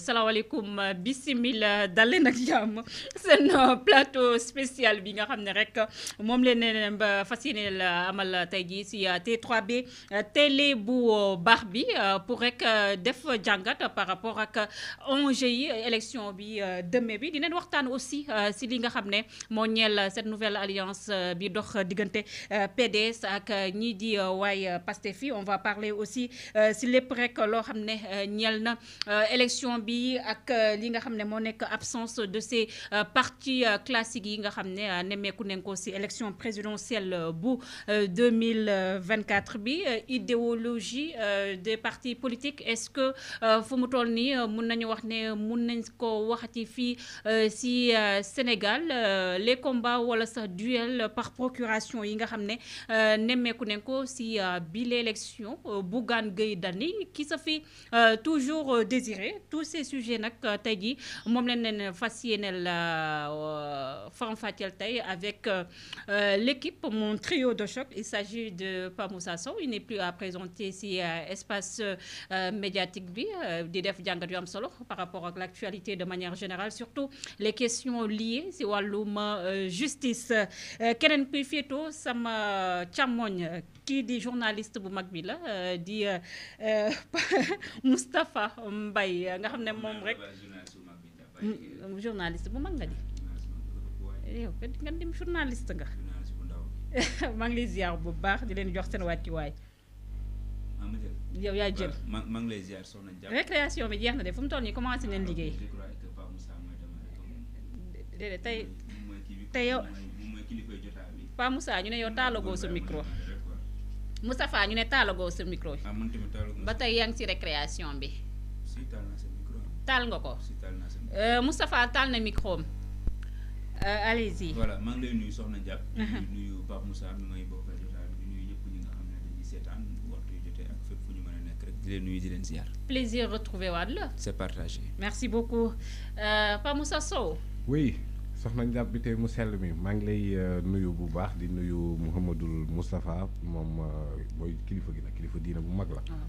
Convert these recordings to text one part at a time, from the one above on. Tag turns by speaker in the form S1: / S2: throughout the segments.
S1: السلام عليكم بسم الله دلنا اليوم seen euh, plateau spécial bi nga xamné rek mom leen euh, ba fas amal tey si euh, T3B télé bu baax bi pour rek def jàngat par rapport ak ONGI élection bi deme bi dinañ waxtaan aussi si li nga xamné mo cette nouvelle alliance bi dox PDS ak ñi di way Pastef on va parler aussi si les prêt que xamné ne na élection bi ak li nga xamné mo nek absence de ces parti euh, classique yi nga xamné néméku euh, élection présidentielle euh, bu 2024 bi idéologie des partis politiques est-ce que fu mu toll nii mun wax Sénégal les combats ou les duel par procuration yi nga xamné néméku nemmeeku nañ ko se fait toujours désiré tous ces sujets n'ak tay jii mom euh, avec euh, euh, l'équipe mon trio de choc il s'agit de Pamou il n'est plus à présenter si espace médiatique bi di def solo par rapport à l'actualité de manière générale surtout les questions liées à wàllum justice Keren Pifieto, Sam sama qui qui journaliste bu mag bi la Mbaye nga vous remercie. journaliste bu mag nga di yow nga dem journaliste nga maa ngi lay ziar bu baax di leen jox seen wàccuwaay yow yaa jël
S2: maa ngi lay ziar soxna Diagne
S1: récréation bi jeex na de fu mu toll o, commencé nañ liggéey déedéet tey tey yow Pa Moussa ñu ne yow taalagoo sa micro Moustapha ñu ne taalagoo sa micro ah, ba tey yaa ngi ci récréation bi taal nga ko euh, Moustapha taal na micro euh allez-y. voilà
S2: mang lay nuyu Soxna djap di nuyu Pape Moussa mi may bokkal jotaay bi di nuyu ñëpp ñi nga xam ne dañuy waxtu yu ak fepp fu ñu mëna nek rek di leen nuyu di leen ziar.
S1: plaisir retrouver waat la. c'est partagé. merci beaucoup euh, Pape Moussa Sow.
S3: oui Soxna Diack bi tey mu sell mi maa ngi lay euh, nuyu bu baax di nuyu Mouhamadul Moustapha moom mooy kilifa gi nag kilifa diina bu mag la. Ah.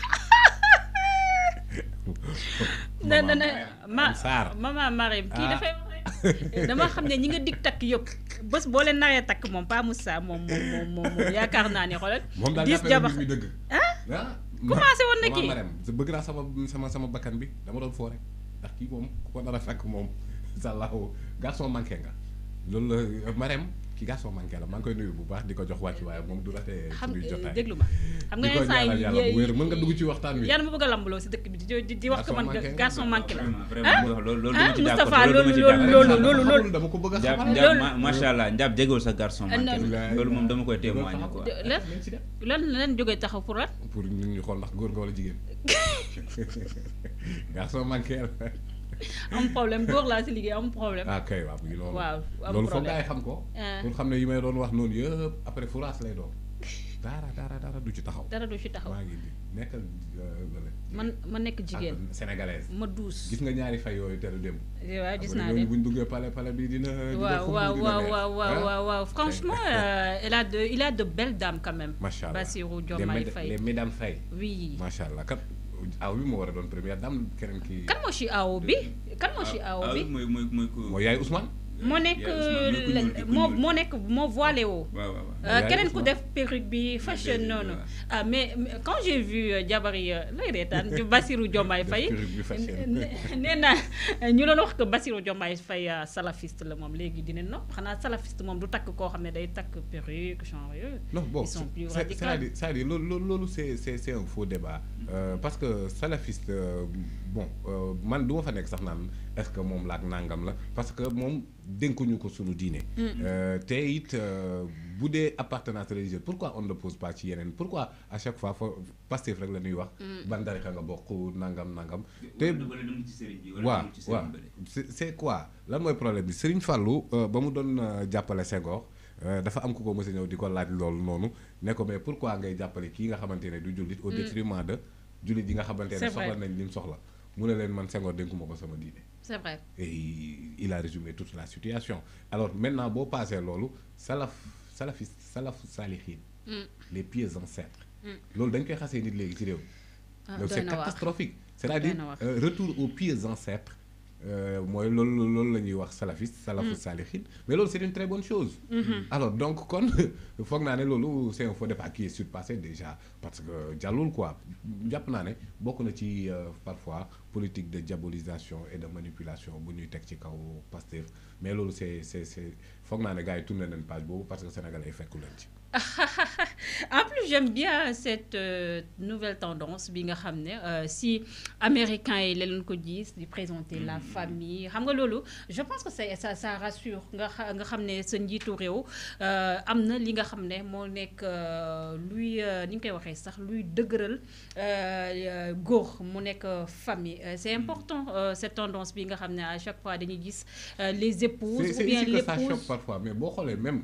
S3: na na na
S1: ma maman Marème kii ah. dafay wax eh, dama xam ne ñi nga dig takk yëpp bés boo leen naree takk moom Pa Moussa moom moom moom moom yaakaar naa ne xoolal. diis jabax moom dëgg. Ah? ah commencé woon
S3: bëgg naa sama sama sama bakkan bi dama doon foo rek ndax kii moom ku ko nar a fekk moom sàllaahu garçon manqué nga loolu la Marème ci garçon manqué la maa koy nuyu bu baax di ko jox wàcc waaye moom du rate suñuy jotaay déglu
S1: ma xam nga instant yi yàlla bu wér
S3: mën nga dugg ci waxtaan wi yàlla
S1: ma bëgg a lambaloo si dëkk bi di di wax ko man garçon manqué la
S2: dama ko bëgg a xam loolu la loolu moom dama koy témoigner quoi lan pour lan ñu xool ndax góor nga wala jigéen
S3: garçon manqué la
S1: am problème góor laa si liggéey am problème. ah kay
S3: waaw loolu. waaw am loolu foog ngay xam ko. pour ah. xam ne yi may doon wax noonu yëpp après furaas lay doon. dara dara dara du ci taxaw. dara du ci taxaw maa ngi nekkal. Euh,
S1: man ma nekk jigéen
S3: sénégalaise. ma duus gis nga ñaari fay yooyu teru démb. Eh, waaw gis naa leen bu ñu duggee pale pale bi dina. waaw waaw waaw ah. waaw
S1: waaw franchement il euh, a de il a de belles dames quand même.
S3: macha allah Bassirou Diomaye Faye les mesdames Faye. oui macha allah kat. aaw bi moo war a doon première dame keneen ki
S1: kan moo si aaw bi kan moo si aaw ah, ah, bi mooy yaay Ousmane. mon nekk est moo nekk voilé woo
S3: euh, euh, def
S1: perruque bi fashion non mais quand j'ai vu jabari lay reetaan Bassirou Diomaye nee na ñu wax que Basirou Diomaye fay euh, salafiste la moom léegi salafiste du day perruque non bon cest
S3: c'est un faux débat parce que salafiste bon man du ma fa sax est-ce que moom la nangam la parce que mom denkuñu ko sunu mm. euh té it euh, bu dee appartenance religieuse pourquoi on ne le pose pas ci yenen pourquoi à chaque fois faut passer rek la ñuy wax. Mm. ban tarixa nga bokk nangam nangam. té c'est quoi lan moy problème bi Serigne Fallou euh, ba mu jappalé euh, jàppale euh, dafa am ku ko mos ñëw di ko laaj noonu ne ko mais pourquoi ngay jàppale kii nga xamante ne du jullit. au mm. détriment de jullit yi nga xamante ne soxla nañ li soxla. mu ne leen man Senghor dénkuma ko sama diine c'est vrai et il, a résumé toute la situation alors maintenant si on ça salaf ça Salaf hmm. les pieds ancêtres hmm. ah, c'est catastrophique c'est-à-dire euh, retour aux pieds ancêtres euh, moi loolu loolu la ñuy wax salafiste salafu mm. saalihin mais loolu c'est une très bonne chose mm-hmm. alors donc kon foog naa ne loolu c'est est un faux départ qui est surpassé déjà parce que jàllul quoi jàpp naa beaucoup de na ci euh, parfois politique de diabolisation et de manipulation bu ñuy teg ci kaw Pastef mais loolu c'est c'est c'est est c' est foog ne gars yi page boobu parce que Sénégal ay fekku leen
S1: en plus j'aime bien cette euh, nouvelle tendance bi nga euh, si Américain et leen ko lui di présenter la mm-hmm. famille xam nga je pense que ça ça rassure nga nga xam amne sa njiitu réew euh, am na li nga xam ne moo nekk ni sax famille c'est mm-hmm. important cette tendance bi nga xam à chaque fois dañuy gis les épouses ou bien l'épouse
S3: parfois mais beaucoup les même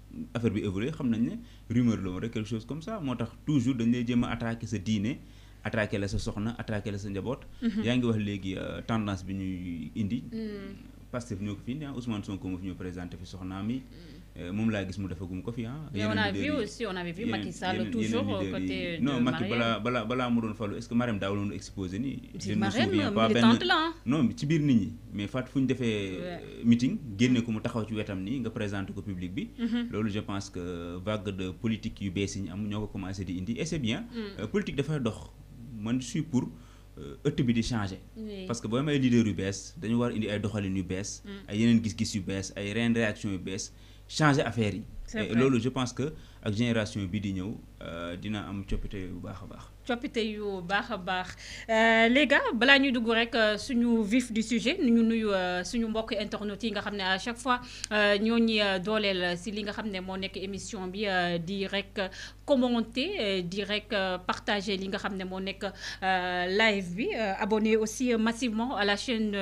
S2: affaire bi évolué xam nañ ne rumeur la woon rek quelque chose comme ça moo tax toujours dañ lay jéem a attaqué sa diine attaqué la sa soxna attaqué la sa njaboot. Mhm. yaa ngi wax léegi euh, tendance bi ñuy indi. Mm. Pastef ñoo ko fi indi ah Ousmane Sonko moo fi ñoo présenté fi soxnaam yi. Mm. Euh, mom la gis mu defagum ko fi hein mais on a vu aussi
S1: on avait vu Macky Sall toujours au côté de non Macky bala
S2: bala balaa mu doon falu est-ce que Marème daawul woon exposé nii. je ne souviens pas ben non ci bir nit ñi. mais fat fu ñu euh, meeting génne ko mu taxaw ci wétam ni nga présenter ko public bi. Mm-hmm. loolu je pense que vague de politique yu bees yi am ñoko ko commencé di indi et c'est bien. Mm. Euh, politique dafa dox man je suis pour. ëtt bi di changer parce que boo am leader yu bees dañu war indi ay doxalin yu bees mm. ay yeneen gis-gis yu bees ay reen réaction yu bees changer affaire Et loolu je pense que ak génération bi di ñëw euh, dina am coppite bu baax a
S1: coppite yu baax a baax euh, les gars balaa ñuy dugg rek euh, suñu vif du sujet ñu nuyu euh, suñu mbokk internet yi nga xam à chaque fois ñoo ñi dooleel si li nga xam ne moo nekk émission bi di rek commenter di rek partager li nga xam ne moo nekk live bi abonné aussi massivement à la chaîne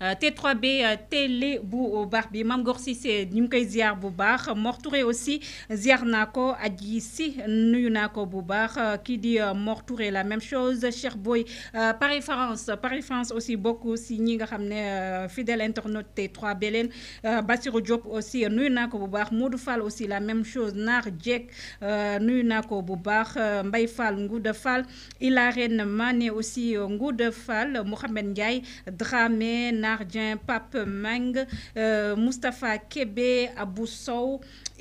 S1: T3B télé bu baax bi Mame Gor Cissé ñu ngi koy ziar bu baax aussi ziar naa ko aji si nuyu naa ko bu baax kii di la même chose cher Boy euh, Paris France Paris France aussi beaucoup signé ñi euh, fidèle internaute T3 Belène euh, Bassirou Diop aussi Nuna naa Bar bu baax Fall aussi la même chose Nar n'a qu'au naa ko bu baax Mbaye Fall Ngouda Fall Ilarène Mané aussi Ngouda Fall Mohamed Ndiaye Dramé Nardien Pape Mang Moustapha Kebe Abousso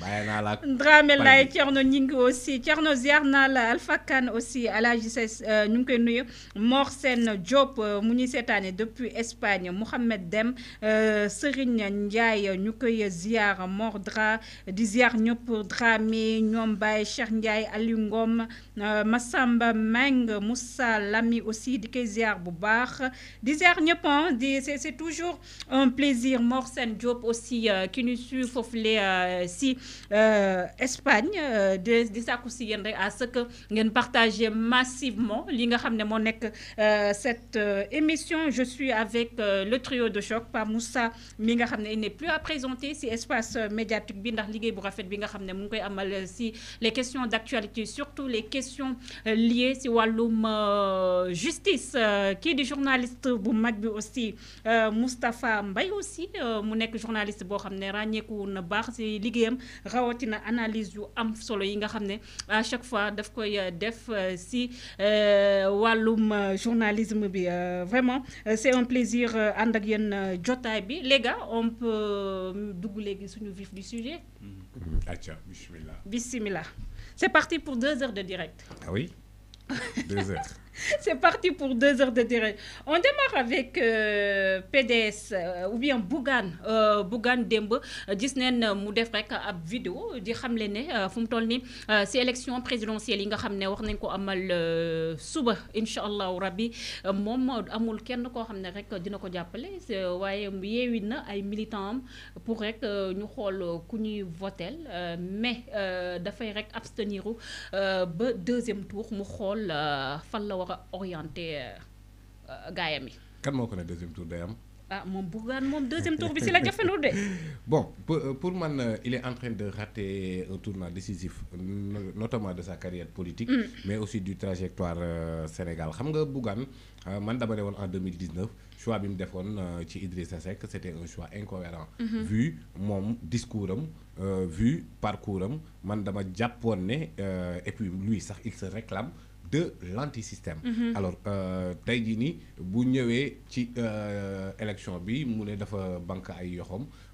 S3: bàyyi ben, la Dramé
S1: aussi tcherno la Alpha Kane aussi ala Sess euh, ñu koy nuyu Mor euh, mu depuis Espagne Mohammed Dem euh, Serigne ndjay ñu koy ziar mordra, Dra di ziar ñëpp Dramé ñom bay Cheikh ndjay Massamba Meng Moussa Lami aussi di koy ziar bu baax hein, c'est toujours un plaisir Morsen sen aussi qui nous suit euh, Espagne euh, de di sàkku rek à ce que ngeen partager massivement li nga xam ne moo euh, cette émission je suis avec le trio de choc par Moussa mi nga il n'est plus à présenter Ces espace médiatique bi ndax liggéey bu rafet bi nga xam ne koy amal si les questions d'actualité surtout les questions liées si wàllum justice qui du journaliste bu mag bi aussi Mustapha Mbaye aussi mu nekk journaliste boo xam ne ràññeeku na baax si rawatina analyse yu am solo yi nga xam à chaque fois daf koy euh, def euh, si euh, Walum journalisme bi vraiment c'est un plaisir ànd ak yéen bi les gars on peut dugg léegi suñu vif du sujet.
S3: Mm-hmm. acca bismillah
S1: bismillah c'est parti pour deux heures de direct. ah
S3: oui deux heures.
S1: C'est parti pour deux heures de terrain. On démarre avec euh, PDS euh, ou bien Bougan euh, Bougan Dembe Disney, neen mu def vidéo di xamle ne fu toll élection présidentielle yi nga wax amal suba Inch'Allah, Rabi, mom amul kenn Ko xam rek dina ko jàppale waaye yeewi ay militants pour rek ñu Kuni ku mais d'affaires rek abstenir ba deuxième tour mu orienté euh, gaayam yi.
S3: kan moo deuxième tour day am.
S1: ah deuxième tour bi la
S3: bon euh, pour moi euh, il est en train de rater un tournant décisif notamment de sa carrière politique. Mm. mais aussi du trajectoire Sénégal xam nga man dama en 2019 choix de mu defoon ci Idrissa Seck un choix incohérent mm-hmm. vu mon discours vu vu parcours am man dama jàppoon et puis lui il se réclame de l'antisystème mhm. alors euh, tey jii nii bu ñëwé ci euh, élection bi mu né dafa banque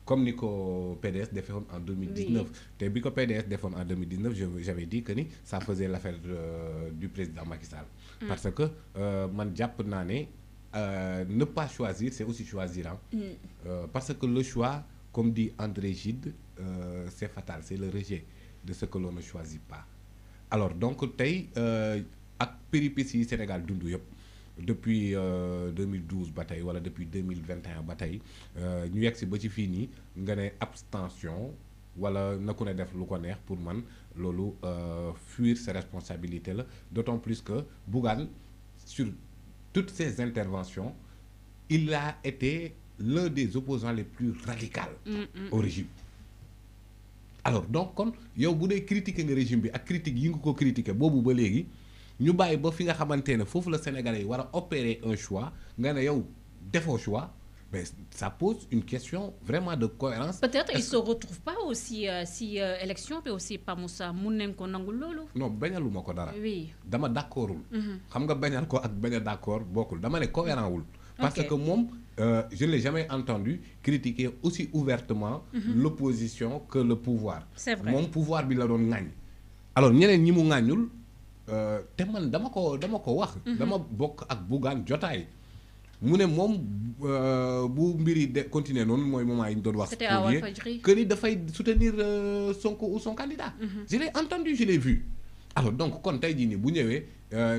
S3: comme niko PDS defoon en 2019 Tay bi ko PDS defoon en 2019 j'avais dit que ni ça faisait l'affaire euh, du président Macky Sall mm. parce que man na né ne ne pas choisir c'est aussi choisir hein. mm. parce que le choix comme dit André Gide c'est fatal c'est le rejet de ce que l'on ne choisit pas alors donc euh, ak péripéties Sénégal yëpp depuis 2012 euh, bataille. wala depuis 2021 bataille. tey euh, ñu yegg ba ci nga né abstention wala na ne def lu ko neex pour man loolu euh, fuir ses responsabilités la d'autant plus que bougal sur toutes ses interventions il a été l'un des opposants les plus radicaux mm, mm. au régime alors donc kon yow bu dee critiquer nga régime bi ak critique yi nga ko critiquer boobu ba léegi nous avons ba fi nga xamante Sénégalais yi opérer un choix nga ne yow faux choix mais ça pose une question vraiment de cohérence.
S1: peut-être ils se retrouvent pas aussi euh, si euh, élection puis aussi pas Moussa mun nañ ko nangul loolu.
S3: non je ma ko dara. oui dama d'accordul. Mhm. xam nga bañal ko ak d'accord bokkul dama d'accord cohérent wul. parce que euh, je ne l'ai jamais entendu critiquer aussi ouvertement mhm. l'opposition que le pouvoir. c'est vrai Mon pouvoir bi la y a alors ñeneen ñi mu gagné. Euh, te man dama ko dama ko wax. Mhm. dama bok ak Bougane jotay mu mom moom euh, bu mbiri de continuer non moy moment yi ñu doon wax. c'était à Walfadjri que ni dafay soutenir euh, Sonko ou son candidat. Mhm. je l'ai entendu je l'ai vu. alors donc kon tay jii nii bu ñewé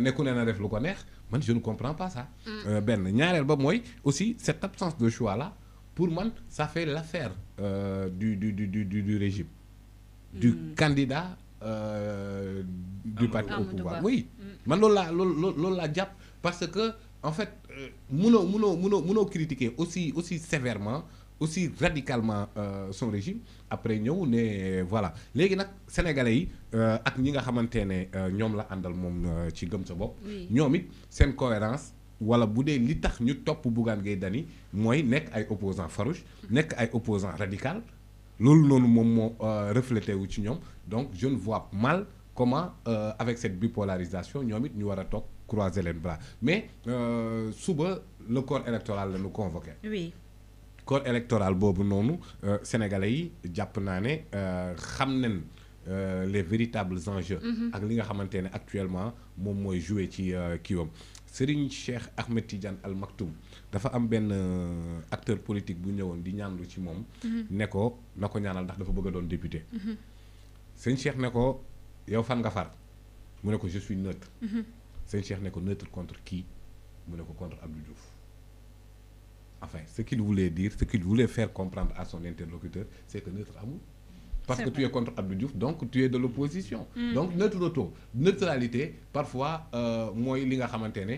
S3: nekku ne na def lu ko neex man je ne comprends pas ça. Mm. ben ñaarel ba moy aussi cette absence de choix là pour man ça fait l'affaire du du du du du régime. du mm. candidat. Euh, du parti au pouvoir oui man loolu la loolu parce que en fait euh, mënoo mënoo mënoo mënoo critiquer aussi aussi sévèrement aussi radicalement euh, son régime après ñeu né voilà légui nak sénégalais yi ak ñi nga xamante ne ñoom la andal mom ci gëm sa bop it cohérence wala boudé li tax ñu top Bougane Gueye Dany mooy ay opposant farouche nek ay opposant radical nous moment moom euh, reflété donc je ne vois mal comment euh, avec cette bipolarisation nous allons croiser les bras mais euh, le corps électoral nous convoquait. oui corps électoral bobu nonou euh, sénégalais japonais jàpp les véritables enjeux. Mhm. ak li nga actuellement mom moy joué ci kiwom Serigne Cheikh Ahmed Tidiane Al Maktoum dafa am un euh, acteur politique bu ñëwoon di ñaanlu ci moom. Mm-hmm. ne ko na ko ñaanal ndax dafa bëgg doon député. Mm-hmm. sëñ Cheikh ne ko yow fan nga far mu ne ko je suis neutre. Mm-hmm. sëñ Cheikh ne ko neutre contre qui mu ne ko contre Abdou Diouf. enfin ce qu'il voulait dire ce qu'il voulait faire comprendre à son interlocuteur c'est que neutre amul.
S1: parce que tu es contre
S3: Abdou Diouf donc tu es de l'opposition. Mm. donc neutre auto neutralité parfois euh, mooy li nga xamante ne.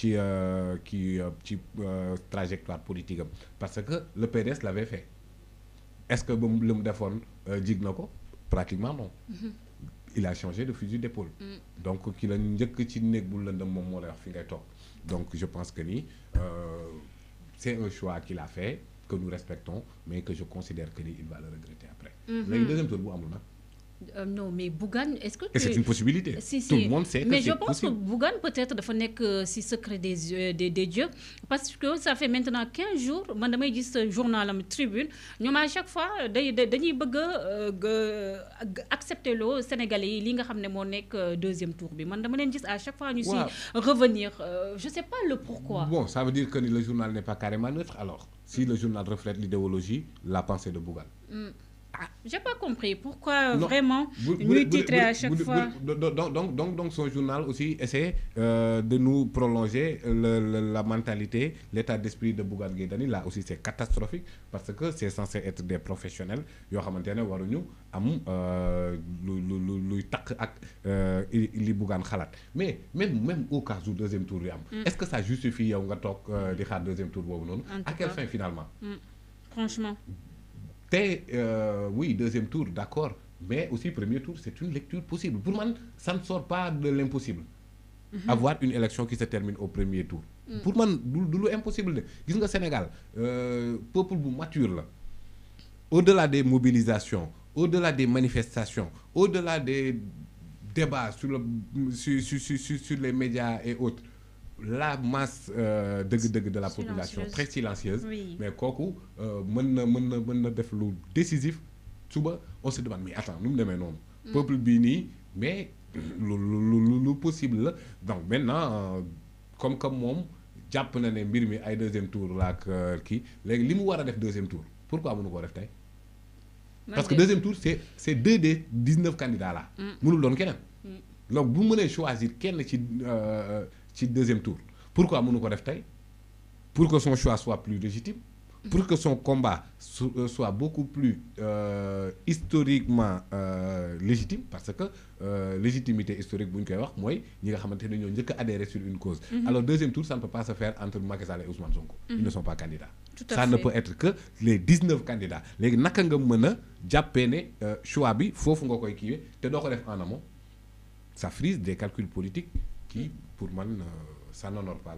S3: qui euh, euh, euh, trajectoire politique parce que le PDS l'avait fait est-ce que le le lu dit pratiquement non mm-hmm. il a changé de fusil d'épaule mm. donc qu'il donc je pense que ni c'est un choix qu'il a fait que nous respectons mais que je considère que il va le regretter après mm-hmm. deuxième tour
S1: euh, non, mais Bougan, est-ce que. Tu... c'est une possibilité. Tout le monde sait. Mais je pense que Bougan peut-être, il faut que si secret euh, des, des, dieux. Parce que ça fait maintenant 15 jours, madame, dit ce journal La tribune. Nous, à chaque fois, nous euh, accepter le Sénégalais, qui est euh, deuxième tour. Madame, dit à chaque fois, nous sommes revenir. Je ne sais pas le pourquoi. Bon,
S3: ça veut dire que le journal n'est pas carrément neutre, alors. Si le journal reflète l'idéologie, la pensée de Bougan.
S1: Mm. Je ah, j'ai pas compris pourquoi vraiment lui titrer à chaque fois.
S3: donc, donc, son journal aussi essaie euh, de nous prolonger la mentalité, l'état d'esprit de Bougan Guédani. Là aussi, c'est catastrophique parce que c'est censé être des professionnels. Il ont waruñu am euh, luy luy tak ak euh, li Khalat. mais même même au cas où deuxième tour mm. est-ce que ça justifie yow nga toog di deuxième tour à quelle fin finalement.
S1: Mm. franchement.
S3: Euh, oui deuxième tour d'accord mais aussi premier tour c'est une lecture possible pour moi, ça ne sort pas de l'impossible mhm. avoir une élection qui se termine au premier tour mm. pour moi, c'est impossible de que Sénégal euh, peuple mature au-delà des mobilisations au-delà des manifestations au-delà des débats sur les médias et autres la masse euh, de la population très silencieuse mais quand on a fait le décisif on se demande mais attends nous sommes non mm. peuple Bini, mais le possible donc maintenant euh, comme comme moi, japonais na ne mbir deuxième tour la qui les Limouara li def deuxième tour pourquoi nous def parce que deuxième tour c'est c'est deux des 19 candidats là mm. mënul doon keneen mm. donc vous mënee choisir Ken ci euh, le deuxième tour pourquoi mënu ko def pour que son choix soit plus légitime pour que son combat euh, soit beaucoup plus euh, historiquement euh, légitime parce que euh, légitimité historique c'est ñu koy wax sur une cause. Alors, mhm. le alors deuxième tour ça ne peut pas se faire entre Macky et Ousmane Zonko. Mhm. ils ne sont pas candidats. ça ne peut être que les 19 candidats Les naka nga ne choix bi en amont ça frise des calculs politiques qui pour man euh,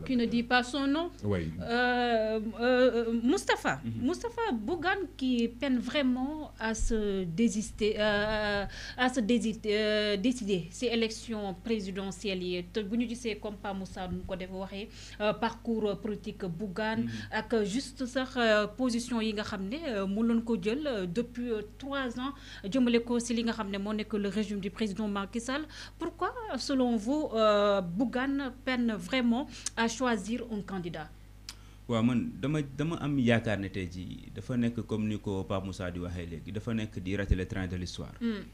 S3: qui ne
S1: dit pas son nom. Oui. Euh, euh, euh mm-hmm. Bougan qui peine vraiment à se désister, euh, à se euh, décider ces élections présidentielles comme Moussa nous parcours politique Bougan. Mm-hmm. avec juste sa position yi nga depuis trois ans ko le régime du président Macky Sall pourquoi selon vous Bougan peine vraiment à choisir un candidat
S2: wa man dama dama am ne dafa comme Moussa di le train de l'histoire hmm.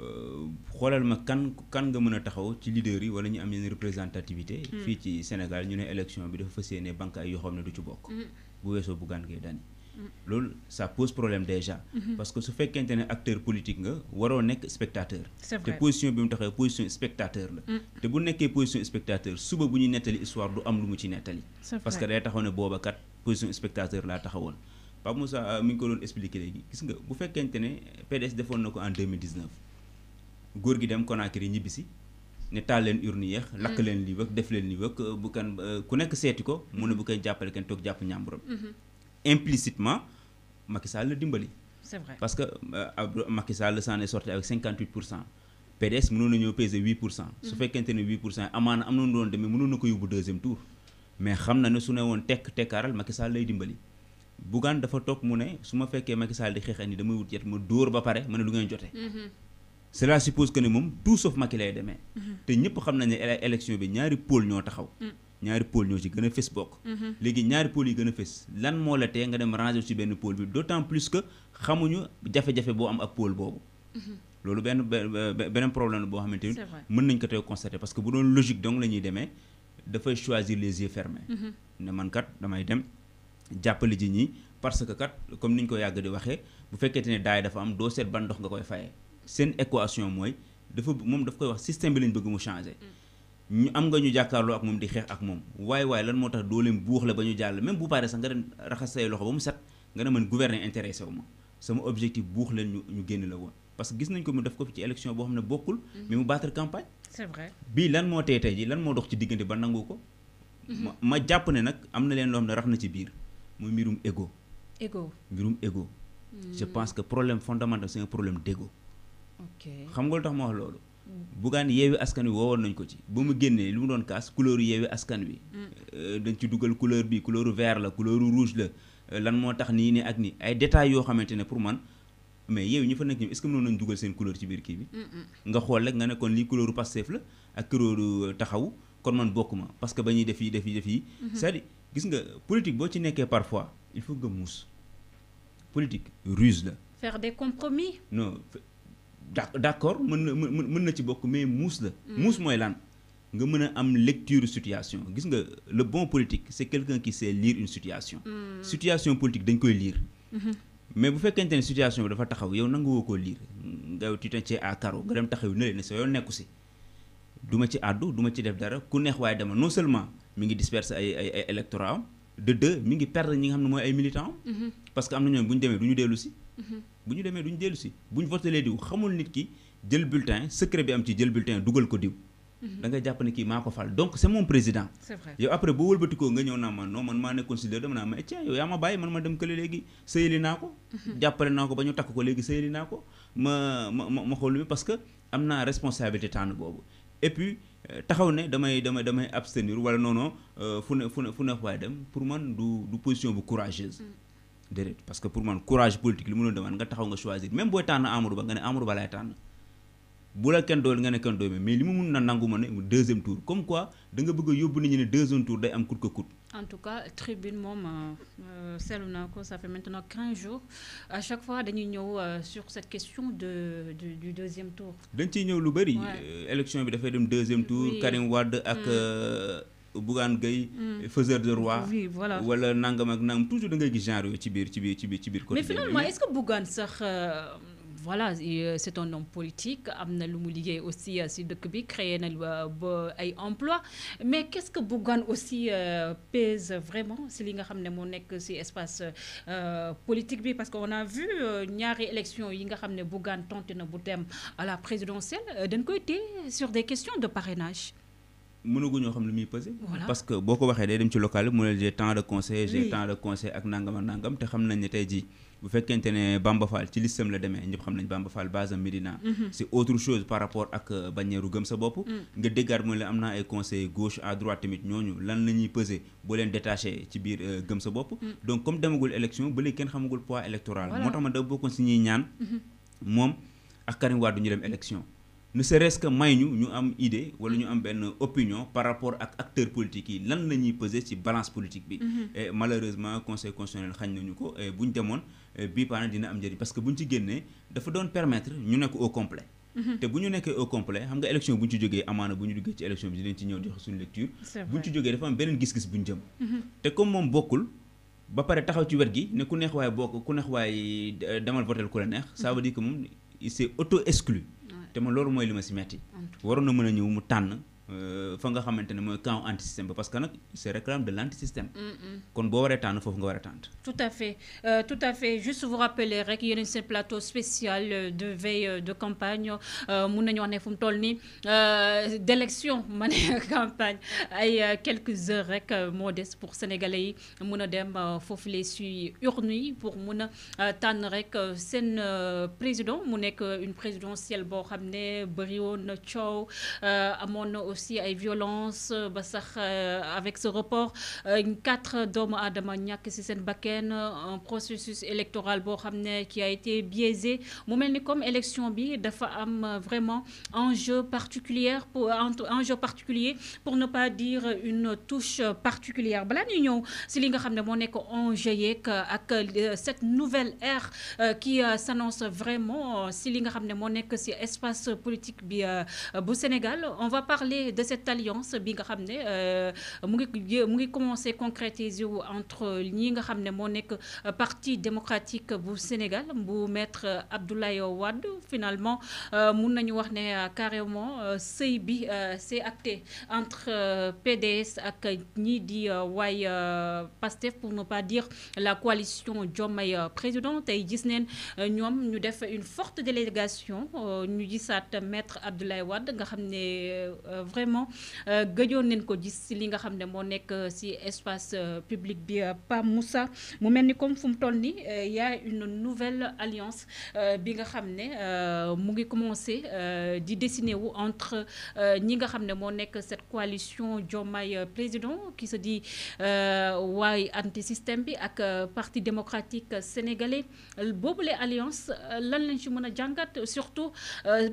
S2: euh, ma kan kan nga leader yi wala ñu am représentativité hmm. fi ci Sénégal ñu élection bi dafa banque ay du ci hmm. bu ça pose problème déjà. Mhm. parce que ce fait qu'un acteur politique nga spectateur. te position bi mu position spectateur la. Mm. te bu position spectateur suba vous netali histoire du am lu mu ci parce que day taxone vous kat position spectateur la Moussa euh, ko gis nga bu PDS en 2019 les gi dem Conakry ñibisi ne mm. def bu kan euh, ku implicitement Macky Sall le dimbali. c'est vrai parce que euh, Macky Sall s'en est sorti avec 58 PDS mënoon na peser 8 Ce fait su mhm. fekkente ne 8 amana amna amaana am na doon demee mënoon deuxième tour. mais xamna na ne su né won tek tekaral Macky Sall lay dimbali. Bougane dafa toog mu né suma ma Macky Sall di xeexal ni damay wut yett ma dóor ba paré ma lu ngeen joté mhm. cela suppose que ne moom tout sauf Macky lay demee. Mhm. te ñëpp xam nañ ne élection bi ñaari pôle ñoo taxaw. Mm ñaari pôle ñoo ci gën a fës bokk mhm. léegi ñaari pôle yi gën a fës lan moo la tee nga dem ranger ci benn pôle bi d'autant plus que xamuñu jafe-jafe boo am ak pôle boobu mhm. loolu benn beneen problème boo xamante ni mën nañ ko tey constater parce que bu doon logique donc la ñuy demee dafay choisir les yeux fermés mhm. ne man kat damay dem jàppale ji ñi parce que kat comme niñ ko yàgg di waxee bu fekkente ne daay dafa am doo seet ban ndox nga koy fayee seen équation mooy dafa moom daf koy wax système bi lañ bëgg mu changer mm. ñu am nga ñu jàkkaarloo ak moom di xeex ak moom waaye waaye lan moo tax doo leen buux la ba ñu jàll même bu paree sax nga dem raxas loxo ba mu set nga ne man gouverner wu ma sama objectif buux leen ñu ñu génn la woon parce que gis nañ ko mu def ko ci élection boo xam ne bokkul mm-hmm. mu battre campagne bii lan moo tey ji lan moo dox ci diggante ba nangu ko mm-hmm. ma jàpp ne nag am na leen loo xam ne rax na ci biir muy mbirum ego ego mbirum ego
S1: mm-hmm. je pense
S2: que problème fondamental c'est un problème d'ego ok xam nga lu Bougane yeewi askan wi woowoon nañu ko ci ba mu génnee li mu doon kaas couleur yeewi askan wi. Mm. Euh, dañ ci dugal couleur bi couleur vert la couleur rouge la euh, lan moo tax nii ni ak ni ay détails yoo xamante ne pour man mais yeewi ñu fa nekk ñu est-ce que mënoon nañu dugal seen couleur ci biir kii bi. nga xool rek nga ne kon lii couleuru Pastef la ak couleur euh, taxawu kon man bokkuma parce que ba ñuy def yi def yi def yi. Mm-hmm. c'est-à-dire gis nga politique boo ci nekkee parfois il faut nga muus politique ruse la.
S1: faire des compromis.
S2: non D'accord, accord mën na ci bokk mais mousse, la. Mm. muus mooy lan nga mën a am lecture situation gis nga le bon politique c' est quelqu'un qui sait lire une situation. Mm. situation politique dañ koy lire. Mm-hmm. mais bu fekkente ne situation bi dafa taxaw yow nangu woo koo lire nga tiitan cee à carreau nga dem taxaw ne ne sa yow nekku si. du ma ci àddu du ma ci def dara ku neex waaye dama non seulement mi ngi disperser ay ay ay électorat de deux mi ngi perdre ñi nga xam ne mooy ay militants mm-hmm. parce que am na ñoom bu ñu demee du ñu dellu si bu ñu demee si vous ñu nit ki bulletin secret bi am bulletin ne donc c'est mon président.
S4: C'est vrai après
S2: nga non man si dama naa ma eh, tiens ma man ma dem ko ma ma ma parce que am responsabilité et puis euh, taxaw ne damay damay abstenir non non euh, fu ne fu ne pour man du du position courageuse. Mm déedéet parce que pour man courage politique li mu doon demaan nga taxaw nga choisir même booy tànn Amadou Ba nga ne Amadou Ba laay tànn bu la kenn doole nga ne kenn doole mais li mu mun na nangu ma ne deuxième tour comme quoi da nga bëgg a yóbbu nañu ne deuxième tour day am coûte que coûte.
S1: en tout cas tribune moom euh, seetlu naa ko ça fait maintenant 15 jours à chaque fois dañuy ñëw euh, sur cette question de du du deuxième tour.
S2: dañ ciy ñëw lu bëri. Euh, élection bi dafay dem deuxième tour. Karim Wade ak. Mm. Bougane Gueye hmm. euh, faiseur de roi wala nangam ak nangam toujours da ngay toujours genre gens ci sont ci biir ci biir ci mais finalement est-ce
S1: que Bougane sax euh, voilà euh, c'est un homme politique Amna a aussi si dëkk bi créé na emploi mais qu'est-ce que Bougane aussi pèse vraiment si li nga xam ne moo nekk espace politique parce qu'on a vu ñaari élection yi nga xam ne Bougane tenté bu dem à la présidentielle d'un koy sur des questions de parrainage
S2: mënaguñoo xam lu muy pesé parce que boo ko waxee day dem ci local mu ne j'ai tant de conseils j'ai tant de conseils ak nangam ak nangam te xam nañ ne tey jii bu fekkente ne Bamba Fall ci listam la demee ñëpp xam nañ Bamba Fall base à Médina mhm. c'est autre chose par rapport ak euh, bannièru gëm sa bopp mm. nga déggaat mu ne la am ay conseils gauche à droite tamit ñooñu lan la ñuy pesé boo leen détaché ci biir euh, gëm sa bopp mm. donc comme demagul élection ba léegi kenn xamagul poids électoral moo tax man da bokkoon si ñuy ñaan mhm. moom ak Karim Wade ñu dem élection ne serait-ce que may ñu ñu am idée wala ñu am benn opinion par rapport ak acteurs politiques yi lan la ñuy peser ci balance politique bi mm-hmm. et malheureusement conseil constitutionnel xañ nañu ko et bu ñu demoon bii paana dina am njëriñ parce que buñ ci génnee dafa doon permettre ñu nekk au complet mm-hmm. te bu ñu nekkee au complet xam nga élection buñ ci jógee amaana bu ñu duggee ci élection bi dinañ ci ñëw jox suñu lecture buñ ci jógee dafa am beneen gis-gis buñ jëm mm-hmm. te comme moom bokkul ba pare taxaw ci wet gi ne ku neex waaye bokk ku neex waaye demal voter ku la neex ça veut dire que moom il s'est auto exclu te man loolu mooy li ma si metti waroon na mën a ñëw mu tànn euh, fa nga xamante ne mooy camp anti système ba parce que nag il se de l' système kon boo waree tànn foofu nga war a
S1: tout à fait euh, tout à fait juste vous rappeler y a un plateau spécial euh, de veille euh, de campagne Nous, nañu wax ne fu campagne toll nii d' élection quelques heures rek moo pour sénégalais yi avons fait dem foofu pour nous. a tànn rek président mu une présidentielle boo xam ne bëri woon aussi ay violence ba sax avec ce report quatre doomu aadama ñàkk c'est seen bakkee un processus électoral qui a été biaisé mu comme élection bi dafa am vraiment enjeu particulière pour enjeu particulier pour ne pas dire une touche particulière c'est ñuy si li cette nouvelle ère qui s'annonce vraiment si li nga xam euh, espace politique bi euh, bu Sénégal on va parler de cette alliance bi nga xam euh, commencer concrétiser entre ñi nek euh, parti démocratique du Sénégal bu maître euh, Abdoulaye Wade finalement euh, nous nañu wax carrément sëy c'est acté entre PDS ak ñi di way Pastef pour ne pas dire la coalition de président présidente. gis avons ñom ñu def une forte délégation ñu gisat maître Abdoulaye Wade nga xamné vraiment gëjoon nañ ko gis li nga xamné ne nek ci espace public bi Pa Moussa mu comme fum il euh, y a une nouvelle alliance euh, bi nga xamné ne euh, commencé di dessiner entre ñi nga xamné mo cette coalition Jomay président qui se dit waay anti système bi ak parti démocratique sénégalais boobule alliance lan lañ ci mëna jangat surtout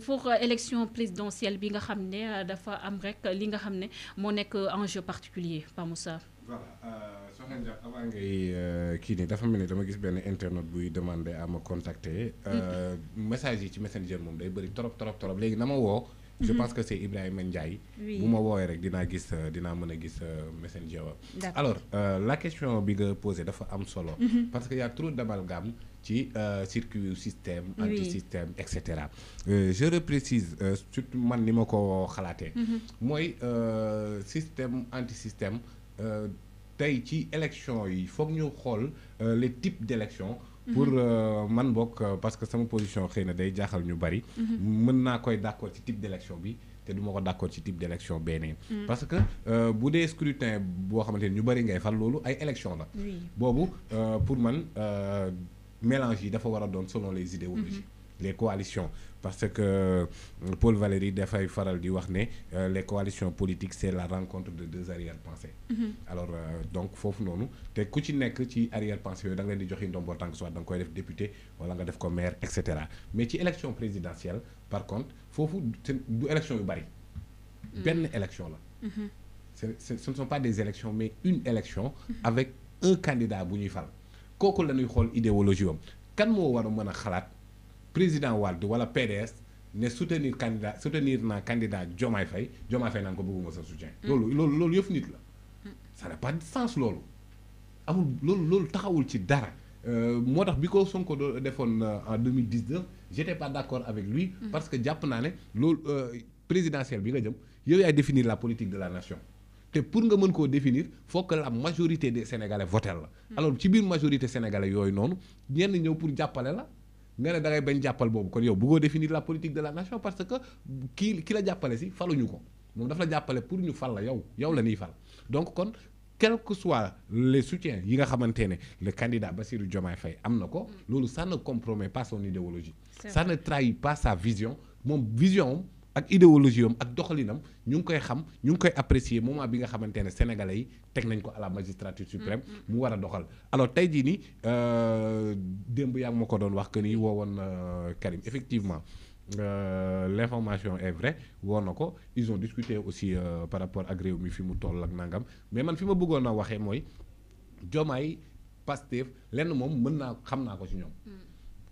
S1: pour élection présidentielle bi nga xamné dafa am rek li nga xamné mo nek enjeu particulier Pa Moussa voilà soxna Ndiaye avant
S3: ngay euh, kii nii dafa mel ni dama gis benn internet buy demandé à ma contacter. Euh, message yi ci messenger moom day bëri trop trop trop léegi na ma woo. je mhm. pense que c' est Ibrahima Ndiaye. bu ma woowee rek dinaa gis euh, dinaa mën a gis messenger wa alors la question bi nga posé dafa am solo. Mhm. parce que y' a trop d'amalgame ci circuit système. anti système et cetera. je reprécise surtout man ni ma ko xalaatee. Mhm. mooy système anti système tey ci élection yi foog ñu xool euh, les types d'élection mhm. pour euh, man bokk euh, parce que sama position xëy na day jaaxal ñu bari. Mhm. mën naa koy d'accord ci type d'élection bi te du ma ko d'accord ci type d'élection beneen mhm. parce que bu dee scrutin boo xamante ni ñu bari ngay fal loolu ay élection la. boobu pour man mélange yi dafa war a doon selon les idéologies les coalitions parce que euh, Paul Valéry Defay faral di wax euh, les coalitions politiques c'est la rencontre de deux arrière-pensées. Mm-hmm. alors euh, donc faut que té ku ci nekk ci arrière-pensée da nga len di joxe ndombo tànk soit da nga koy def député wala nga def ko maire etc. mais ci élection présidentielle par contre fofu du élection yu bari. ben élection la. Mm-hmm. ce ce ne sont pas des élections mais une élection. Mm-hmm. avec un candidat bu ñuy fal kooku la ñuy xol idéologie wam kan mo wara mëna xalat président Wald, PDS ne soutenir candidat soutenir candidat Jomai Faye Jomai Faye n'a pas de sa soutien. Mm. Lolo, nit ça n'a pas de sens C'est amul lolo, t'as taxawul ci dara. Euh, Moi, tax Biko Sonko euh, en 2019 j'étais pas d'accord avec lui. Mm. parce que le présidentiel, ne loolu euh, présidentielle bi définir la politique de la nation. Et pour nga mën définir, définir faut que la majorité des sénégalais votent. Mm. alors si la majorité des sénégalais votent, ils ñenn ñëw pour jàppale nga ne da ngay bañ jàppal boobu kon yow bëggoo définir la politique de la nation parce que ki ki la jàppale si faluñu ko moom dafa la jàppale pour ñu fal la yow yow la ñuy fal donc kon quel que soit les soutiens yi nga xamante ne le candidat Bassirou Diomaye Faye am na ko mm. loolu ça ne compromet pas son idéologie ça ne trahit pas sa vision moom vision ak idéologie ak doxalinam ñu ngi koy xam ñu ngi koy apprécier moment bi nga xamante ne sénégalais yi teg nañ ko à la magistrature suprême mm, mm. mu war a doxal alors tey jii nii euh, démb yaa ngi ma ko doon wax que ni woowoon euh, Karim effectivement Euh, l'information est vraie woo na ko ils ont discuté aussi euh, par rapport ak réew mi fi mu toll ak nangam mais man fi ma bëggoon a waxee mooy Diomaye Pastef lenn moom mën naa xam naa ko ci ñoom. Mm.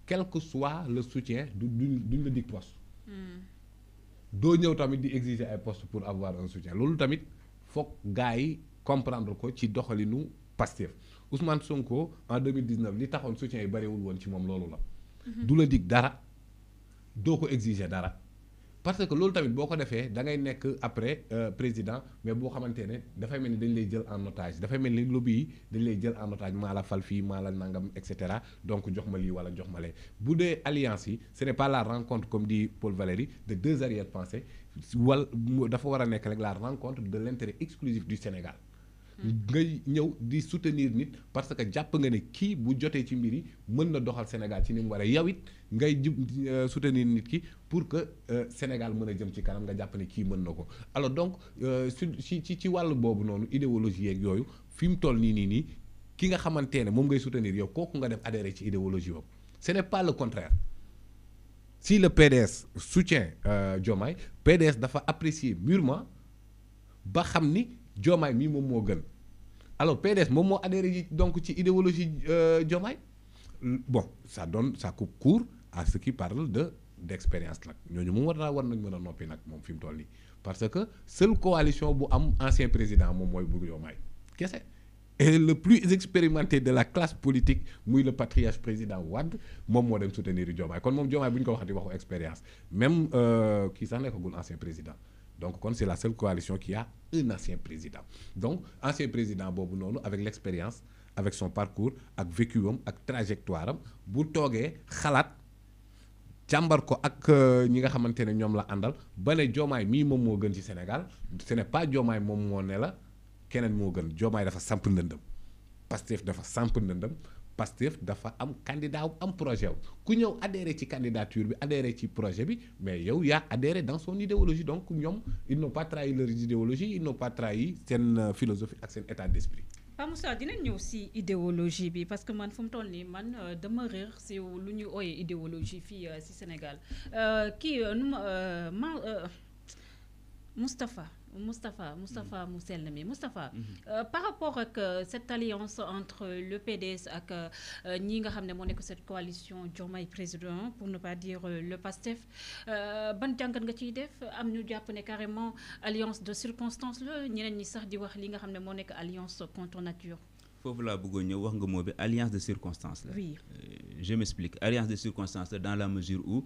S3: quel que soit le soutien du duñ duñ la dig poste. doo ñëw tamit di exiger ay postes pour avoir un soutien loolu tamit foog gars yi comprendre ko ci doxalinu Pastef Ousmane Sonko en 2019 li taxoon soutien yi bariwul woon ci moom loolu la. Mhm. du la dig dara doo ko exiger dara. parce que loolu tamit boo ko defee da ngay nekk après euh, président mais boo xamante ne dafay mel ni dañ lay jël en otage dafay mel ni lobby yi dañ lay jël en otage maa la fal fii maa la nangam et cetera donc jox ma lii wala jox ma lee bu dee alliance yi ce n'est pas la rencontre comme dit Paul Valéry de deux arrières pensées wal dafa war a nekk rek la rencontre de l'intérêt exclusif du Sénégal ngay ñëw di soutenir nit parce que japp nga ne ki bu joté ci mbiri yi mën na doxal Sénégal ci ni mu waree it ngay euh, soutenir nit ki pour que euh, Sénégal mëna jëm ci kanam nga japp ne ki mën alors donc euh, ci ci ci walu bobu nonu idéologie ak yoyu fim mu toll ni ni ni, ki nga xamante ne ngay soutenir yow beaucoup nga dem adhérer ci idéologie Bob. ce n'est pas le contraire si le PDS soutient Diomaye PDS dafa apprécier mûrement ba xam ni. Diomaye mii moom mo gën alors PDS moom mo adhéré donc ci idéologie euh, Diomaye bon ça donne ça coupe court à ce qui parle de d'expérience nag ñoñu moom wara naa war nañ mën nopi nak nag fim tolli parce que seule coalition bu am ancien président moom mooy bu Diomaye kese et le plus expérimenté de la classe politique muy le patriarche président Wade moom mo dem soutenir Diomaye kon moom Diomaye bu ñu ko waxati waxu expérience même euh, kii sax est ancien président donc c'est la seule coalition qui a un ancien président donc ancien président Bob noonu avec l'expérience avec son parcours avec vécu avec trajectoire am bu toogee xalaat jàmbar ko ak euh, ñi nga xamante ne la Andal, ba gën Sénégal ce n'est pas Diomaye moom mo ne la keneen moo gën Diomaye dafa samp Pastef dafa samp pasteur dafa am candidat un am projet Ils ku ñew adhéré ci candidature bi adhéré ci projet bi mais yow ya adhéré dans son idéologie donc ils n'ont pas trahi leur idéologie ils n'ont pas trahi sen euh, philosophie ak sen état d'esprit.
S1: Pape Moussa dina ñëw si idéologie parce que man fu mu toll man euh, dama si lu ñu idéologie fii si euh, Sénégal Moustapha. Moustapha Moustapha mu mm-hmm. Mustapha. Mm-hmm. Euh, par rapport à euh, cette alliance entre le PDS et euh, ñi nga cette coalition et président pour ne pas dire le PASTEF ban jàngat nga ciy def am ñu carrément alliance de circonstances la ñeneen ni sax di wax li nga alliance contre nature.
S2: foofu laa bëggoon ñëw wax nga alliance de circonstances. là. oui je m'explique alliance de circonstances dans la mesure où.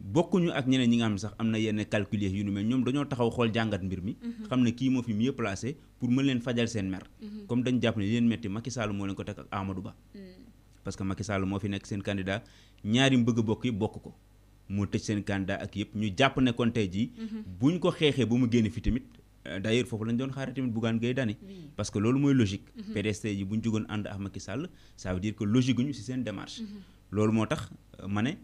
S2: bokkuñu ak ñeneen ñi nga xam sax am na yenn calculier yu nu mel ñoom dañoo taxaw xool jàngat mbir mi mhm. xam ne kii moo fi mieux placé pour mën leen fajal seen mer mhm. comme dañ jàpp ne leen metti Macky Sall moo leen ko teg ak Amadou Ba mhm. parce que Macky Sall moo fi nekk seen candidat ñaari bëgg bokk yi bokk ko moo tëj seen candidat ak yëpp ñu jàpp ne kon tey jii buñ ko xeexee ba mu génn fi tamit euh, d'ailleurs foofu lañ doon xaaree tamit Bougane Gueye dani. parce que loolu mooy logique PDS tey buñ bu and jugoon ànd ak Macky Sall ça veut dire que logique ñu si seen démarche loolu moo tax ma ne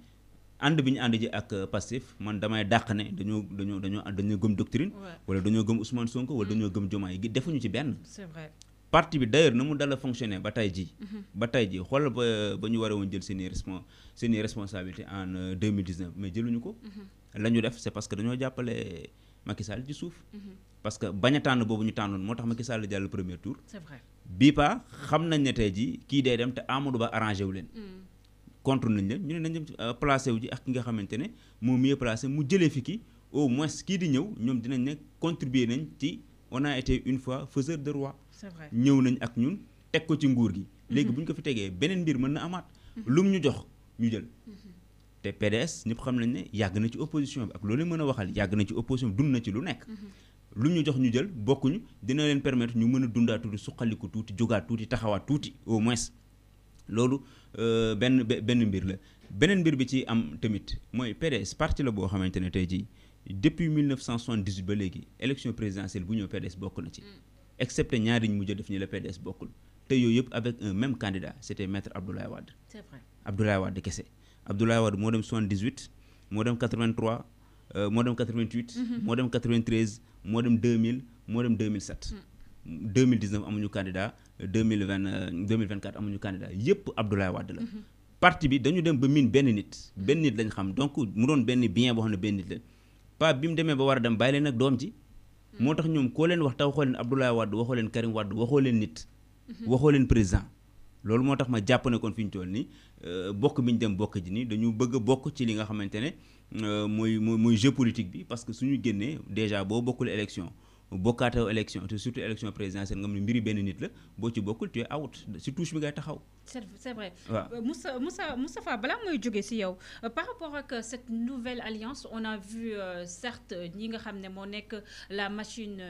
S2: ande bi ñu ji ak euh, Pastef man damay dàq ne dañu dañu dañu dañoo gëm doctrine. wala dañu gëm Ousmane Sonko wala dañu gëm Diomaye gi defuñu ci benn. c'est vrai parti bi d'ailleurs namu mu dala fonctionner ba tey jii. Mhm. ba tey jii xool ba ba ñu war jël seen responsabilité seen i en 2019 euh, mais jëluñu ko. Mhm. lañu def c'est parce que dañu jappalé Macky Sall ci souf mhm. parce que bañ a tànn ñu tànnoon motax Macky Sall jàll premier tour. c'est vrai bi pa xam nañ ne tey jii kii day dem te Amadou Ba arrangé wu len contre nañ leen ñu ne nañ dem euh, placé wu ji ak ki nga xamante ne moo mieux placé mu jëlee fi ki au kii di ñëw ñoom dinañ ne contribuer nañ ci on a été une fois faiseur de roi. c'est vrai ñëw nañ ak ñun teg ko ci nguur gi. Mm-hmm. léegi bu ñu ko fi tegee beneen mbir mën na amaat. Mm-hmm. lum ñu jox ñu jël. Mm-hmm. te PDS ñëpp xam nañ ne yàgg na ci opposition bi ak loolu mën a waxal yàgg na ci opposition bi dund na ci lu nekk. lu ñu jox ñu jël bokkuñu dina leen permettre ñu mën a dundaa tuuti tuuti jógaat tuuti taxawaat tuuti au moins loolu. Ben Ben mbir la benen mbir bi ci am tamit moy PDS parti la bo xamantene tay ji depuis 1978 ba élection présidentielle bu ñëw PDS bokku na ci mm. excepté ñaari ñu mujj a def ni PDS bokul te yooyu avec un même candidat c'était maître Abdoulaye Wade. c'est vrai Abdoulaye Wade kessé Abdoulaye Wade mo dem 78 mo dem 83 euh, mo dem 88. Mm-hmm. mo dem 93 mo dem 2000 mo dem 2007. 2019 amuñu candidat 2020 euh, 2024 euh, amuñu candidat yépp Abdoulaye Wade la mhm. parti bi dañu dem ba min benn nit mhm. benn nit lañ xam donc mu doon benn bien boo xam ne nit la pa bi mu ba war dem ñoom leen wax mhm. taw ne kon euh, bokk dem bokk ji parce que suñu déjà bokkul élection bokkaatoo élection te surtout élection présidentielle nga xam ne mbiri benn nit la boo ci bokkul tu es si touche bi ngay taxaw
S1: c'est vrai ouais. Euh, Moussa Moussa Moustapha balaa mooy jóge si yow euh, par rapport à euh, cette nouvelle alliance on a vu certes ñi nga xam ne la machine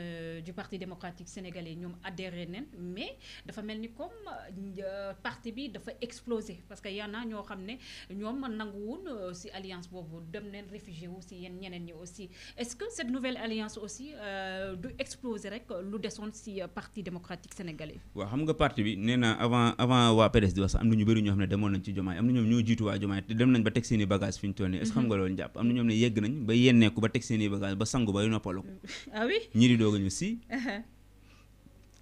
S1: du parti démocratique sénégalais ñoom adhéré nañ mais dafa mel ni comme parti bi dafa exploser, parce que yaa na ñoo xam ne ñoom nanguwun si alliance pour dem neen réfugié wu si yenn ñeneen ñi aussi est-ce que cette nouvelle alliance aussi du exploser rek lu desoon si parti démocratique sénégalais.
S2: Oui, xam nga parti bi nee avant avant waa PDS di wax sax am na ñu bëri ñoo xam ne demoon nañ ci jomaay am na ñoom ñoo jiitu jomaay te dem nañ ba teg seen i fi ñu toll nii mhm. am na ñoom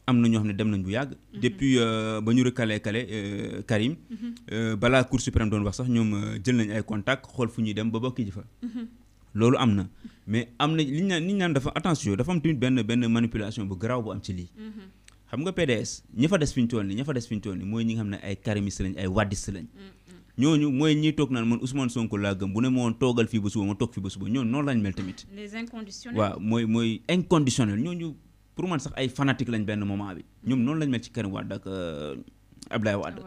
S2: ah a uh-huh. na ñoo xam ne dem nañ bu yàgg mhm. depuis euh, ba ñu recalé calé euh, Karim mhm. euh, balaa Cour suprême doon wax sax ñoom jël nañ ay contact xool fu ñuy dem ba bokki ji fa loolu am na mais am na li ñu naan li naan dafa attention dafa am tamit benn benn manipulation bu garaaw bu am ci lii xam nga PDS ñi fa des fi ñu toll nii ña fa des fi ñu toll nii mooy ñi nga xam ne ay karimiste lañ ay waddiste lañ ñooñu mooy ñi toog naan man Ousmane Sonko laa gëm bu ne ma woon toogal fii ba suba ma toog fii ba suba ñooñu noonu lañ mel tamit
S4: les inconditionnels waaw
S2: mooy mooy inconditionnel ñooñu pour man sax ay fanatique lañ benn moment bi ñoom noonu lañ mel ci Karim Wade ak euh, Abdoulaye Wade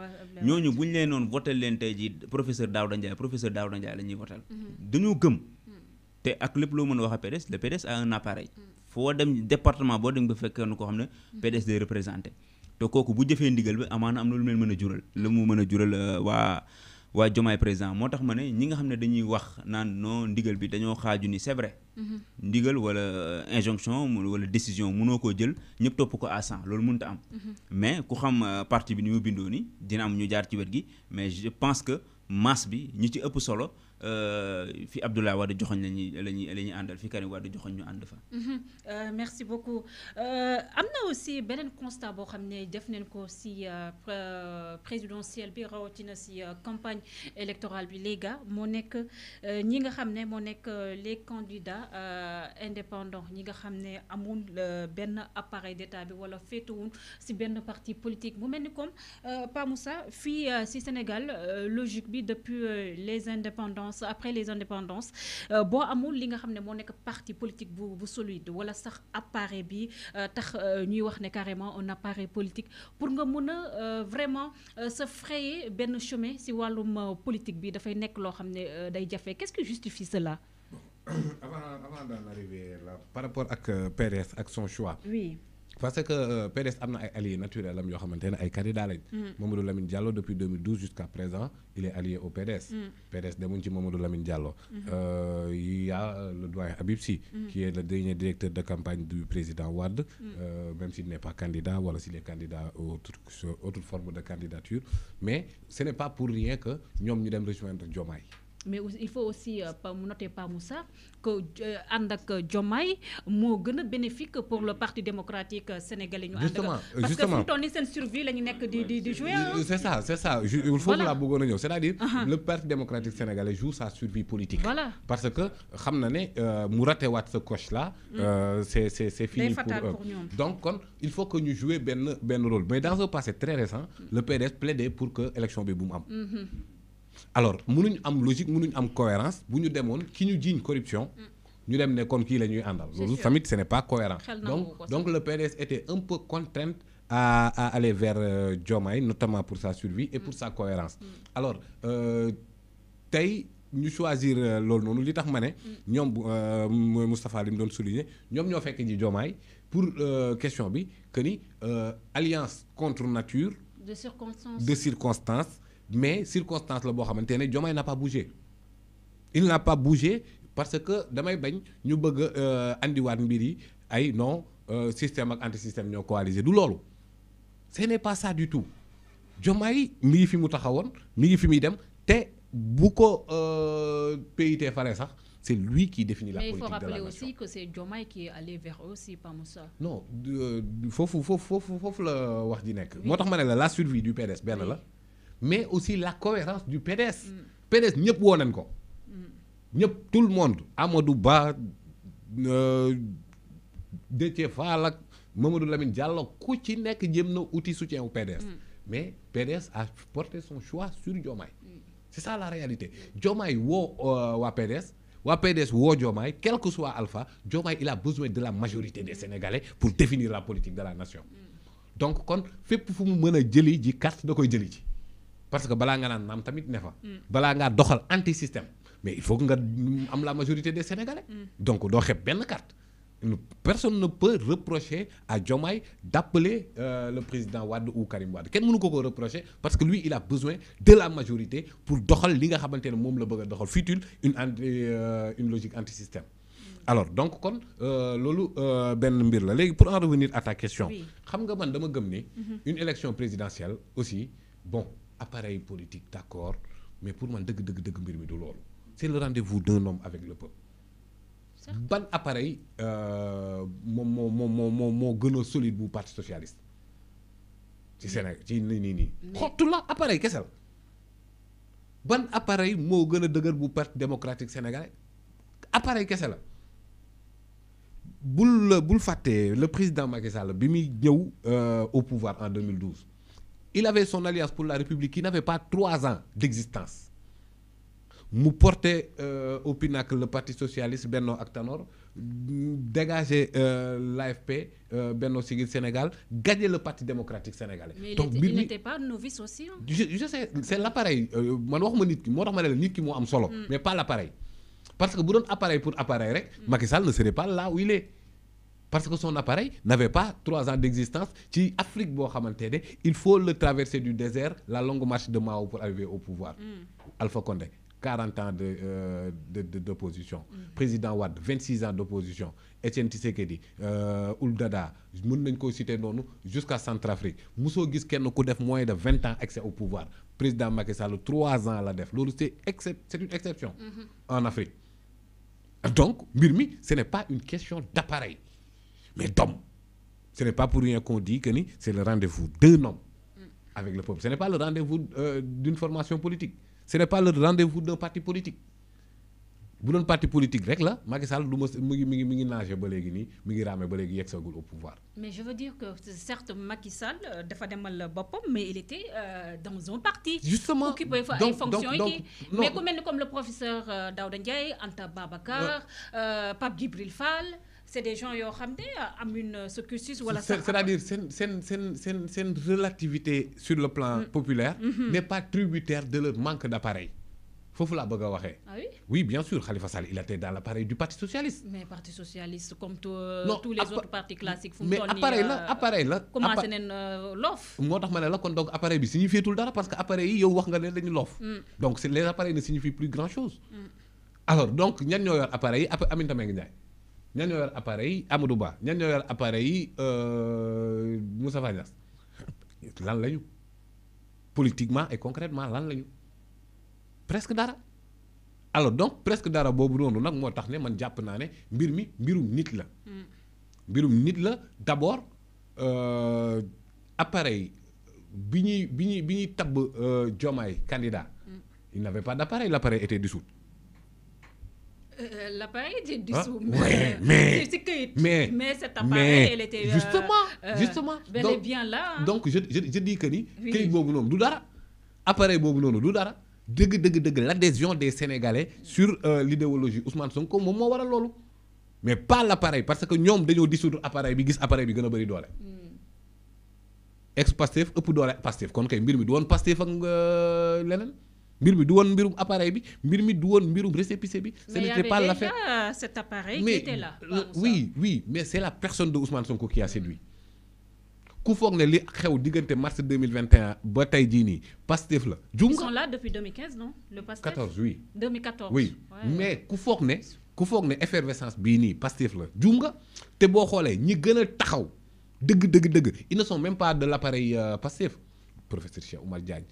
S2: ñooñu bu ñu leen noon votel leen tey jii professeur Daouda Ndiaye professeur Daouda Ndiaye la ñuy votel mm-hmm. dañoo gëm mm-hmm. te ak lépp loo mën a wax a PDS le PDS a un appareil mm-hmm. foo dem département boo dem ba fekk kenn koo xam ne PDS day représenté te kooku bu jëfee ndigal bi amaana am na mu leen mën a jural lu mu mën a jural euh, waa Jomaay président moo tax ma ne ñi nga xam ne dañuy wax naan non ndigal bi dañoo xaaju ni c'est vrai. Mm-hmm. ndigal wala euh, injonction wala décision mënoo koo jël ñëpp topp ko à loolu mënut a am. Mm-hmm. mais ku xam euh, parti bi ni mu bindoo ni dina am ñu jaar ci wet gi mais je pense que masse bi ñi ci ëpp solo. Euh, fi Abdoulaye Wade joxoñ la ñuy la ñuy fi Karim Wade joxoñ ñu ànd fa.
S1: Mm-hmm. Euh, merci beaucoup euh amna aussi benen constat bo xamné def nañ ko si euh, présidentiel bi rawatina si campagne électorale bi les gars moo nekk ñi nga xamné mo nek les candidats euh indépendants ñi nga xamné ne amul benn appareil d'état bi wala wun si benn parti politique mu melni comme Pa Moussa fi si Sénégal logique bi depuis les indépendants après les indépendances euh, Bo amul li nga xamné ne nek parti politique bu solide wala sax appareil bi euh, tax euh, ñuy wax carrément un appareil politique pour nga mëna vraiment se frayer le chemin si walum politique bi da fay nek lo xamné day qu'est-ce qui justifie cela
S3: avant, avant d'en arriver là, par rapport à PRS, à son choix, oui parce que Pérez a allié ay alliés naturels am yoo xamante ay mm. depuis 2012 jusqu'à présent il est allié au Pérez, mm. Pérez Mamadou Lamine Diallo. Mm-hmm. Euh, il y a le doyen Abibsi, mm. qui est le dernier directeur de campagne du président Ward, euh, même s'il n'est pas candidat wala s'il est candidat autre autre forme de candidature mais ce n'est pas pour rien que nous avons dem rejoindre Diomaye
S1: mais il faut aussi euh, noter par Moussa que euh, ànd ak euh, Diomaye est bénéfique pour le parti démocratique sénégalais Justement. parce que fu mu survie la di jouer hein.
S3: c'est ça c'est ça il faut que la la c'est-à-dire uh-huh. le parti démocratique sénégalais joue sa survie politique voilà parce que xamna né ne mu raté wat coche là mm. c'est c'est c'est fini pour donc il faut que nous jouer ben ben rôle mais dans un passé très récent mm. le PDS plaidait pour que élection bi bu am mm-hmm alors pas am logique pas am cohérence bu Nous demoon ki ñu une corruption mm. ñu dem ne kon kii la ñuy àndal tamit ce n'est pas cohérent donc donc le PDS était un peu contraint à, aller vers euh, notamment pour sa survie et pour mm. sa cohérence mm. alors euh, nous ñu choisir euh, loolu Nous li tax euh, Moustapha nous avons doon souligner ñoom ñoo fekk pour la euh, pour question bi que ni alliance contre nature
S1: de circonstances
S3: de mais circonstance la bo xamantene ne n'a pas bougé il n'a pas bougé parce que damay bañ ñu bëgg a euh, andiwaat mbir yi ay non euh, système ak anti système ñoo coaliser. du ce n'est pas ça du tout Diomaye mi ngi fi mu taxawoon mi ngi fi mi dem té bu ko euh, PIT c'est lui qui définit la politique de la nation. Mais il faut rappeler
S1: aussi que c'est Jomai qui est allé vers eux aussi, pas Moussa.
S3: Non il faut le voir. la wax que la survie du PDS bien là mais aussi la cohérence du PDS. Mm. PDS n'y woo nañ ko. Mm. tout le monde Amadou Ba euh, Déthié de Mamadou Lamine Diallo ku ci nekk jëm na outil soutien au PDS. Mm. mais PDS a porté son choix sur Diomaye. c'est ça la réalité Diomaye woo euh, wa PDS. wa PDS wo Diomaye quel que soit Alpha Diomaye il a besoin de la majorité des Sénégalais pour définir la politique de la nation donc quand fait pour vous mener a jëli ji carte da koy parce que c'est nga naan pas tamit nefa mm. Balanga doxal anti système mais il faut que nga am la majorité des sénégalais. Mm. donc do xeeb ben carte. personne ne peut reprocher à Diomaye d'appeler euh, le président Wade ou Karim Wade ken mënu ko ko reprocher parce que lui il a besoin de la majorité pour doxal li nga la futile euh, une logique anti-système mm. alors donc kon Ben pour en revenir à ta question xam nga man dama gëm mm-hmm. une élection présidentielle aussi bon appareil politique d'accord mais pour moi, c'est le rendez-vous d'un homme avec le peuple Bon appareil euh, mon moo solide pour le parti socialiste ci Sénégal ci le nii nii la appareil Bon ban appareil pour le bu parti démocratique sénégalais appareil kese la bul bul le président Macky Sall bi euh, au pouvoir en 2012 il avait son alliance pour la République qui n'avait pas trois ans d'existence. Nous portait euh, au pinacle le parti socialiste Benno Actanor, dégager euh, l'AFP euh, Benno Sénégal gagner le parti démocratique sénégalais. Mais donc il n'était
S1: pas novice aussi. Hein?
S3: je sais c'est l'appareil euh, man ne mais pas l'appareil parce que pour un appareil pour appareil rek. Hmm. Macky Sall ne serait pas là où il est parce que son appareil n'avait pas trois ans d'existence Si Afrique il faut le traverser du désert la longue marche de Mao pour arriver au pouvoir. Mm. Alpha Condé 40 euh, mm. ans d'opposition. président Ouad, 26 ans d'opposition. Etienne Tshisekedi euh, Ould jusqu'à Centrafrique Moussou Gisken, kenn moins de 20 ans accès au pouvoir président Macky Sall trois ans la def c'est une exception. Mm-hmm. en Afrique donc Mirmi, ce n'est pas une question d'appareil mais d'hommes. Ce n'est pas pour rien qu'on dit que c'est le rendez-vous d'un homme avec le peuple. Ce n'est pas le rendez-vous euh, d'une formation politique. Ce n'est pas le rendez-vous d'un parti politique. Pour un parti politique rek la Macky Sall du au pouvoir.
S1: mais je veux dire que certes Makissal, euh, mais il était euh, dans un parti. justement occupé à une fonction. mais comme le professeur Daouda Ndiaye Anta Babacar Pape Djibril Fall. C'est des gens qui ont ne amuñ ce cursus ou à dire
S3: que c'est une relativité sur le plan mm. populaire mm-hmm. Mm-hmm. n'est pas tributaire de leur manque d'appareil. Fofu la que bëgg ah oui oui bien sûr Khalifa Sall il était dans l'appareil du parti
S1: socialiste. mais parti socialiste comme tous les autres partis classiques. fu mais appareil là, euh, appareil comment comment nañ euh, loof.
S3: ne la kon donc appareil bi signifie le temps, parce que appareil yi yow wax nga l'offre. Mm. donc les appareils ne signifient plus grand chose. Mm. alors donc ñan a yor appareil yi Aminata Mbengue ñan appareil yi Amadou Ba appareil yi euh, moussa Niasse lan lañu politiquement et concrètement lan lañu presque dara alors donc presque dara boobu noonu nag moo tax ne man jàpp naa ne mbir mi mbirum nit la. Hmm. mbirum nit la d' abord euh, appareil bi ñuy bi ñuy bi ñuy euh, candidat. Hmm. il n'avait pas d'appareil, l'appareil était dissout.
S1: Euh, euh, l'appareil hein? de dissous, mais, euh, mais, mais, mais cet appareil, il était justement, justement, bel bien là.
S3: Hein. Donc, je, je, je dis que ni, oui. bobu non, du dara, appareil bobu non, du dara, deug deug deug l'adhésion des Sénégalais sur euh, l'idéologie Ousmane Sonko mom mo waral lolu. Mais pas l'appareil parce que ñom dañoo dissoudre appareil bi gis appareil bi gëna bari doole. Hmm. Ex Pastef ëpp doole Pastef kon kay mbir mi du won Pastef ak leneen mbir mi du won mbirum appareil bi mbir mi du won mbirum récépissé bi. ce n'était pas l'affaire
S1: mais cet appareil qui était là.
S3: oui oui mais c'est la personne de Ousmane Sonko qui a séduit. ku foog ne li xew diggante mars 2021 ba tay jii ni Pastef la. ils sont
S1: là depuis 2015 non le Pastef 14 oui. 2014 oui
S3: mais ku foog ne ku foog ne effervescence bi ni Pastef la jum nga te boo xoolee ñi gëna taxaw deug deug deug ils ne sont même pas de l'appareil euh, professeur Cheikh Oumar Diagne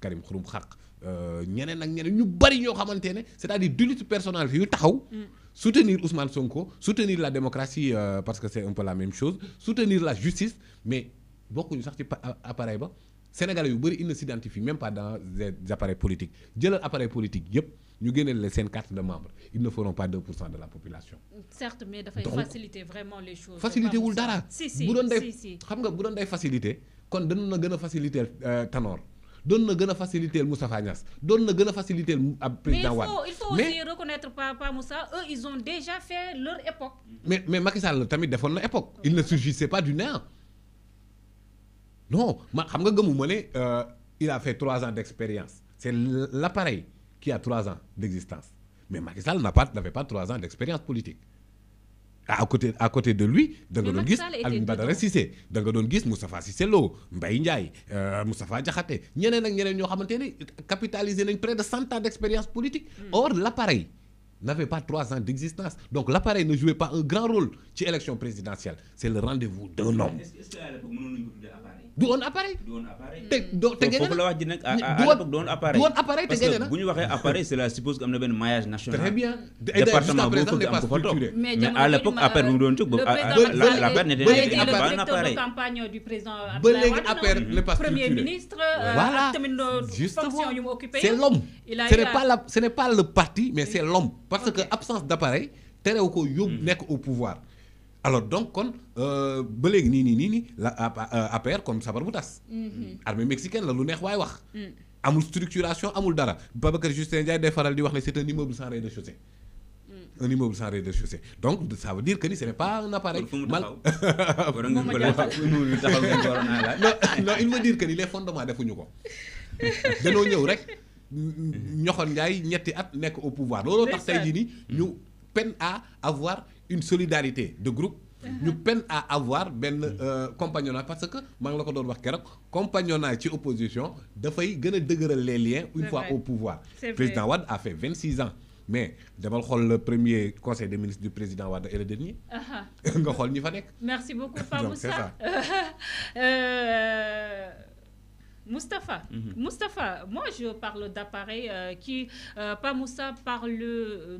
S3: Karim Khouroum, Khak, euh, ñeneen ak ñeneen ñu bari ñoo xamante c'est-à-dire d'illustres personnalités yu taxaw. Mm. soutenir Ousmane Sonko soutenir la démocratie euh, parce que c'est un peu la même chose soutenir la justice mais bokkuñu sax ci appareil ba sénégalais yu ils ne s'identifient même pas dans les appareils politiques jëlal appareil politique yépp ñu génneel les seen carte de membre ils ne feront pas 2 de la population.
S1: certes mais faut faciliter vraiment les choses. faciliter wul dara. si si bu doon day
S3: xam nga bu doon day faciliter kon dana faciliter euh, Tanor donne le gën faciliter Moussa Fagnas donne le gën faciliter à président Wade mais il faut il faut aussi
S1: reconnaître papa Moussa eux ils ont déjà fait leur époque.
S3: mais mais Macky Sall tamit defoon na époque. il ne surgissait pas du néant non man xam nga gëmuma euh, il a fait trois ans d'expérience c'est l'appareil qui a trois ans d'existence mais Macky Sall n'avait pas n'avait pas trois ans d'expérience politique à côté à côté de lui da nga gis Badara Cissé da gis Cissé Lo Mbaye euh, ñeneen près de 100 ans d'expérience politique hmm. or l'appareil n'avait pas trois ans d'existence donc l'appareil ne jouait pas un grand rôle ci élection présidentielle c'est le rendez-vous d'un homme
S2: du appareil. appareil. appareil.
S1: c'est l'homme.
S3: ce n'est pas le parti mais c'est l'homme parce que absence d'appareil ko mm. au pouvoir alors donc kon euh, ba nini, nii comme euh, sabar bu boutasse. Mm-hmm. armée mexicaine la lu est wax. Mm. Amoul structuration amoul dara Babacar Justin Ndiaye day faral di wax c'est un immeuble sans rez-de-chaussée. Mm. un immeuble sans rez-de-chaussée donc ça veut dire que ce n'est pas un appareil. non non il veut dire que les fondements defuñu ko rek mm-hmm. au pouvoir nous, tax nous, peine à avoir une solidarité de groupe nous uh-huh. peine à avoir ben compagnonnage parce que malgré le la ko doon wax opposition de gën a les liens une fois au pouvoir président Wade a fait 26 ans mais d'abord le premier conseil des ministres du président Wade et le dernier
S1: uh-huh.
S3: nga ñi
S1: merci beaucoup Pape Mustapha, mhm. Mustapha, moi je parle d'appareil euh, qui euh, pas Moussa parle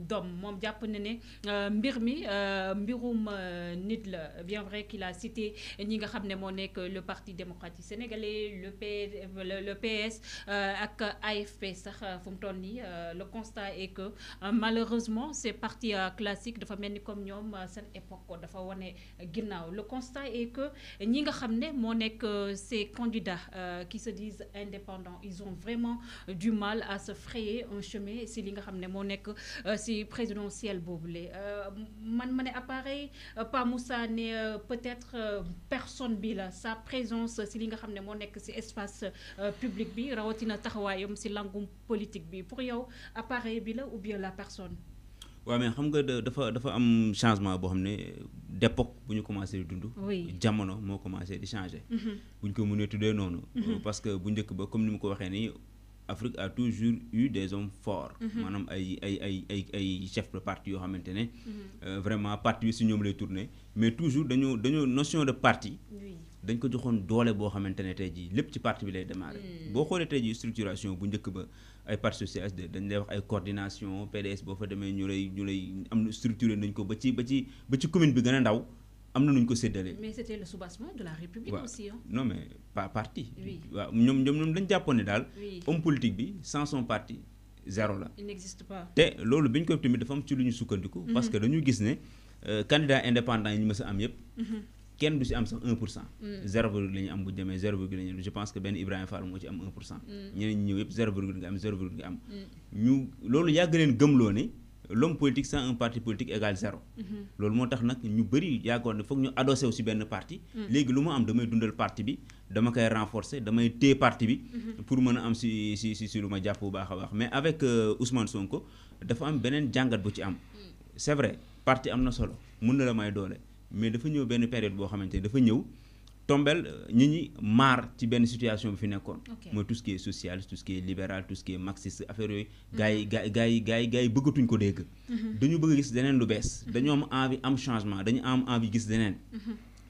S1: d'homme Mon jàpp euh, Mbirmi, bien vrai qu'il a cité ñi nga le parti démocratique sénégalais le le PS ak AFP le constat est que malheureusement ces partis classiques de famille comme comme cette époque de Ginao. le constat est que ñi nga que ces candidats qui se indépendants ils ont vraiment du mal à se frayer un chemin si li nga xam ne présidentiel euh, si présidentiel euh, man mané apparaît, appareil euh, pas Moussa ne peut-être personne bi sa présence si li nga xam ne c'est espace public bi rawatina taxawaayam si langum politique bi pour yow appareil bille ou bien la personne
S2: waaw mais xam nga dafa dafa am changement bo xamné d'époque buñu commencé di dund. jamono mo commencé di changer. Mhm. buñ ko mëne tuddee noonu. Mhm. Euh, parce que buñ njëkk ba comme ni mu ko waxé ni Afrique a toujours eu des hommes forts. manam mhm. ay ay ay ay ay chefs de parti yo xamante euh, vraiment parti bi si ñoom lay tourner mais toujours dañu dañu notion de parti. dañ ko joxone doole bo xamante tay ji lepp ci parti bi lay démarrer. Hmm. bo xolé tay ji structuration buñ njëkk ba ay parti socialiste dañ lay wax ay coordination PDS boo fa demee ñu lay ñu lay am na structuré nañ ko ba ci ba ci ba ci commune bi gën a ndaw am na nu ñu ko séddalee.
S1: mais c'était le soubassement de la République aussi. Hein? non mais
S2: pas parti. waaw ñoom ñoom ñoom dañ jàppoon ne daal. homme politique bi sans son parti zéro la.
S4: il n'existe pas. te
S2: loolu biñ ko tamit dafa am ci lu ñu sukkandiku. Mm-hmm. parce que dañu gis ne euh, candidat indépendant yi ñu mës a am yëpp. Mm-hmm kenn du si am sax 1 pour cent. Mm. zéro virgule am bu ñu demee je pense que ben Ibrahim Fall moo ci am 1 ñene cent. Mm. ñeneen ñi ñëw am zéro virgule am. Mm. ñu lolu yag leen gëmloo ne l'homme politique sans un parti politique égale zéro. Mm-hmm. loolu moo tax nag ñu bëri yàggoon ne foog ñu adossé wu ben parti. léegi lu mu am damay dundal parti bi dama koy renforcer damay té parti bi. Mm-hmm. pour mëna am si si si si lu ma bu baaxa a baax mais avec euh, Ousmane Sonko dafa am benen jàngat bu ci am. c'est vrai parti amna solo mun na la may doole mais dafa ñëw benn période boo xamante ne dafa ñëw tombel ñi euh, ñi maar ci benn situation bi fi nekkoon mooy tout ce qui est social tout ce qui est libéral tout ce qui est marxiste affaire yooyu mm-hmm. gars yi gars gars yi gars yi gars yi bëggatuñ ko dégg mm-hmm. dañu bëgg gis deneen lu bees mm-hmm. dañu am envie am changement dañu am envie gis deneen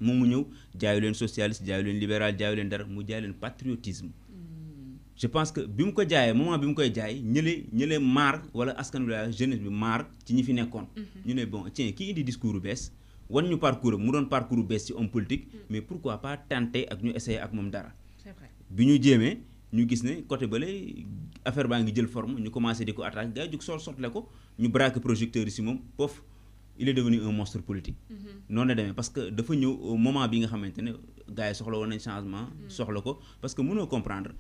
S2: moom mu ñëw jaayu leen socialiste jaayu leen libéral jaayu leen dara mu jaay leen patriotisme mm. je pense que bi mu ko jaayee moment bi mu koy jaay ñële ñële maar wala askan wi jeunesse bi maar ci ñi fi nekkoon ñu ne bon tiens kii indi discours bu bees wan ñu parcours mu doon parcours bees ci homme politique mais pourquoi pas tenter ak ñu essayer ak moom dara bi ñu jéemee ñu gis ne côté bële affaire baa ngi jël forme ñu commencé di ko attaque gars yi jug sol sotle ko ñu braque projecteur yi ci moom pof il est devenu un monstre politique mm-hmm. noonu la demee parce que dafa ñëw au moment bi nga xamante ne gars yi soxla woon nañ changement mm-hmm. soxla ko parce que mënoo comprendre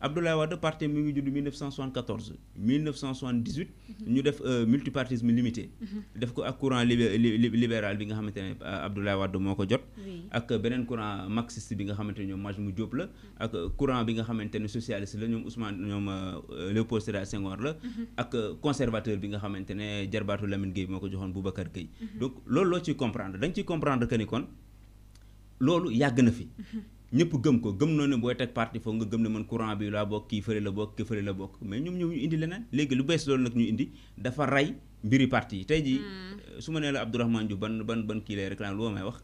S2: Abdoulaye Wade parti mi ngi judd 1974 1978 mhm. ñu def euh, multipartisme limité mhm. def ko ak courant libéral bi nga xamantene ne euh, Abdoulaye Wade moko jot ak benen courant marxiste bi nga xamantene ñom ñoom Diop la mhm. ak courant bi nga xamantene socialiste la ñom Ousmane ñom euh, Léopold Sédar Senghor la ak conservateur bi nga xamantene ne Lamine Gueye moko joxone Boubacar Gueye donc loolu loo ciy comprendre dañ ci comprendre que ni kon loolu yàgg na fi ñëpp gëm ko gëm noo ne booy teg parti foog nga gëm ne man courant bi laa bokk kii fële la bokk kii fële la bokk mais ñoom ñëw ñu indi leneen léegi lu bees loolu nag ñu indi dafa ray mbiri parti yi tey jii hmm. su ma nee la Abdourahmane Diouf ban ban ban kii lay réclamé loo may wax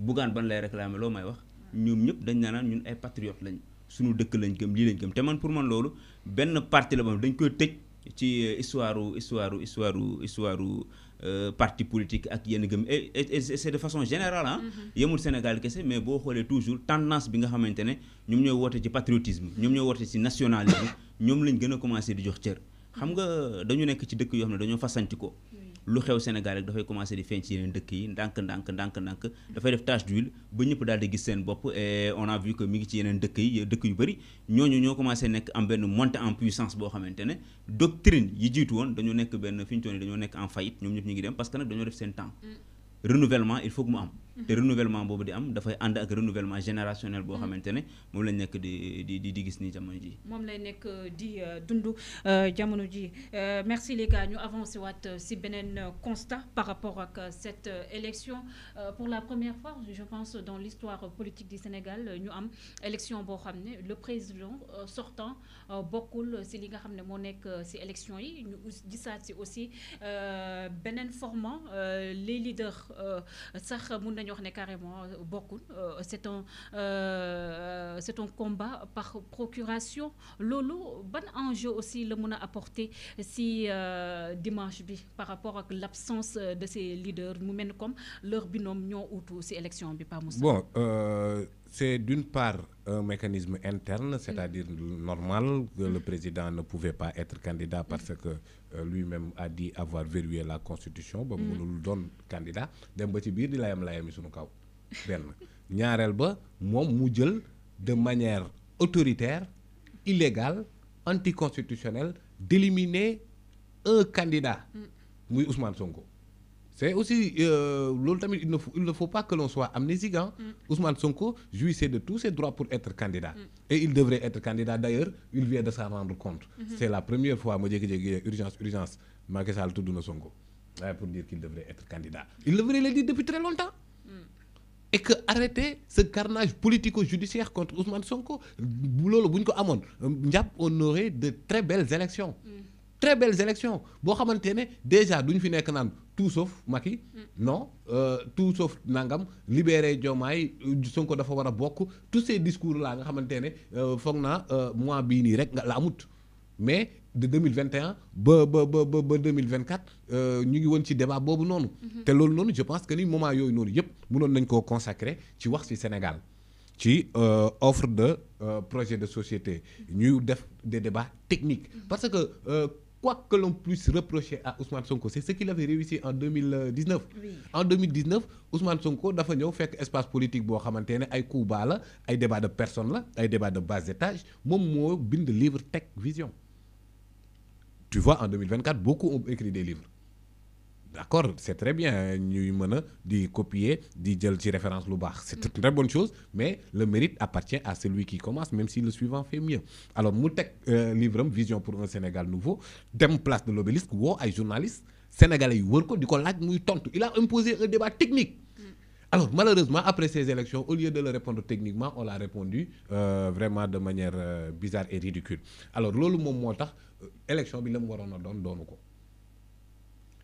S2: Bougane ban lay réclamé loo may wax ñoom ñëpp dañ naan ñun ay patriote lañ suñu dëkk lañ gëm lii lañ gëm te man pour man loolu benn parti la moom dañ koy tëj ci histoire histoire histoire histoire Euh, parti politique ak yenn gëm et c'est est de façon générale hein mm-hmm. yemul Sénégal kessé mais bo xolé toujours tendance bi nga xamantene ne ñoy ñooy ci patriotisme ñoom ñoy woote ci nationalisme ñoom lañ gëna a commencé di jox cër. xam nga dañu nekk ci dëkk yoo xam dañu dañoo ko lu xew Sénégal rek dafay commencé di feeñ ci yeneen dëkk yi ndànk ndànk ndànk ndànk dafay def tache d'huile ba ñëpp daal di gis seen bopp et on a vu que mi ngi ci yeneen dëkk yi dëkk yu bëri ñooñu ñoo commencé nekk am benn montée en puissance boo xamante ne doctrine yi jiitu woon dañoo nekk benn fi ñu toll dañoo nekk en faillite ñoom ñëpp ñu ngi dem parce que nag dañoo def seen temps mm. renouvellement il faut que mu am te renouvellement bobu di am fay and ak renouvellement générationnel bo mm. xamante mom moom lañ nekk di di di gis ni jamono ji
S1: mom lay nek euh, di euh, dundu euh, jamono ji merci les gars ñu avancer wat ci benen constat par rapport ak cette élection pour la première fois je pense dans l'histoire politique du Sénégal ñu am élection bo xamné le président sortant bokul ci li nga xamné mo nek ci élection yi ñu gisat ci aussi benen format les leaders sax mun n'est carrément euh, beaucoup c'est un euh, c'est un combat par procuration Lolo ban enjeu aussi le monde a apporter si euh, dimanche bi par rapport à l'absence de ces leaders mu mel comme leur binôme ou tous ces élections bi bon
S3: c'est d'une part un mécanisme interne, c'est-à-dire mm. normal, que le président ne pouvait pas être candidat parce que euh, lui-même a dit avoir verrouillé la constitution, ba mm. nous donne candidat D'un ba ci il a son de manière autoritaire illégale anticonstitutionnelle d'éliminer un candidat mm. Ousmane Sonko c'est aussi euh, il ne faut pas que l'on soit amnésique hein. mm. Ousmane Sonko jouissait de tous ses droits pour être candidat. Mm. et il devrait être candidat d'ailleurs il vient de s'en rendre compte. Mm-hmm. c'est la première fois que je dis urgence urgence Macky Sall Tuduna pour dire qu'il devrait être candidat il devrait le dire depuis très longtemps. Mm. et que arrêter ce carnage politico-judiciaire contre Ousmane Sonko euh, on aurait de très belles élections très belles élections Bon xamante déjà duñ fi nekk tout sauf Macky mm. non euh, tout sauf nangam libéré Diomaye euh, Sonko dafa war a beaucoup, tous ces discours là nga xamante ne euh, foog euh, mois bii rek nga la amut mais de 2021 ba ba ba ba 2024 nous ngi woon ci débat boobu noonu. Mm-hmm. te loolu je pense que ni moment yooyu noonu yëpp nous nañ koo consacrer ci wax ci Sénégal ci offre de projet de société mm-hmm. ñuy def des débats techniques mm-hmm. parce que quoi que l'on puisse reprocher à Ousmane Sonko c'est ce qu'il avait réussi en 2019 en 2019 Ousmane Sonko a fait un espace politique pour a un ay coup des la débat de personne la débat de bas étage a eu des livre Tech Vision tu vois en 2024 beaucoup ont écrit des livres d'accord c'est très bien nous, hein, mën de copier de jël référence c'est une très bonne chose mais le mérite appartient à celui qui commence même si le suivant fait mieux alors mu euh, livre vision pour un Sénégal nouveau dem place de l'obélisque où ay journalistes sénégalais il a imposé un débat technique mm. Alors malheureusement, après ces élections, au lieu de le répondre techniquement, on l'a répondu euh, vraiment de manière euh, bizarre et ridicule. Alors, l'élection, mom motax élection bi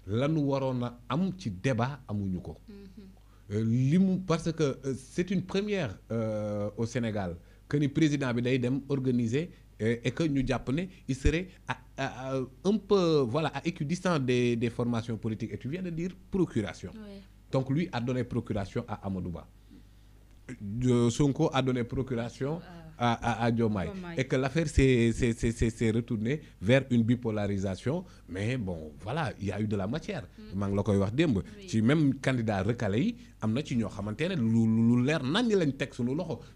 S3: là nous avons am ci débat amuñu ko. Mhm. Euh, parce que euh, c'est une première euh, au Sénégal que les président bi day dem et que nous, les il serait un peu voilà à équidistant des formations politiques et tu viens de dire procuration. donc lui a donné procuration à Amadouba. Sonko a donné procuration ah. à, à, Et que l'affaire s'est retournée vers une bipolarisation. Mais bon, voilà, il y a eu de la matière. Même même candidat recalé il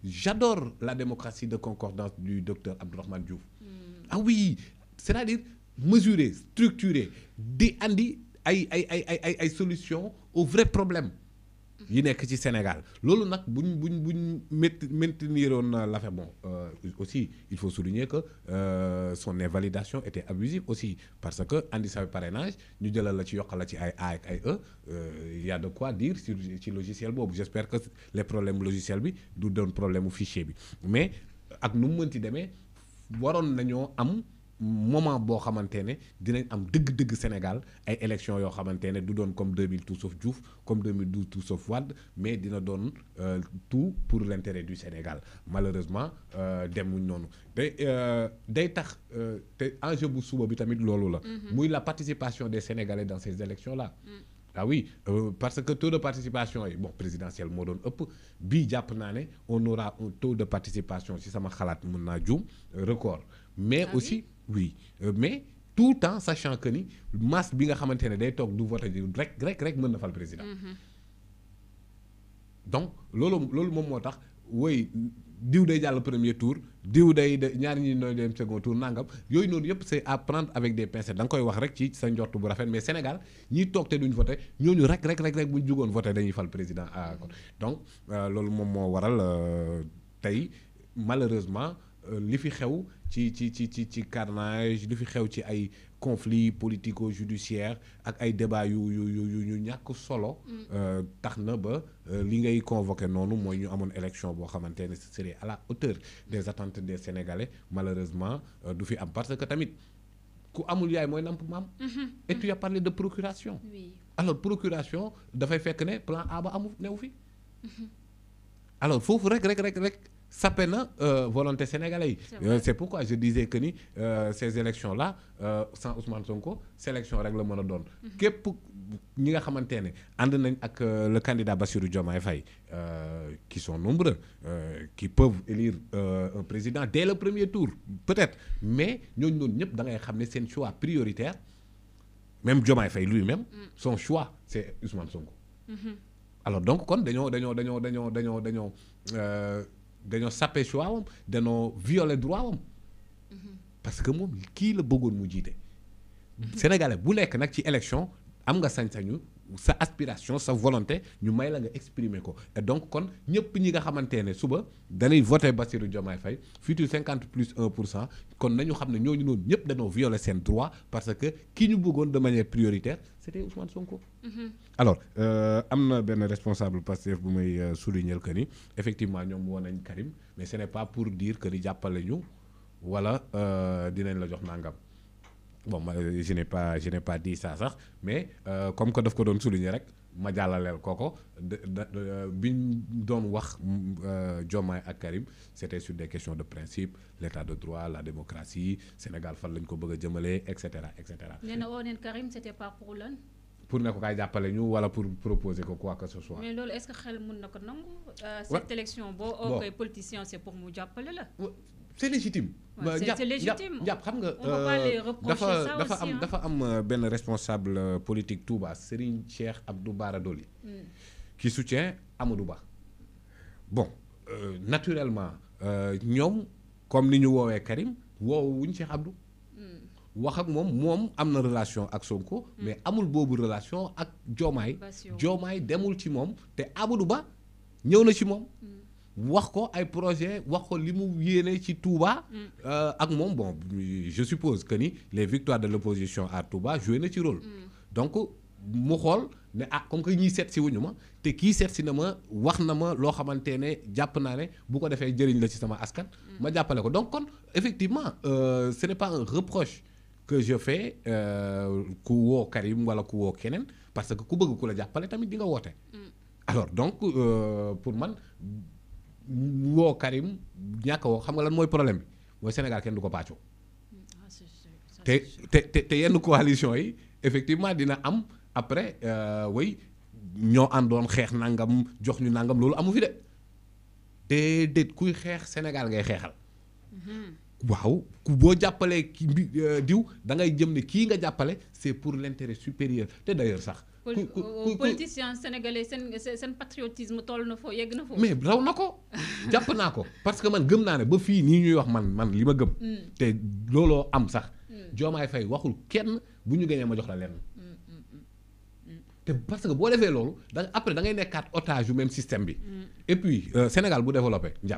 S3: j'adore la démocratie de concordance du docteur Abdourahmane Diouf. Mm. ah oui c'est-à-dire mesurer structurer des solutions aux vrais problèmes yi nekk ci Sénégal loolu nag buñ buñ buñ maintenir on la fait bon euh, aussi il faut souligner que euh, son invalidation était abusive aussi parce que andi sa parrainage ñu jëlal la ci yokkal la ci ay A ak ay E euh, y a de quoi dire sur ci logiciel boobu j'espère que les problèmes logiciel bi du doon problème fichier bi mais ak nu mu mënti demee waroon nañoo am moment boo xamante ne dinañ am dëgg-dëgg Sénégal ay élections yoo xamante du doon comme 2000 tout sauf Diouf comme 2012 tout sauf wad, mais dina doon euh, tout pour l'intérêt du Sénégal malheureusement euh, demuñ noonu day euh, day tax te enjeu bu suba bi tamit loolu la. Mhm. muy la participation des Sénégalais dans ces élections là. Mm. ah oui parce que taux de participation yi bon présidentiel, moo doon ëpp bii jàpp on aura un taux de participation si sama xalaat mën naa juum record mais ah aussi oui euh, mais tout le temps sachant que ni masse bi nga xamantene day tok du voter rek rek rek meun na fal président. Mhm. donc lolo lolo mom motax tax diou day jàll premier tour diou day ñaar ñi nooy dem second tour nangam yoy noonu yëpp c'est à prendre avec des pincettes dang koy wax rek ci sa njort bu rafet mais Sénégal ñi tok té duñ voter ñooñu rek rek rek rek buñ ñu voter dañuy fal président à mhm. donc euh, loolu mom mo waral euh, tay malheureusement li fi xew ci ci ci ci ci carnage li fi xew ci ay conflits politico judiciaires ak ay débats yu yu yu ñu ñàkk solo. Mm. Euh, tax na ba euh, li ngay convoqué noonu mooy ñu amoon élection boo xamante ne ce serait à la hauteur des attentes des sénégalais malheureusement euh, du fi am parce que tamit ku amul yaay mooy namp maam. Mm-hmm. et tu as parlé de procuration. oui alors procuration dafay fekk ne plan A ba amou newu fi. Mm-hmm. alors foofu rek rek rek rek ça na hein, euh, volonté sénégalais euh, c'est pourquoi je disais que euh, ces élections là sans Ousmane Sonko sélection l'élection donne règlement pour donne. képp ñi nga xamante ne ànd le candidat Bassirou Diomaye Faye qui sont nombreux qui peuvent élire un président dès le premier tour peut-être mais nous avons ñëpp da ngay choix prioritaire même Diomaye Faye lui-même. Mm. son choix c'est Ousmane Sonko. Mhm. alors donc kon nous avons dañoo sappe choix am dañoo violer droit am parce que moom kii la bëggoon mu jiite mhm. sénégalais bu nekk nag ci élection am nga sañ-sañu sa aspiration sa volonté nous may la et donc kon ñëpp ñi nga xamante ne suba voté Bassirou Diomaye Faye futur 50 plus 1 quand nous kon nañu nous ne ñooñu noonu ñëpp violer droit parce que ki ñu bëggoon de manière prioritaire c'était Ousmane Sonko. Mhm. alors y a un responsable que bu may euh, souligner que ni effectivement nous avons nañ Karim mais ce n'est pas pour dire que ni nous ñu wala euh, dinañ la jox nangam bon ma je n'ai pas je n'ai pas dit ça sax mais euh, comme que daf ko doon souligner rek ma jallalel koko biñ doon wax euh, Diomaye ak Karim c'était sur des questions de principe l'état de droit la démocratie Sénégal fan lañ ko bëgg a etc et cetera et cetera.
S1: neen Karim c'était pas pour l'un
S3: pour ne ko kay jappalé ñu wala pour proposer ko quoi que ce soit.
S1: mais loolu est-ce que xel mën na ko nangu. Euh, cette élection bo boo koy politicien c'est pour mu jappalé la.
S3: C'est légitime. waaw c' est légitime jàpp xam nga. Euh, dafa hein. dafa am dafa euh, am ben responsable euh, politique Touba Serigne Cheikh Abdou Bara Dolly. Mm. qui soutient Amadou Ba. bon naturellement ñoom comme ni ñu woowee Karim woowuñ Cheikh Abdou. Mm. wax ak moom moom am na relation ak Sonko. Mm. mais amul boobu relation ak Joomaay. Joomaay demul ci moom te Amadou Ba ñëw na ci wax ko ay projet wax ko li mu yéene ci Touba. Mm. Euh, ak moom bon je suppose que ni les victoires de l'opposition à Touba joué na ci rôle. Mm. donc mu xool ne ah comme que ñii seet si wuñu ma te kii seet si na ma wax na ma loo xamante ne jàpp naa ne bu ko defee jëriñ la ci sama askan. Mm. ma jàppale ko donc kon effectivement euh, ce n'est pas un reproche. que je fais euh, ku woo Karim wala ku woo keneen parce que ku bëgg ku la jàppale tamit di nga woote. alors donc euh, pour man woo Karim ñàkk woo xam nga lan mooy problème bi mooy Sénégal kenn du ko pàccoo. Ah, te te te te yenn coalition yi effectivement dina am après way euh, ñoo àndoon xeex nangam jox ñu nangam loolu amu fi de déedéet kuy xeex Sénégal ngay xeexal.
S1: Mm-hmm.
S3: waaw ku boo jàppalee ki bi euh, diw da ngay jëm ne kii nga jàppale c'est pour l'intérêt supérieur te d'ailleurs sax.
S1: politiciens sénégalais c'est un patriotisme mais
S3: raw parce que man gëm ba man man gëm. Mm. am sax. Mm. waxul kenn la parce que après da ngay quatre otage même système mm. et puis euh, Sénégal bu développé di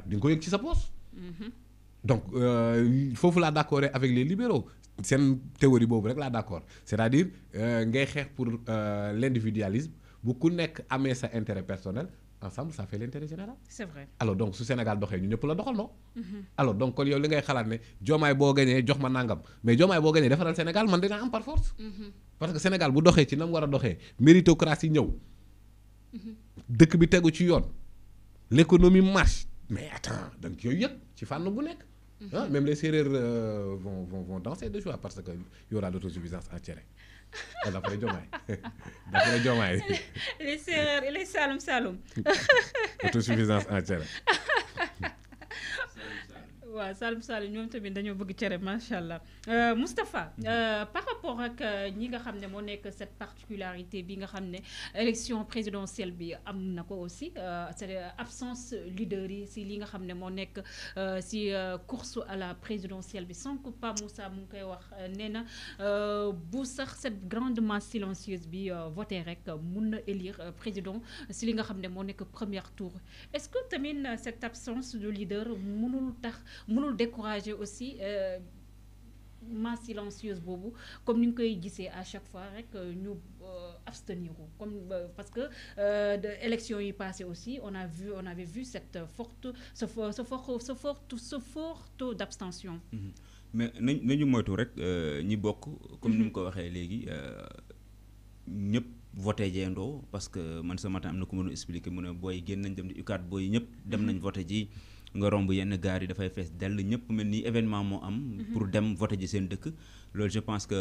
S3: donc euh, foofu la d'accord avec les libéraux seen théorie boobu rek laa d'accord c'est-à-dire euh, ngay xeex pour euh, l'individualisme bu ku nekk amee sa intérêt personnel ensemble ça fait l'intérêt général. c'est vrai alors donc au Sénégal doxee ñu ñëpp la doxal non. Mhm. alors donc kon yow li ngay xalaat ne joomaay boo gañee jox ma nangam mais joomaay boo gañee defaral Sénégal man dinaa am par force. Mhm. parce que Sénégal bu doxee ci na mu war a doxee méritocratie ñëw. Mhm. dëkk bi tegu ci yoon. l'économie marche mais attends donc yooyu yëpp ci fànn bu
S1: nekk. Ah, mhm. même
S3: les serrures euh, vont vont danser de joie parce qu'il y aura l'autosuffisance en cere. d'après Diomaye d'après Diomaye.
S1: les serrures, il les Saloum Saloum.
S3: autosuffisance entière.
S1: waaw Saloum Saloum ñoom tamit dañoo bëgg cere macha allah euh, Moustapha mhm. euh, par rapport ak euh, ñi nga xam ne moo nekk cette particularité bi nga xam ne élection présidentielle bi am na ko aussi c'est absence leader yi si li nga xam ne moo nekk si course à la présidentielle bi que Pa Moussa mu ngi koy wax nee na bu sax cette grande masse silencieuse bi voté rek mun na élire président si li nga xam ne moo nekk premier tour est-ce que tamit cette absence de leader mënul tax mënul décourager aussi euh, ma silencieuse bobu comme ni ñu koy gisee à chaque fois rek euh, ñu euh, abstenir comme parce que de élections yi passé aussi on a vu on avait vu cette forte ce fort ce fort ce fort ce fort taux d'abstention
S2: mhm. mais nañ nañu moytu rek ñi bokk comme ni mu mhm. ko waxee léegi ñëpp voter jeendoo parce que man ce matin amna na ku expliquer mu boy booy génn nañ dem di ukat boy ñëpp dem nañ mhm. voter ji nga romb yenn gaar yi dafay fees dell ñëpp ni am. Mhm. pour dem voter je pense que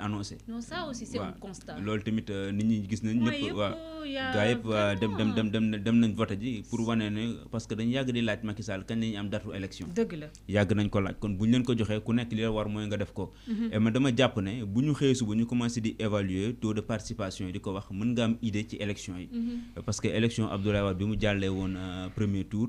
S2: annoncé.
S1: ça aussi c'est un constat.
S2: Euh, ñi gis nañ voter pour parce que di laaj Macky Sall am la nañ ko laaj kon leen ko et dama évaluer taux de participation di ko wax am idée ci mhm. parce que élection Abdoulaye Wade euh, premier tour.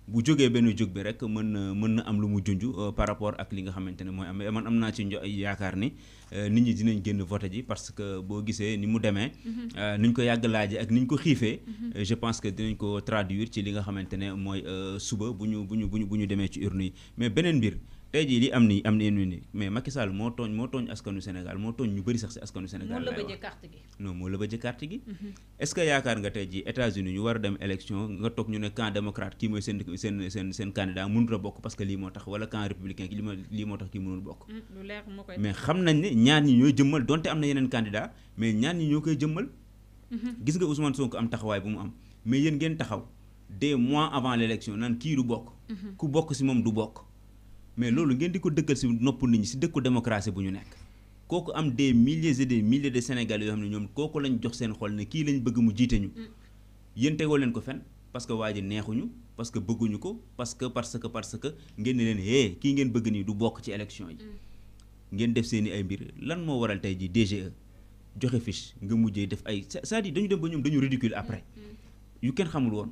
S2: bu jógee benn jóg bi rek mën na mën na am lu mu junj euh, par rapport ak li nga xamante ne mooy am man am naa ci yaakaar ni euh, nit ñi dinañ génn vote ji parce que boo gisee ni mu demee mhm. euh, ni ñu ko yàgg laaj ak ni ko xiifee mhm. je pense que dinañ ko traduire ci li nga xamante ne mooy suba bu ñu bu ñu bu ñu ñu demee ci urne yi mais beneen mbir tey jii li am nii am nañu nii mais Macky Sall moo tooñ moo tooñ askanu Sénégal moo tooñ ñu bëri sax si askanu Sénégal. la wax carte gi. non moo lëbëjee carte gi. Mhm. est-ce que yaakaar nga tey jii États-Unis ñu war a dem élection nga toog ñu ne camp démocrate kii mooy seen seen seen seen candidat mënut a bokk parce que lii moo tax wala camp républicain ki lii moo tax kii mënul bokk.
S4: Mm, lu leer moo koy mais xam nañ ne
S2: ñaar ñi ñooy jëmmal donte am na yeneen candidat mais ñaar ñi ñoo koy jëmmal. Mhm. gis nga Ousmane Sonko am taxawaay bu mu am mais yéen ngeen taxaw des mois avant l'élection naan kii du bokk mhm. ku bokk si moom du bokk mais ce ngeen di ko dëkkal nopp nit démocratie bu nekk am des milliers et des milliers de Sénégalais yoo xam ne ñoom kooku lañ jox seen xol ne kii lañ bëgg mu jiite ñu mm. yéen tegoo leen ko fen parce que waa ji neexuñu parce que bëgguñu ko parce que parce que parce que ngeen ne leen hee eh, kii ngeen bëgg nii du bokk ci élection yi mm. ngeen def seen ay mbir lan waral DGE joxe fiche def ay à dire dañu dem ba dañu ridicule après
S4: mm.
S2: yu kenn xamul woon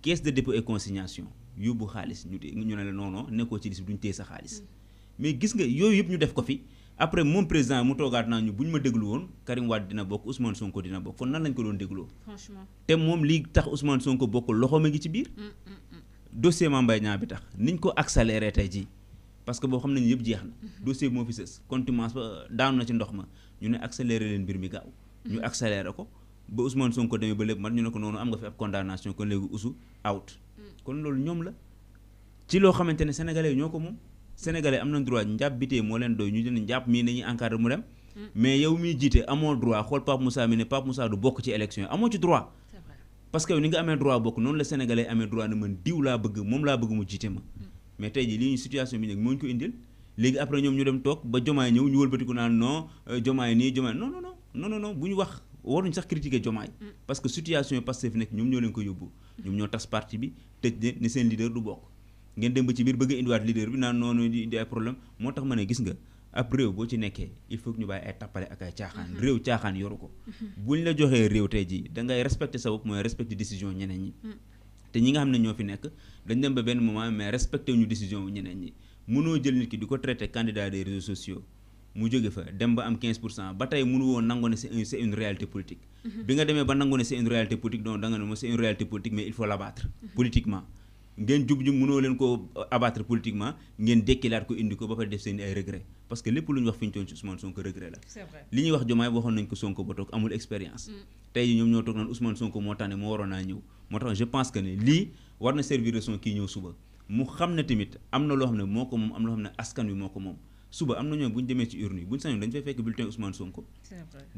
S2: caisse de dépôt et consignation yóbbu xaalis ñu ñu ne la nekkoo ci liste bi duñ téye sa xaalis mais gis nga yooyu yëpp ñu def ko fi après moom président mu toogaat naa ñu bu ñu ma déglu woon Karim Wade dina bokk Ousmane Sonko dina bokk kon nan lañ ko doon dégloo. franchement te moom lii tax Ousmane Sonko bokk loxo ma ngi ci biir. Mm, mm, mm. dossier Mame Mbaye Niang bi tax niñ ko accéléré tey ji parce que boo xam nañu yëpp jeex na. Mm-hmm. dossier bi moo fi sës contumace ba daanu na ci ndox ma ñu ne accéléré leen mbir mi gaaw. ñu accéléré ko. ba Ousmane Sonko demee ba lépp man ñu ne ko noonu am nga fi ab condamnation kon léegi usu out mm. kon loolu ñoom la ci loo xamante ne sénégalais yi ñoo ko moom sénégalais am nañ droit njàpp bitee moo leen doy ñu dinañ njàpp mii nañuy encadré mu dem mm. mais yow miy jiite amoo droit xool Pape Moussa mi ne bokk ci élection yi amoo ci droit parce que yow ni nga amee droit bokk noonu la sénégalais amee droit ne man diw laa bëgg moom laa bëgg mu jiite ma mm. mais tey jii lii ñu situation bi nag moo ñu ko indil léegi après ñoom ñu dem toog ba jomaay ñëw ñu wëlbatiku naan non jomaay euh, nii jomaay non non non non ñu wax waruñ sax critiquer Diomaye mm. parce que situation yi Pastef fi nekk ñoom ñoo leen ko yóbbu ñoom ñoo tas parti bi tëj de ne seen leader du bokk ngeen dem ba ci biir bëgg a indiwaat leader bi naan noonu di indi ay problème boo ci nekkee il ñu bàyyi ay tappale ak ay caaxaan mm-hmm. réew caaxaan yoru mm-hmm. la joxee réew jii da ngay respecter sa bopp mooy respecter décision ñeneen ñi mm. te ñi fi nekk dañ dem ba benn moment mais respecté ñu décision ñeneen ñi mënoo jël nit ki di ko traité candidat des réseaux sociaux mu jóge fa dem ba am 15 pour cent ba tey mënu ne c' est une réalité politique. Mm-hmm. bi nga demee ba nangu ne c' est une réalité politique donc da nga ne moom c' est une réalité politique mais il faut l' abattre. Mm-hmm. politiquement ngeen jub jub mënoo leen koo abattre politiquement ngeen dekkilaat ko indi ko ba pare def seen ay regret parce que lépp lu ñu wax fi ñu ci Ousmane Sonko regret la. c' vrai li ñuy wax Diomaye waxoon nañ ko Sonko ba toog amul expérience. Mm. tey ñoom ñoo toog naan Ousmane Sonko moo tànne moo waroon naa ñëw moo tax je pense que ne lii war na servir son kii ñëw suba mu xam ne tamit am na loo xam ne moo ko moom am na loo xam ne askan wi moo ko moom suba am na ñoom bu ñu demee ci urne yi bu ñu sañoon dañ fay fekk bulletin Ousmane Sonko.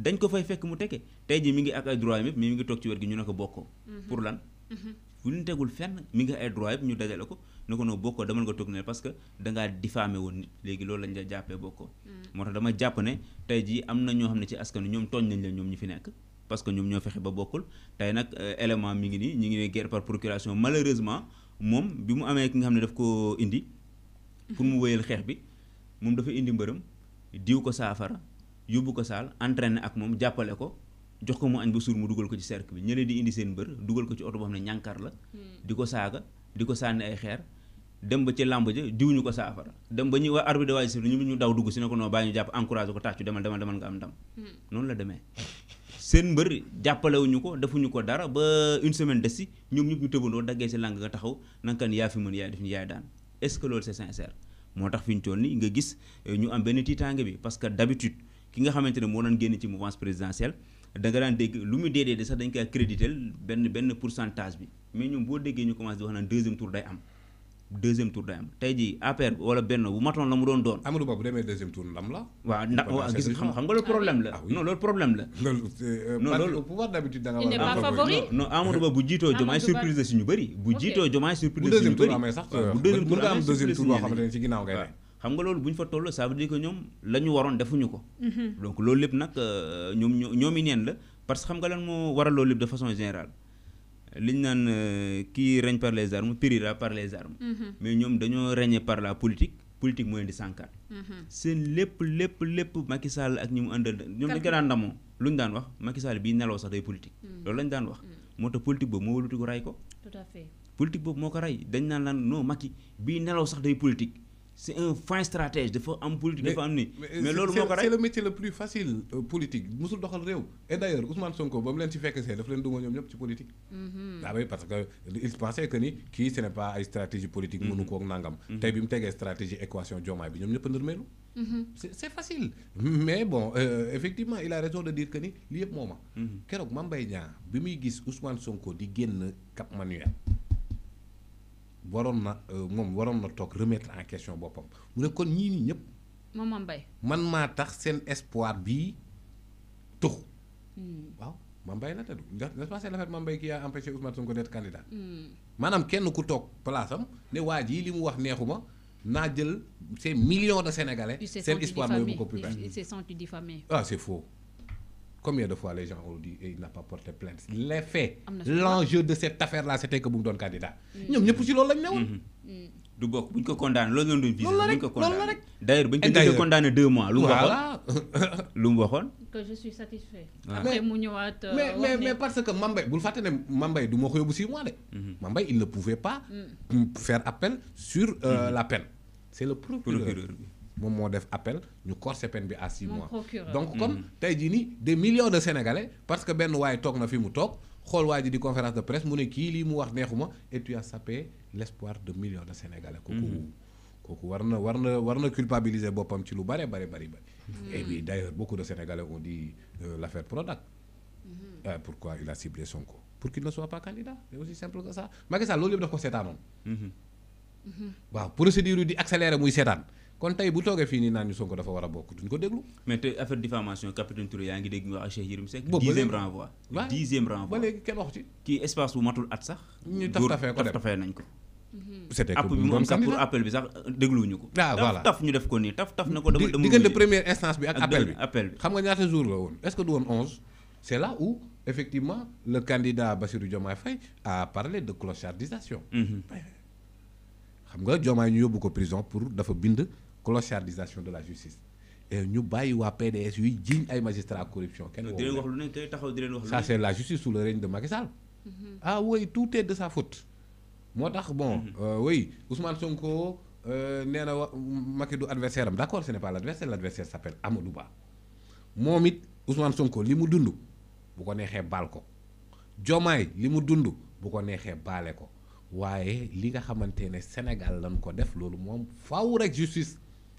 S2: dañ ko fay fekk mu teke tey jii mi ngi ak ay droit yëpp mais ngi toog ci wet gi ñu ne ko bokkoo. Mm-hmm. pour lan. Mm-hmm. bu ñu tegul fenn mi ngi ay droit yëpp ñu dajale ko ne ko noo bokkoo demal que dangaa diffamé woon loolu lañ la jàppee bokkoo. Mm. moo tax dama jàpp ne tey jii am na ñoo xam ne ci askan wi ñoom tooñ nañ leen ñoom ñu fi nekk. parce que ñoom ñoo fexe ba bokkul tey nag euh, élément mi ngi nii ñu ngi ne guerre par procuration malheureusement moom bi mu amee ki xam ne daf ko indi pour xeex bi moom dafa indi mbërëm diw ko saafara yóbbu ko saal entraîné ak moom jàppale ko jox ko mu añ ba suur mu dugal ko ci cercle bi ñële di indi seen mbër dugal ko ci oto boo xam ne ñànkar la hmm. di ko saaga di ko sànni ay xeer dem ba ci làmb ja diwuñu ko saafara dem ba ñuy waa arbitre waay ñu dugg si ne ko non bàyyi jàpp encouragé ko tàccu demal demal demal nga am ndam hmm. noonu la demee seen mbër jàppalewuñu ko defuñu ko dara ba une des si ñoom ñëpp ñu tëbandoo daggee si làng nga taxaw nankan yaa fi mën yaay def ñu yaay daan est-ce que loolu c'est sincère moo tax fi ñu toll nii nga gis eh, ñu am benn tiitaange bi parce que d'habitude ki nga xamante ne moo doon génn ci mouvance présidentielle da nga daan dégg lu mu dee dee sax dañ koy crédité benn benn pourcentage bi mais ñoom boo déggee ñu commencé di wax naan deuxième tour day am. deuxième tour day am tey jii APR wala benn bu matoon la mu doon doon. Amadou Ba bu demee deuxième tour ndam la. waaw ndax waaw gis nga xam nga loolu ah problème la. Ah non loolu problème la. Euh, a bu jiitoo jomaay surprise la bëri. bu jiitoo jomaay surprise la bëri. bu deuxième tour amee sax euh, xam nga loolu bu fa toll ça veut dire que ñoom la waroon defuñu ko. Mhm. donc loolu lépp nag euh, ñoom neen la parce que xam nga lan moo waral loolu lépp de façon générale liñ naan qui euh, règne par les armes périra par les armes mm-hmm. mais ñoom dañoo régner par la politique politique moo leen di sànkaat mm-hmm. seen lépp lépp lépp Macky Sall ak ñi mu àndal ñoom dañ ko daan ndamoo lu ñu daan wax Macky Sall bii nelaw sax day politique mm. loolu lañ daan wax mm. moo tax politique boobu moo wëlbatiku ray ko tout à fait boobu moo ko rey dañ naan lan non Macky bii nelaw sax day politique c'est un fin stratège faire en politique de mais c'est le métier le
S3: plus facile euh, politique musul doxal rew et d'ailleurs Ousmane Sonko bam len ci fekk le daf len duma ñom ñëpp ci politique.
S2: Mhm. ah
S3: oui parce que il pensait que ni qui ce n'est pas une stratégie politique. mënu mhm. ak nangam. Mhm. tay bi mu stratégie équation bi ñom ñëpp c'est facile. mais bon euh, effectivement il a raison de dire que ni le moment. moo ma. keroog Mame bi muy gis Ousmane Sonko di génn Cap Manuel waroon na euh, remettre en question mu ne kon ñi ñi ñep bay man espoir bii
S1: tux hmm.
S3: waaw bay la pas c'est qui a empêché Ousmane Sonko d'être candidat.
S1: Je hmm.
S3: kenn ku place am ne waji millions de Sénégalais. espoir ko ah c'est faux. Combien de fois les gens ont dit qu'il eh, n'a pas porté plainte les l'enjeu de cette affaire-là c'était que vous candidat
S2: mm. d'ailleurs condamné deux mois
S1: que je suis ah. euh, mais
S3: parce que Mambay Mambay Mambay il ne pouvait pas mm. faire appel sur euh, mm-hmm. la peine c'est le procureur moom moo def appel ñu corsé peine bi à six mois donc mm. comme tey jii nii des millions de sénégalais parce que benn waaye toog na fi mu toog xool waa ji di conférence de presse mu ne kii lii mu wax neexuma et tu as sapé l'espoir de millions de sénégalais kooku mm. kooku war na war na war na culpabiliser boppam ci lu bare bare bari bari mm. et puis d'ailleurs beaucoup de sénégalais ont dit euh, l'affaire Prodac mm-hmm. euh, pourquoi il a ciblé Sonko pour qu'il ne soit pas candidat c'est aussi simple que ça Macky Sall loolu yëpp daf ko seetaanoon mm-hmm. Mm-hmm. waaw procédure di accéléré muy seetaan kon tu bu toogee Sonko dafa ko
S2: mais affaire diffamation capitaine Touré yaa ngi dégg wax Cheikh dixième renvoi. dixième renvoi ba wax ci. espace bu at sax. taf ko ko.
S4: Mhm. pour
S2: appel bi sax euh, ko. taf taf taf première instance bi ak. appel
S3: bi xam nga est-ce que 11 c'est là où effectivement le candidat Bassirou Diomaye Faye a parlé de clochardisation. Mhm. prison pour clochardisation de la justice Et nous, waa PDS yuy jiiñ ay magistrats corruption
S2: wax ça c'est
S3: la justice sous le règne de Macky Sall mhm. ah oui tout est de sa faute Moi, d'accord, bon mhm. euh, oui Ousmane Sonko euh, na Macky adversaire d'accord ce n'est pas l'adversaire l'adversaire s'appelle Amadou Ba moom Ousmane Sonko li mu bu ko neexee baal ko Diomaye li mu dund bu ko neexee baale ko waaye li nga le Sénégal lañ ko def a fait faaw justice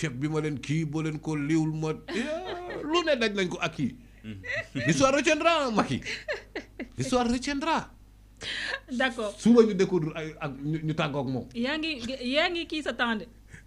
S3: chef bi ma len ki bo len ko liwul ma lu ne daj lañ ko akki histoire retiendra maki histoire retiendra d'accord suba ñu découvrir ak ñu tagok mom
S1: yaangi yaangi ki sa temps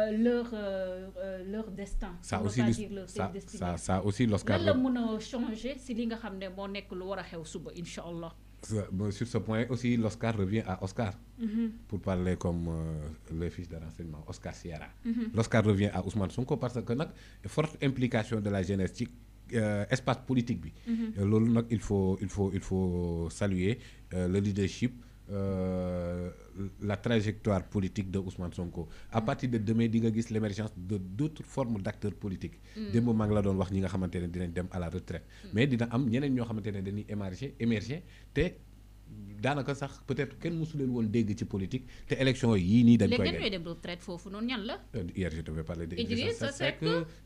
S1: Euh, leur, euh, euh, leur destin. Ça aussi, ça, aussi l'Oscar. a changer si li nga xam
S3: Sur ce point aussi, l'Oscar revient à Oscar, mm-hmm. pour parler comme le fils de renseignement, Oscar Sierra. Mm-hmm. L'Oscar revient à Ousmane Sonko parce que une forte implication de la génétique espace politique mm-hmm. il faut il faut il faut saluer le leadership euh, la trajectoire politique de Ousmane Sonko. à mm. partir de demain di nga gis l'émergence de d'autres formes d'acteurs politiques. Mm. démb maa ngi la doon wax ñi nga xamante ne dem à la retraite. Mm. mais dina am ñeneen ñoo xamante ne dañuy émerger émerger te. danaka sax peut-être ken mosu leen woon dégg ci politique té élection yi ni dañ koy def léegi ñooy
S1: dem retraite fofu non ñan la.
S3: Euh, hier je t'avais parlé de Idrissa Seck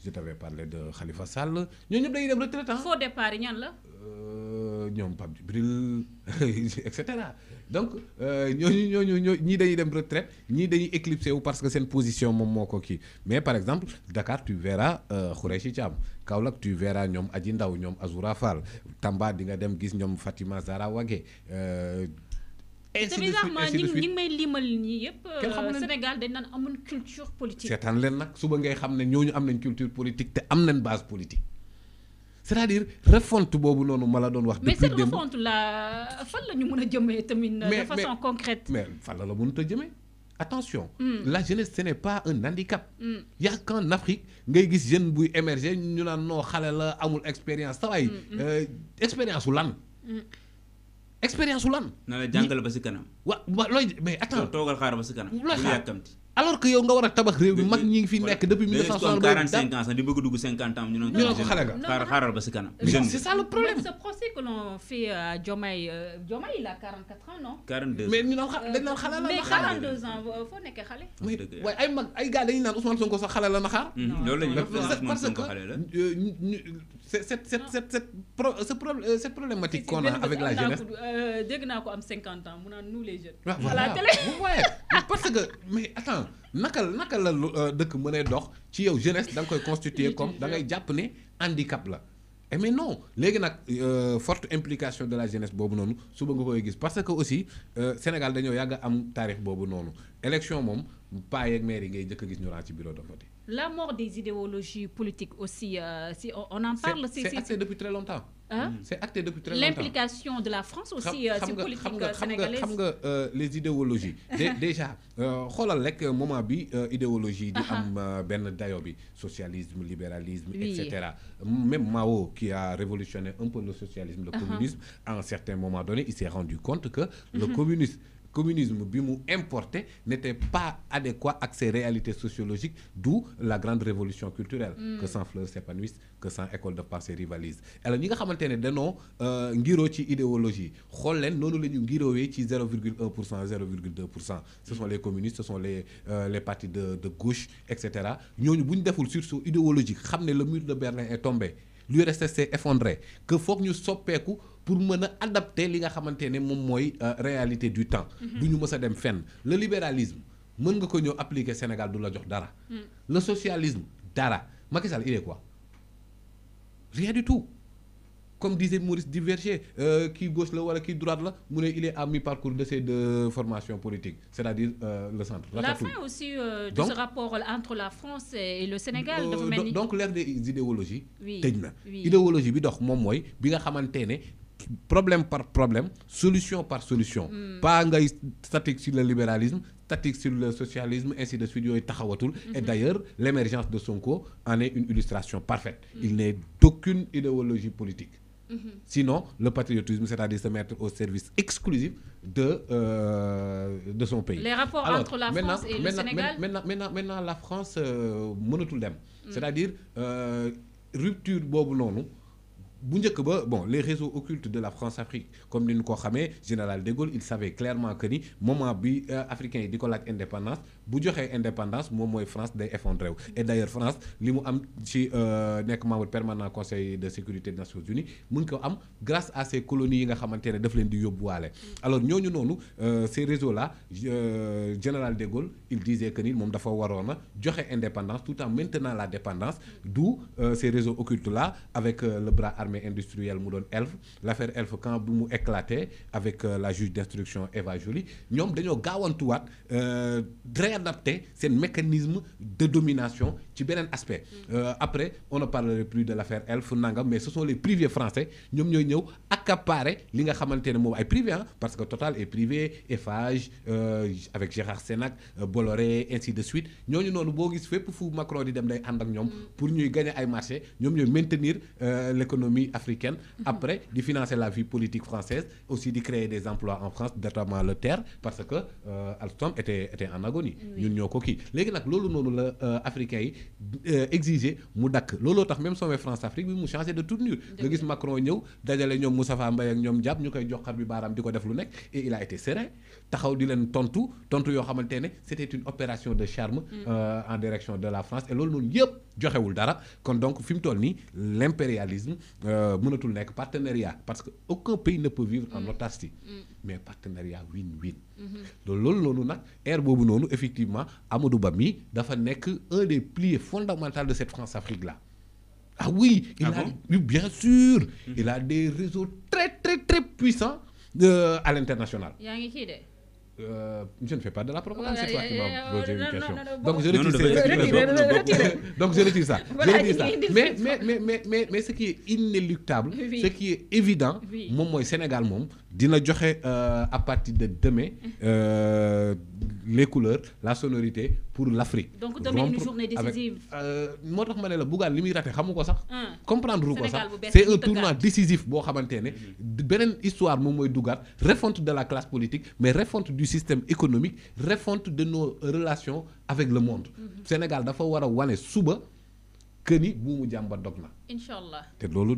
S3: je t'avais parlé de Khalifa Sall ñoo ñëpp dañuy dem retraite hein
S1: faux départ ñan la.
S3: euh ñom Pape Djibril et cetera donc euh, ñooñu ñooñu ñi dañuy dem retraite ñi dañuy éclipsé wu parce que une position mom moko ki mais par exemple Dakar tu verras euh, Khoureyssi Thiam Kaolack tu verras ñom ou Ndaw ñom Azoura Fall Tamba di nga dem gis ñom Fatima Zara Wagé euh
S1: et c'est ainsi de suite ñi may limal ñi yépp euh, Sénégal dañ nan amul culture politique. c'est
S3: len nak suba ngay xamné ne ñooñu am nañ culture politique té am nañ base politique c'est-à-dire refonte bobu nonu mala la wax. depuis mais cette refonte
S1: la fan lañu mëna mën a tamit. de façon concrète
S3: mais fan la la mënut a jëmee. attention. Hmm. la jeunesse ce n'est pas un handicap. Hmm. y a qu'en Afrique ngay gis jeune bu émerger ñu naan no xalé la amul expérience sawaay hmm, euh, expérience su lan. expérience su lan. na la jangal ba si kanam. wa wa
S2: mais attends togal xaar ba si kanam. alors que yow nga war a tabax réew mi mag ñi ngi fi nekk depuis 1960 45 ans sax di bëgg dugg 50 ans ñu naan ko xale nga xaaral ba si kanam c'est
S1: ça problème ce procès que l'on fait euh, à Diomaye euh, Diomaye il a 44 ans mais ñu naan dañ naan xale la mais 42 ans foo xale waaye ay mag
S3: ay gars dañuy naan Ousmane mm-hmm. xale la na xaar loolu la cette cette cette cette cette problématique qu'on a avec la jeunesse.
S1: Euh, Dès que ko am 50 ans mu nous les jeunes. waaw voilà
S3: parce que mais attends nakal nakal la que euh, mënee dox ci yow jeunesse da nga koy constituer comme da ngay jàpp handicap là et eh, mais non les euh, forte implication de la jeunesse boobu noonu suba nga koy parce que aussi euh, Sénégal dañoo yàgg am tarif boobu noonu élection moom paa yeeg maire yi ngay jëkk a gis ñu raa ci bureau de vote
S1: la mort des idéologies politiques aussi, euh, si on, en parle. C'est acté
S3: depuis très longtemps. Hein? Mm. C'est acté depuis très longtemps.
S1: L'implication de la France aussi euh, sur la politique euh, sénégalaise.
S3: les idéologies. déjà, xoolal rek moment bi idéologie di ah, ah. am benn socialisme libéralisme etc. Même Mao qui a révolutionné un peu le socialisme, le ah, communisme, à un certain moment donné, il s'est rendu compte que le mm-hmm. communisme communisme bimu importé n'était pas adéquat à ses réalités sociologiques d'où la grande révolution culturelle mm. que sans fleurs s'épanouissent que sans école de pensée rivalise alors nous nga de non, danoo ngiroo ci idéologie Nous avons noonu la nous ngiroowee 0,1 0,2 ce sont les communistes ce sont les euh, les partis de de gauche etc. nous avons une ñu deful sur idéologique xam le mur de Berlin est tombé l'URSS s'est effondré que nous ñu pour adapter les nga euh, réalité du temps. Mhm. le libéralisme mën nga ko ñëw Sénégal du la jox dara. Mm. le socialisme dara qu'est-ce il est quoi rien du tout. comme disait Maurice Diverger euh, qui gauche qui wala droite il est à mi-parcours de ces deux formations politiques c'est-à-dire euh, le centre. la fin
S1: aussi de ce rapport entre la France et le Sénégal. donc
S3: l'ère des idéologies. oui tëj idéologie bi dox moom mooy bi problème par problème solution par solution hmm. pas gars statique sur le libéralisme statique sur le socialisme ainsi de suite et hmm. d'ailleurs l'émergence de Sonko en est une illustration parfaite hmm. il n'est d'aucune idéologie politique sinon le patriotisme c'est-à-dire se mettre au service exclusif de euh, de son pays les rapports entre la France et le Sénégal maintenant maintenant maintenant la France euh, c'est-à-dire euh, rupture non nous bon les réseaux occultes de la France-Afrique comme nous le savons, général de Gaulle il savait clairement que le moment euh, africain africains yi indépendance bu joxee indépendance moom mooy France day effondré wu et d'ailleurs France li mu am ci euh, membre permanent conseil de sécurité des nations unies grâce à ces colonies yi nga xamante ne daf leen di alors ñooñu noonu euh, ces réseaux là euh, général de Gaulle il disait que ni moom dafa waroon a indépendance tout en maintenant la dépendance d'où ces réseaux occultes là avec le bras armé industriel mu Elf l'affaire Elf quand bu éclaté avec la juge d'instruction Eva Joly ñoom dañoo gaawantuwaat adapter ces mécanismes de domination bien un aspect euh, après on ne parlerait plus de l'affaire Elf Nanga, mais ce sont les privés français qui ont accaparé accaparer li nga xamantene ne privé hein, parce que Total est privé Eiffage euh, avec Gérard Sénac euh, Bolloré ainsi de suite Ils ont fait gis fépp fu Macron di dem day ak mm. pour ñuy gagner ay marchés, ñom maintenir l'économie africaine mm-hmm. après de financer la vie politique française aussi de créer des emplois en France notamment le terre parce que Alstom était était en agonie ñun ñoko ki légui nak lolu nonu euh, exiger mu dakk looloo tax même sommet France Afrique bi mu changé de tournure nga gis Macron ñëw dajale ñoom Moustapha Mbaye ak ñoom Diab ñu koy jox xar bi baaraam di ko def lu nekk et il a été serein taxaw tontu tontu yo xamantene c'était une opération de charme. Mm. Euh, en direction de la France et lolu noonu yëpp joxewul dara kon donc fim mu toll nii l'impérialisme euh, mënatul partenariat parce que aucun pays ne peut vivre en mm. autarcie. Mm. mais partenariat win-win. Mm-hmm. lolu lolu nak air bobu nonu effectivement Amadou Bami, dafa nek un des piliers fondamentaux de cette France-Afrique là. Ah oui, il ah a, bien sûr, mm-hmm. il a des réseaux très très très puissants euh, à l'international. Euh, je ne fais pas de la propagande, c'est toi qui m'as posé une question. Donc je retire ça. Mais, mais, mais, mais, ce qui est inéluctable, ce qui est évident, moi, moi, Sénégal, moi, dina joxe euh, à partir de demain mm-hmm. euh, les couleurs la sonorité pour l'Afrique. donc demain une journée décisive. Je euh, tax ma ne la Bougane limi raté xamou ko sax. Ah. comprendre ko c'est un tournant décisif pour xamante ne. histoire mom moy dugaat refonte de la classe politique mais refonte du système économique refonte de nos relations avec le monde. Mm-hmm. Sénégal dafa wara a wane que ni buumu jàmba Inch'Allah la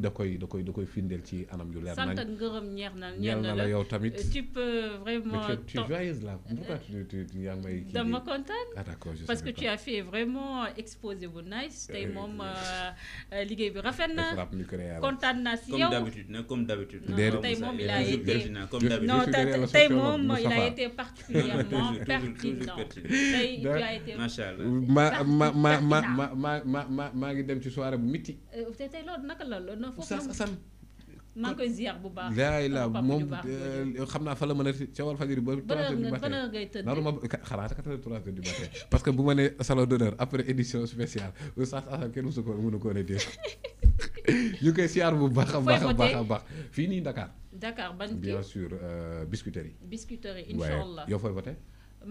S1: tu peux vraiment tu es
S3: joyeuse pourquoi tu may ah, parce que tu as
S1: fait vraiment exposé bu nice hein,
S2: comme d'habitude comme hein. d'habitude il a été
S1: particulièrement pertinent tu été
S3: ma ma ma ma ma ma ma
S1: te tey loolu naka la loolu. foofu nag Oustaz Assane maa la moom euh,
S3: xam naa fa la mën a ca Walfadjri ba. ba 3 du matin ma xalaat 4 heures 3 heures du matin parce que bu ma nee salon d'honneur après édition spéciale Oustaz Assane kenn mësu ko mënu ko dégg ñu koy ziar bu baax a baax a baax a baax fii nii Dakar. Dakar ban kii bien sûr euh, biscuiterie. biscuiterie incha allah waaye yow fooy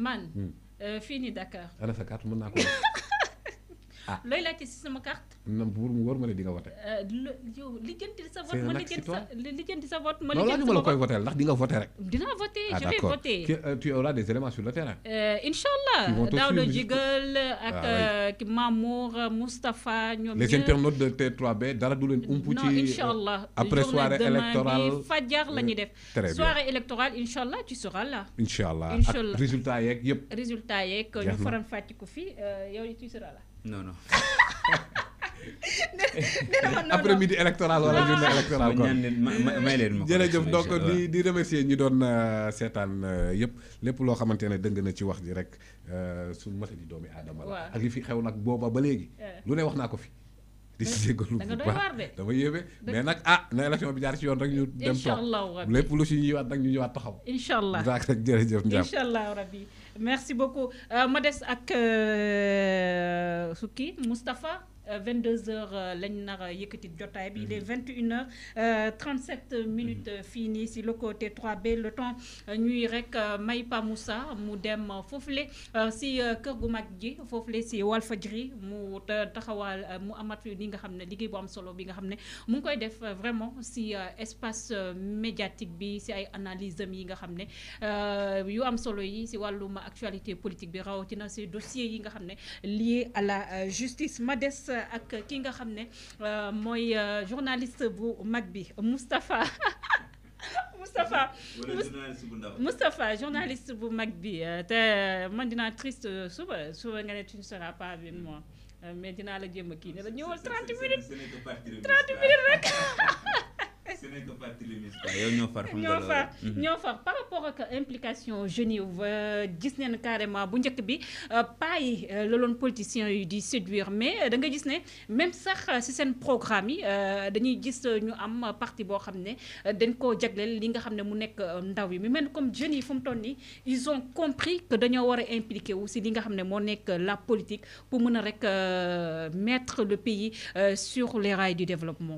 S1: man hmm. euh, fii nii Dakar.
S3: ana sa carte mën naa ko Ah. looy
S1: laajte si sama carte.
S3: na bu war ma ne di nga voté.
S1: Euh, yow lijjanti sa vote ma lijjanti sa lijjanti sa vote ma lijjanti sa vote. laajuma la koy
S3: voter ndax di nga voté rek.
S1: dinaa voté ah, je vais voter.
S3: Euh, tu auras des éléments sur le terrain.
S1: Euh, incha allah Daouda Djigal ah ak Mamour Moustapha ñoom les internautes
S3: de T3B dara du leen umpu ci. non incha allah après soirée électorale
S1: fajar la ñuy def. très bien soirée électorale incha allah tu seras là.
S3: incha allah ak résultat yeeg yëpp.
S1: résultat yeeg ñu faram fàcc ko fi yow tu seras là.
S3: non non. après midi électoral wala journée électorale kon may leen ma jërëjëf donc di di remercier ñi doon euh, seetaan euh, yëpp lépp loo xamante ne dëng na ci wax ji rek euh, su mata di doomi aadama la ak li fi xew nag booba ba léegi lu ne wax naa ko fi di si jégalu bu dama yéeme mais nag ah na élection bi jaar yoon rek ñu dem toog lépp lu si ñëwaat nag ñu waat taxaw
S1: incha allah daak
S3: rek jërëjëf Ndiame incha
S1: allah rabbi merci beaucoup euh, ma des ak euh, sukki Moustapha 22h euh, euh, lañ nar yëkëti yëkkati jotaay bi il est 21h mhm. euh, 37 minutes mhm. fini ci si le côté 3B le temps ñuy rek may Pa Moussa mu dem foofule si kër gu mag gi si Walfadjri mu taxawal mu amat li nga xamné liggéey bu am solo bi nga xamné mu ngi koy def vraiment si espace médiatique bi si ay analyse yi nga xamné yu am solo yi si ma actualité politique bi na ci dossier yi nga xamné lié à la justice madès ak ki nga xamné euh, euh, journaliste bu mag bi Mustapha journaliste bu mag bi euh, te man triste souvent, nga tu ne seras pas avec moi mais dina la jéem ki né ne la 30 minutes 30 minutes rek.
S2: Ah, ñoo far ñoo far mhm.
S1: ñoo far par rapport ak implication jeunes yi euh, gis neen carrément bu njëkk bi euh, pas yi euh, looloon politiciens yi di séduire mais da nga gis ne même sax si seen programme yi dañuy gis ñu am parti boo xam ne dañ koo jagleel li nga xam ne mu nekk ndaw yi mu mel comme jeunes yi fu mu ils ont compris que dañoo war a impliqué wu si li nga xam ne moo la politique pour mën a rek mettre le pays sur les rails du développement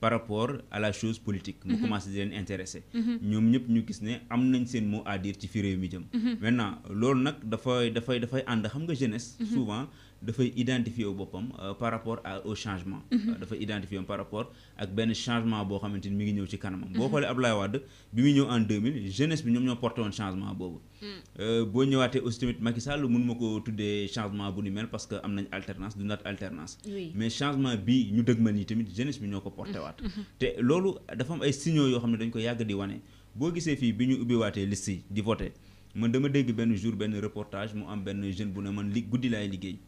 S2: par rapport à la chose politique mu mhm. commencé di leen intéressé mhm. ñoom ñëpp ñu gis ne am nañ seen mot à dire ci fi réew mi jëm mhm. maintenant loolu nag dafay dafay dafay ànd xam nga jeunesse souvent dafay identifier boppam euh, par rapport à au changement. Mhm. Euh, dafay identifier par rapport ak ben changement bo xamanteni mi ngi ñew ci kanamam. Mhm. bo xolé Abdoulaye wad bi mi ñew en 2000 jeunesse bi ñom ñoo porté un changement mm. euh bo ñëwaatee aussi tamit Macky Sall mënu mako tuddé changement bu ni mel parce que am nañ alternance du naat alternance. mais changement bi ñu dëgmal ni tamit jeunesse bi ñoko ko porté waat. Mm. Mm-hmm. te lolu dafa am ay signaux yo xam dañ ko yag di wané bo gisee fi bi ñu waté liste di voter man dama dégg ben jour ben reportage mu am ben jeune bu ne man li guddi lay liggéey.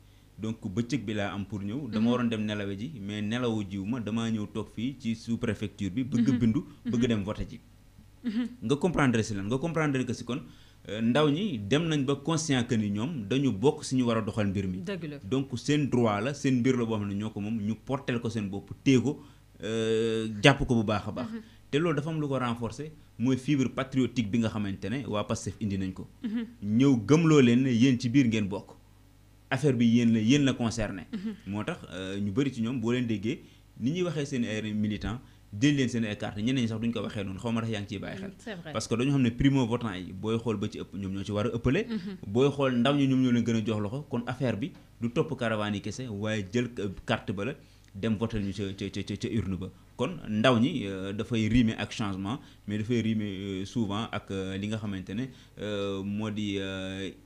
S2: donc bëccëg bi laa am pour ñëw dama mhm. waroon dem nelawe ji mais nelawu jiw ma damaa ñëw toog fii ci sous préfecture bi bëgg mhm. bindu bëgg mhm. dem vote ji nga comprendre si lan nga comprendre que si kon euh, ndaw ñi dem nañ ba conscient que ni ñoom dañu bokk si ñu war a doxal mbir mi donc seen droit la seen mbir la boo xam ne ñoo ko moom ñu portel ko seen bopp téye ko euh, jàpp ko bu baax a baax te loolu dafa am lu ko renforcer mooy fibre patriotique bi nga xamante ne waa Pastef indi nañ ko ñëw gëmloo biir ngeen bokk affaire bi yeen la yeen la concerné. Mhm. motax tax euh, ñu bari ci ñom bo leen déggé ni ñi waxé seen ay militant jël leen seen ay carte ñeneen sax duñ ko waxé noonu xawma ma tax yaa ngi ciy bàyyi xel. parce que dañu xam ne primo votant yi booy xool ba ci ëpp ñoom ñoo ci war a ëppale. Mhm. booy xool ndaw ñi ñoom ñoo leen gën a jox loxo kon affaire bi du topp caravane yi kese waaye jël euh, carte ba la dem voter ñu ca ca ca ca urne ba kon ndaw ñi euh, fay rimer ak changement mais da fay rimer euh, souvent ak euh, li nga xamantene ne moo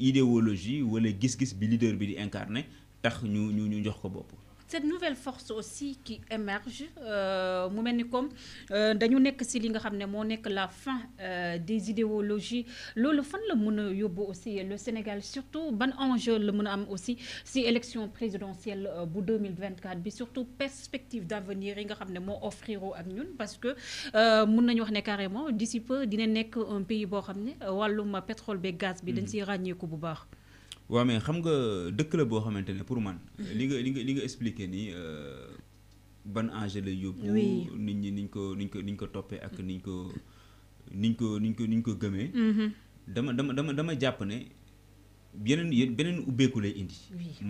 S2: idéologie wala gis-gis bi leader bi di incarner tax ñu ñu ñu jox ko bop
S1: cette nouvelle force aussi qui émerge euh, mu mel comme euh, dañu nek ci li nga xamné mo nek la fin euh, des idéologies lolu fan la mën a aussi le Sénégal surtout ban enjeu le mën am aussi si élection présidentielle bu 2024 bi surtout perspective d'avenir yi nga xamné mo moo ak ñun parce que mën nañu wax né carrément d'ici peu dina nek un pays bo xamné walum pétrole beeg gaz bi dañ mm-hmm. ragné ko bu baax
S2: waaw mais xam nga dëkk la boo xamante ne pour man. Mhm. li nga li nga li nga expliqué nii euh, ban enjeu la yóbbu. nit ñi niñ ko niñ ko niñ ko toppee ak niñ ko niñ ko niñ ko niñ ko gëmee. Mhm. dama dama dama dama jàpp ne. yeneen yéen beneen ubbeeku indi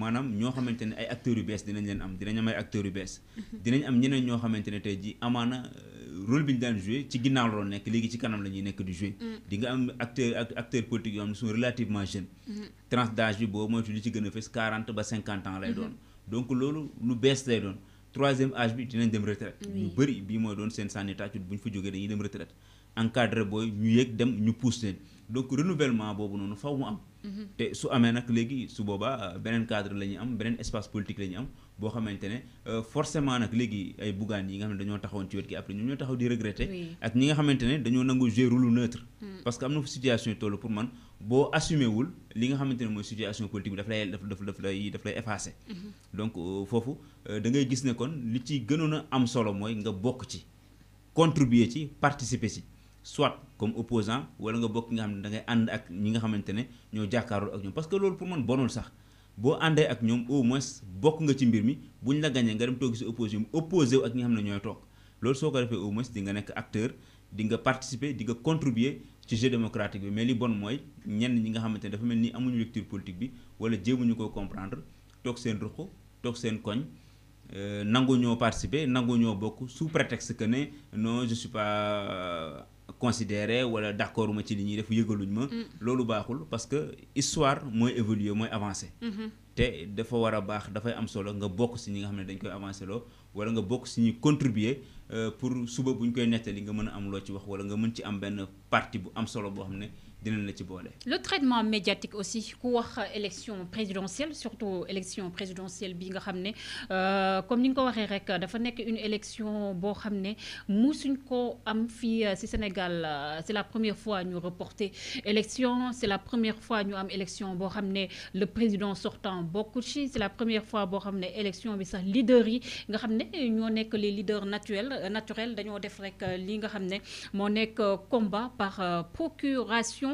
S2: manam ño xamantene ay acteurs yu bees dinañ leen am dinañ am ay acteurs yu bees mhm. dinañ am ñeneen ño xamantene tay ji amana euh, rôle bi ñu daan joué ci ginnaaw la doon nekk ci kanam lañuy ñuy nekk di jouer mm. di nga am acteur acteur politique yo am ne sont relativement jeune mhm. trans d'âge bi bo boobu tu li ci gëna fess 40 ba 50 ans lay mhm. doon donc lolu lu bees lay doon troisième âge bi dinañ dem retraite ñu bari bi mo doon sen sànni tàccut bu ñu fa jógee dañuy dem retraite encadré boy ñu yéeg dem ñu pousse donc renouvellement bobu nonu faw mu am Mhm. te su amee nag léegi su boobaa euh, beneen cadre la am beneen espace politique la am boo xamante ne euh, forcément nag léegi ay buggaan yi nga xam ne dañoo taxawoon ci wet gi après ñoom ñoo taxaw di regretter. ak xamante ne dañoo nangu jouer rôle neutre. Mm. parce que am na fu situation yi toll pour man boo assumé li nga xamante ne mooy situation politique bi daf lay daf daf daf lay daf lay effacé. Mhm. donc euh, foofu da ngay gis ne kon li ci gënoon a am solo mooy nga bokk ci contribuer ci participer ci soit. comme opposant wala nga bokk nga xam da ngay and ak ñi nga xamantene ñoo jàkkaarloo ak ñom parce que lool pour man bonul sax bo àndee ak ñom au moins bokk nga ci mbir mi buñ la gagné nga dem toog ci opposition opposé ak ñi nga xam ne ñooy toog loolu soo au moins di nga nek acteur di nga participer di nga contribuer ci jeu démocratique bi mais li bon moy ñenn ñi nga xamantene ne dafa melni amuñu lecture politique bi wala jéemuñu ko comprendre tok seen ruq tok seen koñ euh, nangu ñoo participer nangu ñoo bokk sous prétexte que ne non je suis pas euh, considéré wala d'accord accord ma ci li ñuy def yëgaluñ ma. Mm. loolu baaxul parce que histoire mooy évoluer mooy avancer. Mm-hmm. te dafa war a baax dafay am solo nga bokk si ñi nga xam dañ koy avancer loo wala nga bokk si ñuy contribuer euh, pour suba bu ñu koy nettali nga mën a am loo ci wax wala nga mën ci am benn partie bu am solo boo xam le
S1: traitement médiatique aussi ku wax élection présidentielle surtout élection présidentielle bi nga euh, comme ni nga ko waxee rek dafa une élection boo xam musuñ ko euh, Sénégal euh, c'est la première fois ñu reporter élection c'est la première fois ñu am élection boo xam le président sortant bokku ci c'est la première fois boo xam élection bi sax leader yi nga xam ñoo nekk les leaders naturels naturels dañoo def rek li nga xam combat par procuration.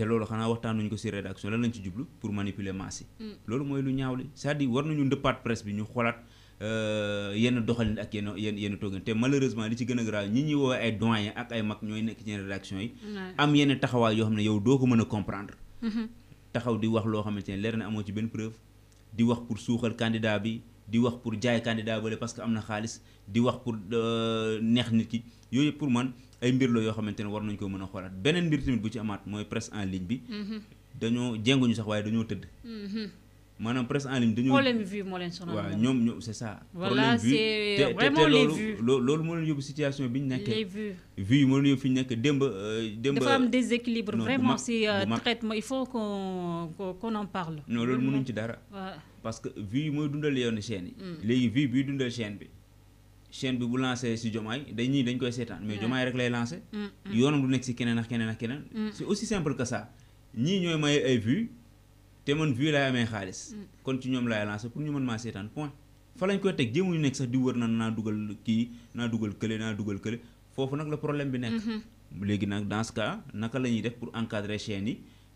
S2: te loolu xanaa waxtaanuñ ko ci rédaction lan lañ ci jublu pour manipuler masse mm. loolu mooy lu ñaaw li cest à war nañu ndëppaat presse bi ñu xoolaat euh, yenn doxalin ak yenn yenn yenn te malheureusement li ci gën a grave ñi ñuy woowee ay doyen ak ay mag ñooy nekk ci rédaction yi. am yenn taxawaay yoo xam ne yow doo ko mën a comprendre. Mm-hmm. taxaw di wax loo xamante ne leer na amoo ci benn preuve di wax pour suuxal candidat bi di wax pour jaay candidat bële ay mbir la yoo xamante ne war nañ ko mën a xoolaat beneen mbir tamit bu ci amaat mooy presse en ligne bi mhm. dañoo jenguñu sax waaye dañoo tëdd mhm. maanaam presse en ligne dañoo problème vue moo leen sonal waaw ñoom ñoom c'est ça problème vue te te loolu loolu moo leen yóbbu situation bi ñu nekkee les vues vues yi moo leen yóbbu fi ñu nekk démb euh, démb dafa am déséquilibre vraiment si euh,
S1: traitement il faut qu' qu'on en parle non loolu mënuñ ci
S2: dara parce que vues yi mooy dundal yoonu chaîne yi mm. léegi vue bii dundal chaîne bi chaîne bi bu lancé si Diomaye dañ ñii dañ koy seetaan mais Diomaye rek lay lancé mm, mm. yoonam du nekk si keneen ak keneen ak keneen mm. c'est aussi simple que ça ñii ñooy maye ay vues te man vue laay amee xaalis kon ci ñoom laay lancé pour ñu mën maa seetaan point fa lañ koy teg jéemuñu nekk sax di wër na naa dugal kii naa dugal kële naa dugal kële foofu nag la problème bi nekk mm-hmm. léegi nag dans ce naka la ñuy def pour encadrer chaîne yi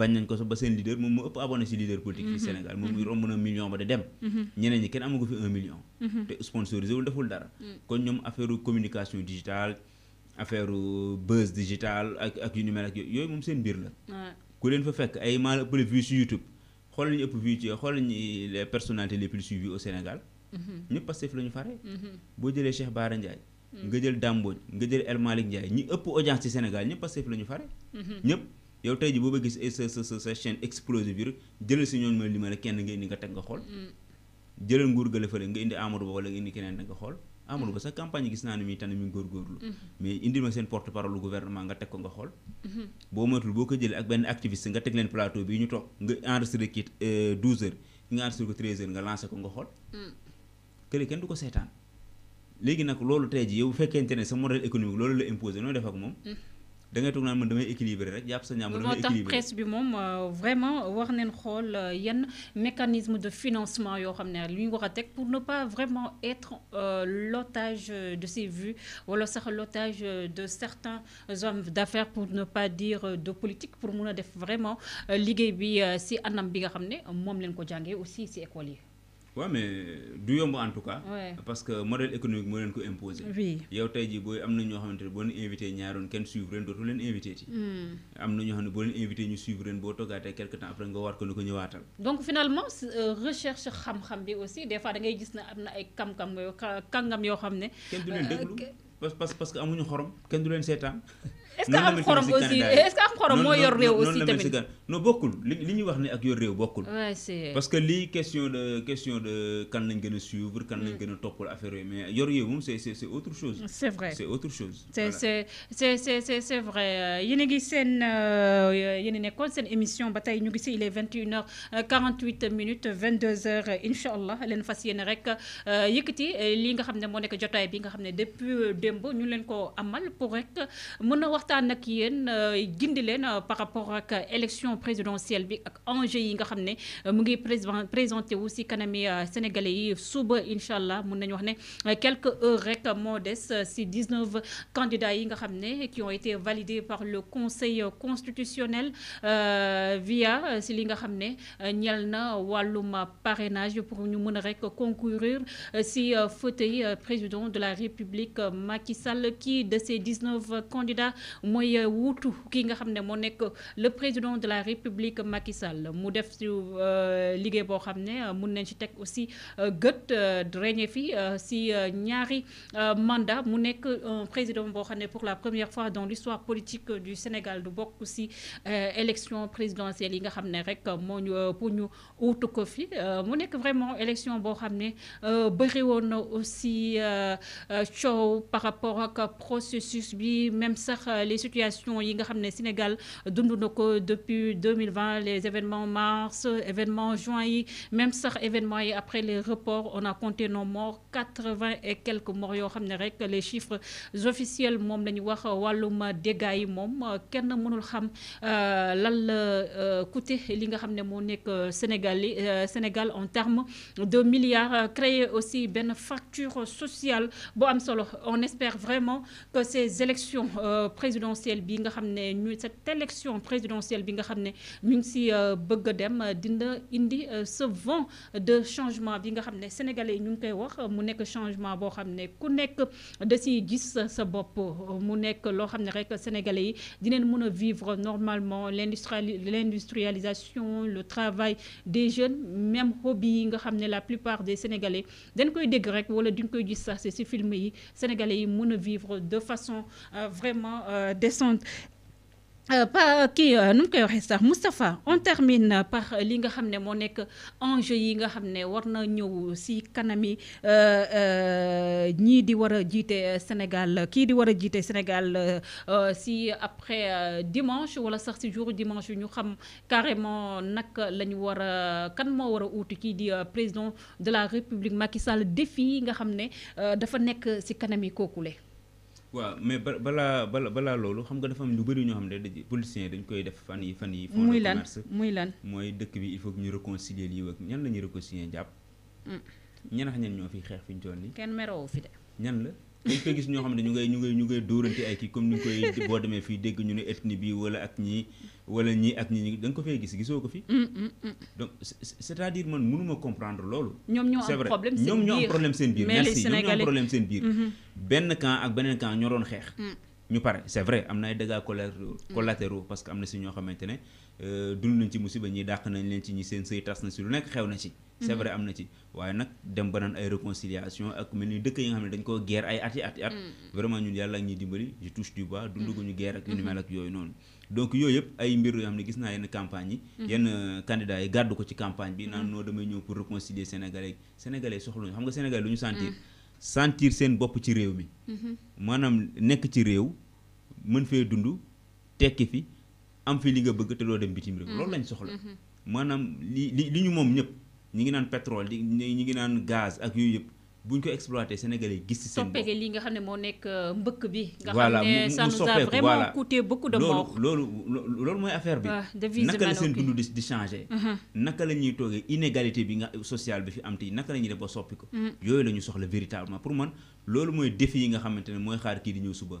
S2: bañ nañ ko sax ba seen leader moom moo ëpp abonné si leader politique fii mhm. Sénégal moom muy mhm. romb na million ba da dem mhm. ñeneen ñi kenn amagu fi un million te sponsorisé wul deful dara mm. kon ñoom affaire communication digitale affaire buzz digital ak ak yu ni mel ak yooyu moom seen mbir la ku leen fa fekk ay maa la ëppale vues si YouTube xoolal ñu ëpp vues ci xoolal ñu les personnalités les plus suivies au Sénégal ñëpp Pastef la ñu fare boo jëlee Cheikh Bara Ndiaye nga jël Dame nga jël El Malick Ndiaye ñi ëpp audience ci Sénégal ñëpp Pastef la ñu fare ñëpp yow tey ji boo bëgg sa sa sa chaîne explosé bi rek jëlal si ñooñu ma li kenn nga indi nga teg nga xool mm. jëlal nguur gële fële nga indi Amadou Ba nga indi keneen da nga xool Amadou Ba mm. sax campagne gis naa ne mi tane mi góorgóorlu mm. mais indil ma seen porte parole lu gouvernement nga teg ko nga xool mm-hmm. boo moytul boo ko jëlee ak benn activiste nga teg leen plateau bi ñu toog nga enregistré kii 12 euh, heures nga enregistré ko 13 heures nga lancé ko nga xool kële kenn du ko seetaan léegi nag loolu ne sa modèle économique loolu la imposé noo da ngay toog naan man damay équilibré rek japp sa ñaam damay équilibré moo presse
S1: bi moom euh, vraiment war neen xol euh, yenn mécanisme de financement yo xamné li lu ñu war a pour ne pas vraiment être euh, l'otage de ces vues wala sax l'otage de certains hommes d'affaires pour ne pas dire de politique pour mëna def vraiment liggéey bi ci anam bi nga xamné mom leen ko jangé aussi ci école yi
S2: ouais mais du yomb en tout cas. parce que modèle économique moo leen ko imposer. oui yow tey jii booy am na ñoo xamante ne boo leen invité ñaari kenn suivre leen dootu leen invité ti. Hmm. am na ñoo xam ne boo leen invité ñu suivre leen boo toggaatee quelque temps après nga war ko ni ko ñëwaatal.
S1: donc finalement euh, recherche xam-xam bi aussi des fois da ngay gis ne am na ay kam-kam yoo kàngam yoo xam ne. kenn du leen euh, déglu
S2: parce parce que amuñu xorom kenn du leen seetaan. est-ce que am xorom aussi est-ce que am xorom moo yor réew aussi tamit non bokkul li ñuy wax ne ak yor réew bokkul parce que lii question de question de kan lañ gën a suivre kan lañ mm. gën a toppal affaire yooyu mais yor réew moom c'est c'est c'est autre chose c'est vrai c'est autre chose c'est c'est
S1: c'est c'est c'est c'est vrai euh, yéen a ngi seen euh, yéen a nekkoon seen émission ba tey ñu ngi si il est vingt et une heures quarante-huit minutes vingt-deux heures incha allah leen fas yéene rek euh, yëkkati li nga xam ne moo nekk jotaay bi nga xam ne depuis démb ñu leen ko amal pour rek mën a wax waxtaan euh, euh, par rapport à l'élection euh, présidentielle bi ak enjeu yi nga sénégalais yi quelques heures rek moo 19 candidats yi qui ont été validés par le conseil constitutionnel via si li parrainage pour ñu rek concourir si fauteuil président de la république Macky Sall qui de ces 19 candidats mooy euh, wuutu ki nga xam mo nek le président de la république Macky Sall mu def ci euh, liggéey bo xam euh, ci tek aussi gët reñe fi si ñaari mandat mu nek un président bo xam pour la première fois dans l'histoire politique du Sénégal du bok aussi élection présidentielle yi nga xam rek pour ñu wuutu ko fi mu nek vraiment élection bo xam ne aussi show par rapport ak processus bi même ça les situations yi nga xamné Sénégal depuis 2020 les événements mars événements juin même sax événements après les reports on a compté nos morts 80 et quelques morts yo xamné rek les chiffres officiels mom wax walum dégâts yi kenn mënul xam euh, lan la euh, coûté li nga Sénégal euh, Sénégal en termes de milliards créé aussi une facture sociale bu on espère vraiment que ces élections présidentielles présidentielle bi nga xamné ñu cette élection présidentielle bi nga xamné ñu ngi si euh, bëgg dem euh, dina indi euh, ce vent de changement bi nga xamné sénégalais ñu ngi koy wax mu nekk changement bo xamné ku nekk de ci gis sa bop mu nekk lo xamné rek sénégalais yi dinañ mëna vivre normalement l'industrialisation le travail des jeunes même hobby nga xamné la plupart des sénégalais dañ koy dégg rek wala duñ koy gis sax si film yi sénégalais yi mëna vivre de façon vraiment euh, descente qui euh, nous euh, nu mu koy on termine par li nga xamné mo nek enjeu yi nga xamné ne war na ñëw si kanami ñi di wara jité Sénégal qui di wara jité Sénégal si après dimanche wala sax ci jour dimanche ñu xam carrément nak la wara kan mo wara ki di président de la République Macky Sall défi nga xamné dafa nek si kanami kokulé
S2: waaw mais ba balaa balaa balaa loolu xam nga dafa lu bëri ñoo xam ne dañuy politiciens dañ koy def fan yi fan yi. fond de commerce muy lan mooy dëkk bi il faut ñu réconcilier lii ak ñan la ñu réconcilier jàpp. Mm. ñan ak ñan ñoo fi xeex fi ñu toll nii.
S1: kenn meroo fi de.
S2: ñan la. dañ koy gis ñoo xam ne ñu ngay ñu ngay ñu ngay dóorante comme ni ñu koy boo demee fii dégg ñu ne ethnie bi wala ak ñii wala ñi ak ñi da nga ko fay gis gisoo ko fi. Mm, mm, mm. donc c' est à dire man mënuma comprendre loolu.
S1: ñom ñoo am problème seen biir ñoom ñoo am problème seen biir. merci ñoom ñoo am problème seen biir. Mm-hmm.
S2: benn camp ak beneen camp ñoo doon xeex. ñu pare c'est vrai am na ay dégâts collatéraux parce que am na si ñoo xamante ne euh, dund nañ ci musiba ñi dàq nañ leen ci ñi seen sëy tas na si lu nekk xew na ci. c' est mm-hmm. vrai am na ci waaye nak dem ba ay réconciliation ak mel ni dëkk yi nga xam ne dañ koo guerre ay at i at i at. vraiment ñun yàlla ak ñi dimbali je touche du bois dundu gu ñu guerre ak yu ni mm-hmm. mel ak yooyu noonu. donc yooyu yëpp ay mbir yoo xam ne gis naa yenn campagne yi mm-hmm. yenn euh, candidats yi gàddu ko ci campagne bi naan mm-hmm. noo damay ñëw pour réconcilier sénégalais sénégalais soxluñu xam nga senegal lu ñu sentir mm-hmm. sentir seen bopp ci réew mi maanaam nekk ci réew mën fee dund tekki fi am fi li nga bëgg te doo dem bitim réew loolu lañ soxla maanaam li li li ñu moom ñëpp ñi ngi naan pétrole di ñi ngi naan gaz ak yooyu yëpp buñ ko exploité sénégalais gis ci sen bopp
S1: li nga xamné mo nek euh, mbëkk bi. nga xam ne ça nous a vraiment coûté beaucoup de morts.
S2: lolu lolu loolu mooy affaire bi. Ah, naka la seen dund di changer changé. Uh-huh. naka la ñuy toogee inégalité bi nga sociale bi fi am tey naka la ñuy ba soppi ko. Mm-hmm. yooyu la soxla véritablement pour man lolu moy défi yi nga xamante moy xaar ki di ñëw suba.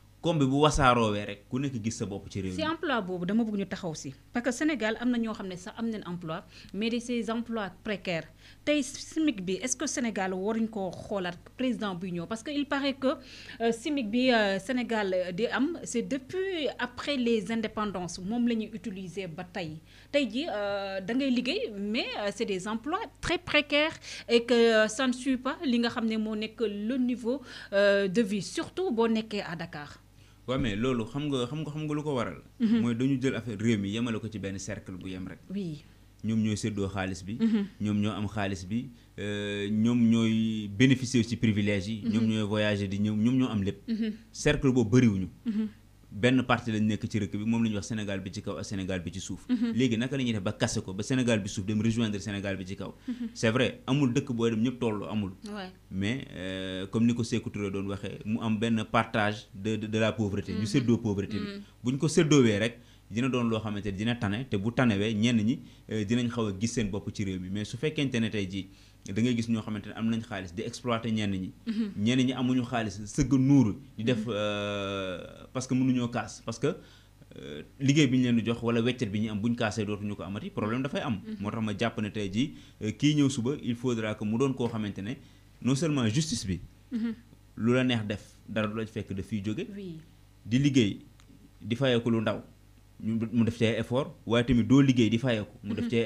S2: comme bu bu wasaaroowee rek ku nekk gis sa bopp ci réew mi. si
S1: emploi boobu dama bëgg ñu taxaw si parce que Sénégal am na ñoo xam ne sax am nañ emploi mais de ces emplois précaires tey SMIC bi est-ce que Sénégal waruñ koo xoolaat président buy ñëw parce que il paraît que euh, SMIC bi euh, Sénégal di am c'est depuis après les indépendances moom la ñuy utiliser ba tey tey ji euh, da ngay liggéey mais c'est des emplois très précaires et que ça ne suit pas li nga xam ne moo nekk le niveau de vie surtout boo nekkee à Dakar.
S2: Oui, mais loolu xam nga xam nga xam nga lu waral. Mhm. mooy dañu jël affaire réew mi yemale ko ci benn cercle bu yem rek. oui ñoom ñooy séddoo xaalis bi. Mhm. ñoom ñoo am xaalis bi euh, ñoom ñooy bénéficier ci privilège yi. Mhm. ñoom ñooy voyager di am cercle boobu bëriwuñu benn parti lañ nekk ci rëkk bi moom la ñuy wax Sénégal bi ci kaw ak Sénégal bi ci suuf mm-hmm. léegi naka la ñuy def ba kase ko ba Sénégal bi suuf dem rejoindre Sénégal bi ci kaw mm-hmm. c'est vrai amul dëkk booy dem ñëpp toll amul mais euh, comme ni ko Sékou Touré doon waxee mu am benn partage de de la pauvreté ñu mm-hmm. séddoo pauvreté bi buñ ñu ko séddoowee rek dina doon loo xamante ne dina tane te bu tanewee ñenn ñi euh, dinañ xaw a gis seen bopp ci réew mi mais su fekkente ne tey jii da ngay gis ñoo xamante ne am nañ xaalis di exploiter ñenn ñi. Mhm. ñenn ñi amuñu xaalis sëgg nuuru. di def mhm. euh, parce que mënuñoo kaas parce que euh, liggéey bi ñu leen di jox wala weccet bi ñu am buñ kaasee dootuñu ko amati problème dafay am. Mhm. moo tax ma jàpp ne tey jii euh, kii ñëw suba il faudra que mu doon koo xamante ne non seulement justice bi. lu la neex def dara du la fekk daf fiy jóge. di liggéey di fayeeku lu ndaw mu def ci effort waaye tamit doo liggéey di fayeeku mu def ci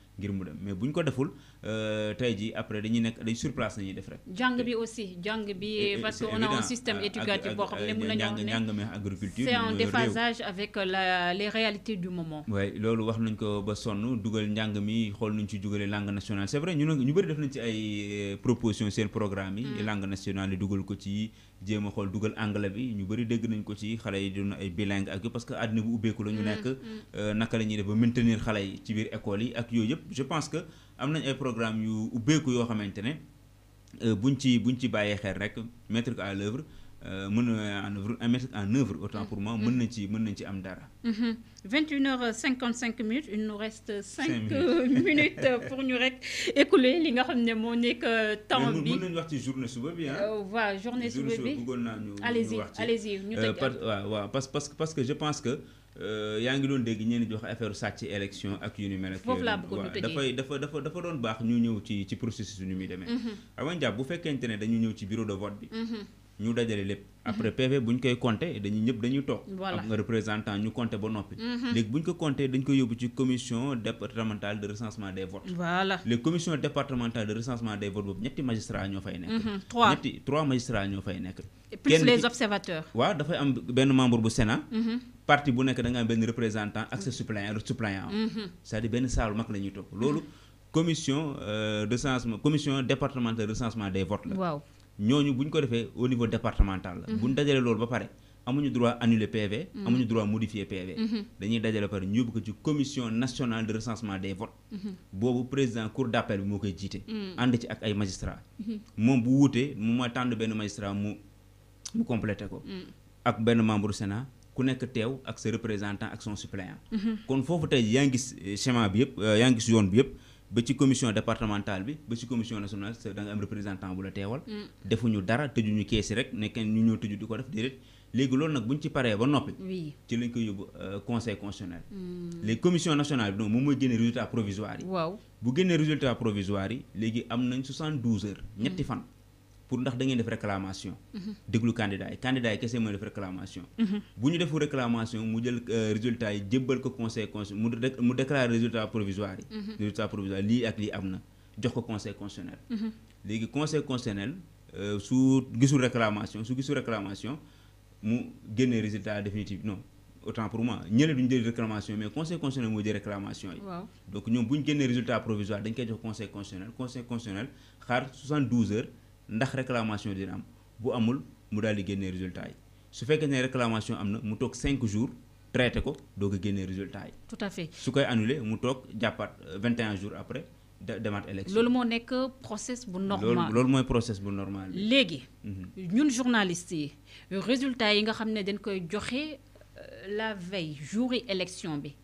S2: ngir mu dem mais bu ñu ko deful euh, tey jii après dañuy nekk dañ sur place nañuy def rek.
S1: jàng bi aussi jàng bi parce que on a un système euh, éducatif boo xam ne euh, mun nañoo
S2: ne njàng mi ko ba sonn dugal njàng mi xool nuñ ci dugalee langue nationale c'est vrai ñu ñu bëri def nañ ci ay proposition seen programme yi. Mm. langue nationale dugal ko ci. jéem a xool dugal anglais bi ñu bëri dégg nañ ko ci xale yi doon ay bilingue ak yooyu parce que àddina bu ubbeeku la ñu mm, nekk mm. Euh, naka la ñuy def ba maintenir xale yi ci biir école yi ak yooyu yëpp je pense que am nañ ay programme yu ubbeeku yoo xamante ne euh, buñ ci buñ ci bàyyee xel rek mettre ko à l'œuvre Euh, mën en œuvre à mettre en œuvre autant pour moi mën mhm. nañ ci mën nañ ci am dara.
S1: 21 h 55 minutes il nous reste 5 minutes pour nous rek écouler li nga xam ne moo euh, temps bi. mën
S2: nañu wax journée suba bi ah. Hein? Euh, waaw journée suba bi
S1: allez-y allez-y
S2: parce parce que parce que je pense que. yaa ngi doon dégg ñeen di wax affaire sàcc élection ak yu ni mel ak dafay dafa dafa dafa doon baax ñu ñëw ci ci processus yu ni muy demee. Mhm. avant jàpp bu fekkente ne dañu ñëw ci bureau de vote bi. Mhm ñu dajale lépp mhm. après PV bu ñu koy compté dañuy ñëpp dañuy toog ak représentant ñu compté ba noppi mhm. léegi bu ñu ko compté dañ ko yóbbu ci commission départementale de recensement des votes voilà commissions départementales de recensement des votes boobu ñetti magistrats ñoo fay nekk mhm. trois ñetti trois magistrats ñoo fay nekk plus les observateurs waaw dafay am benn membre bu Sénat parti bu nekk da nga am benn représentant ak sa suppléant suppléant c'est-à-dire benn saalu mag la ñuy toog loolu commission euh, recensement commission départementale de recensement des votes la waaw ñooñu buñ ko defee au niveau départemental la bu ñu loolu ba pare amuñu droit annuler PV mm-hmm. amuñu droit modifier PV mm-hmm. dañuy dajale par ñu yóbbu ko ci commission nationale de recensement des votes mm-hmm. boobu président cour d'appel bi moo koy jiite ànd ci ak ay magistrats moom bu wuutee moom mooy tànn benn magistrat mu mu complété ko ak benn membre Sénat ku nekk teew ak sa représentant ak son suppléant kon foofu tey yaa ngi gis schéma bi yëpp euh, yaa ngi gis yoon bi yëpp ba commission départementale bi ba commission nationale da nga représentant bu la mm. defuñu dara ñu def conseil constitutionnel. Mm. les commission nationale bi moom mooy résultat provisoire yi. bu génnee résultat provisoire 72 heures pour ndax da ngeen def réclamation. Mhm. déglu candidat yi candidat yi kese mooy def réclamation. Mhm. bu ñu defu réclamation mu jël euh, résultat yi jébbal ko conseil constitutionnel mu déclare résultat provisoire mhm. résultat provisoire lii ak lii am na jox ko conseil constitutionnel. léegi conseil constitutionnel euh, su gisul réclamation su gisul réclamation mu génnee résultat définitif non autant pour moi ñële duñu jël réclamation mais conseil constitutionnel moo jël réclamation yi. donc ñoom bu ñu génnee résultat provisoire dañ koy jox conseil constitutionnel conseil constitutionnel xaar 72 heures ndax réclamation dina am bu amul mu daal di génnee résultat yi su fekkee ne réclamation am na mu toog 5 jours traité ko doog a génnee résultat yi.
S1: tout à fait su
S2: koy annulé mu toog jàppaat 21 euh, jours après demaat élection. loolu
S1: moo nekk process bu normal loolu loolu mooy
S2: process bu normal. léegi. Mhm.
S1: ñun journalistes yi résultat yi nga xam ne dañ koy joxe euh, la veille jour yi élection bi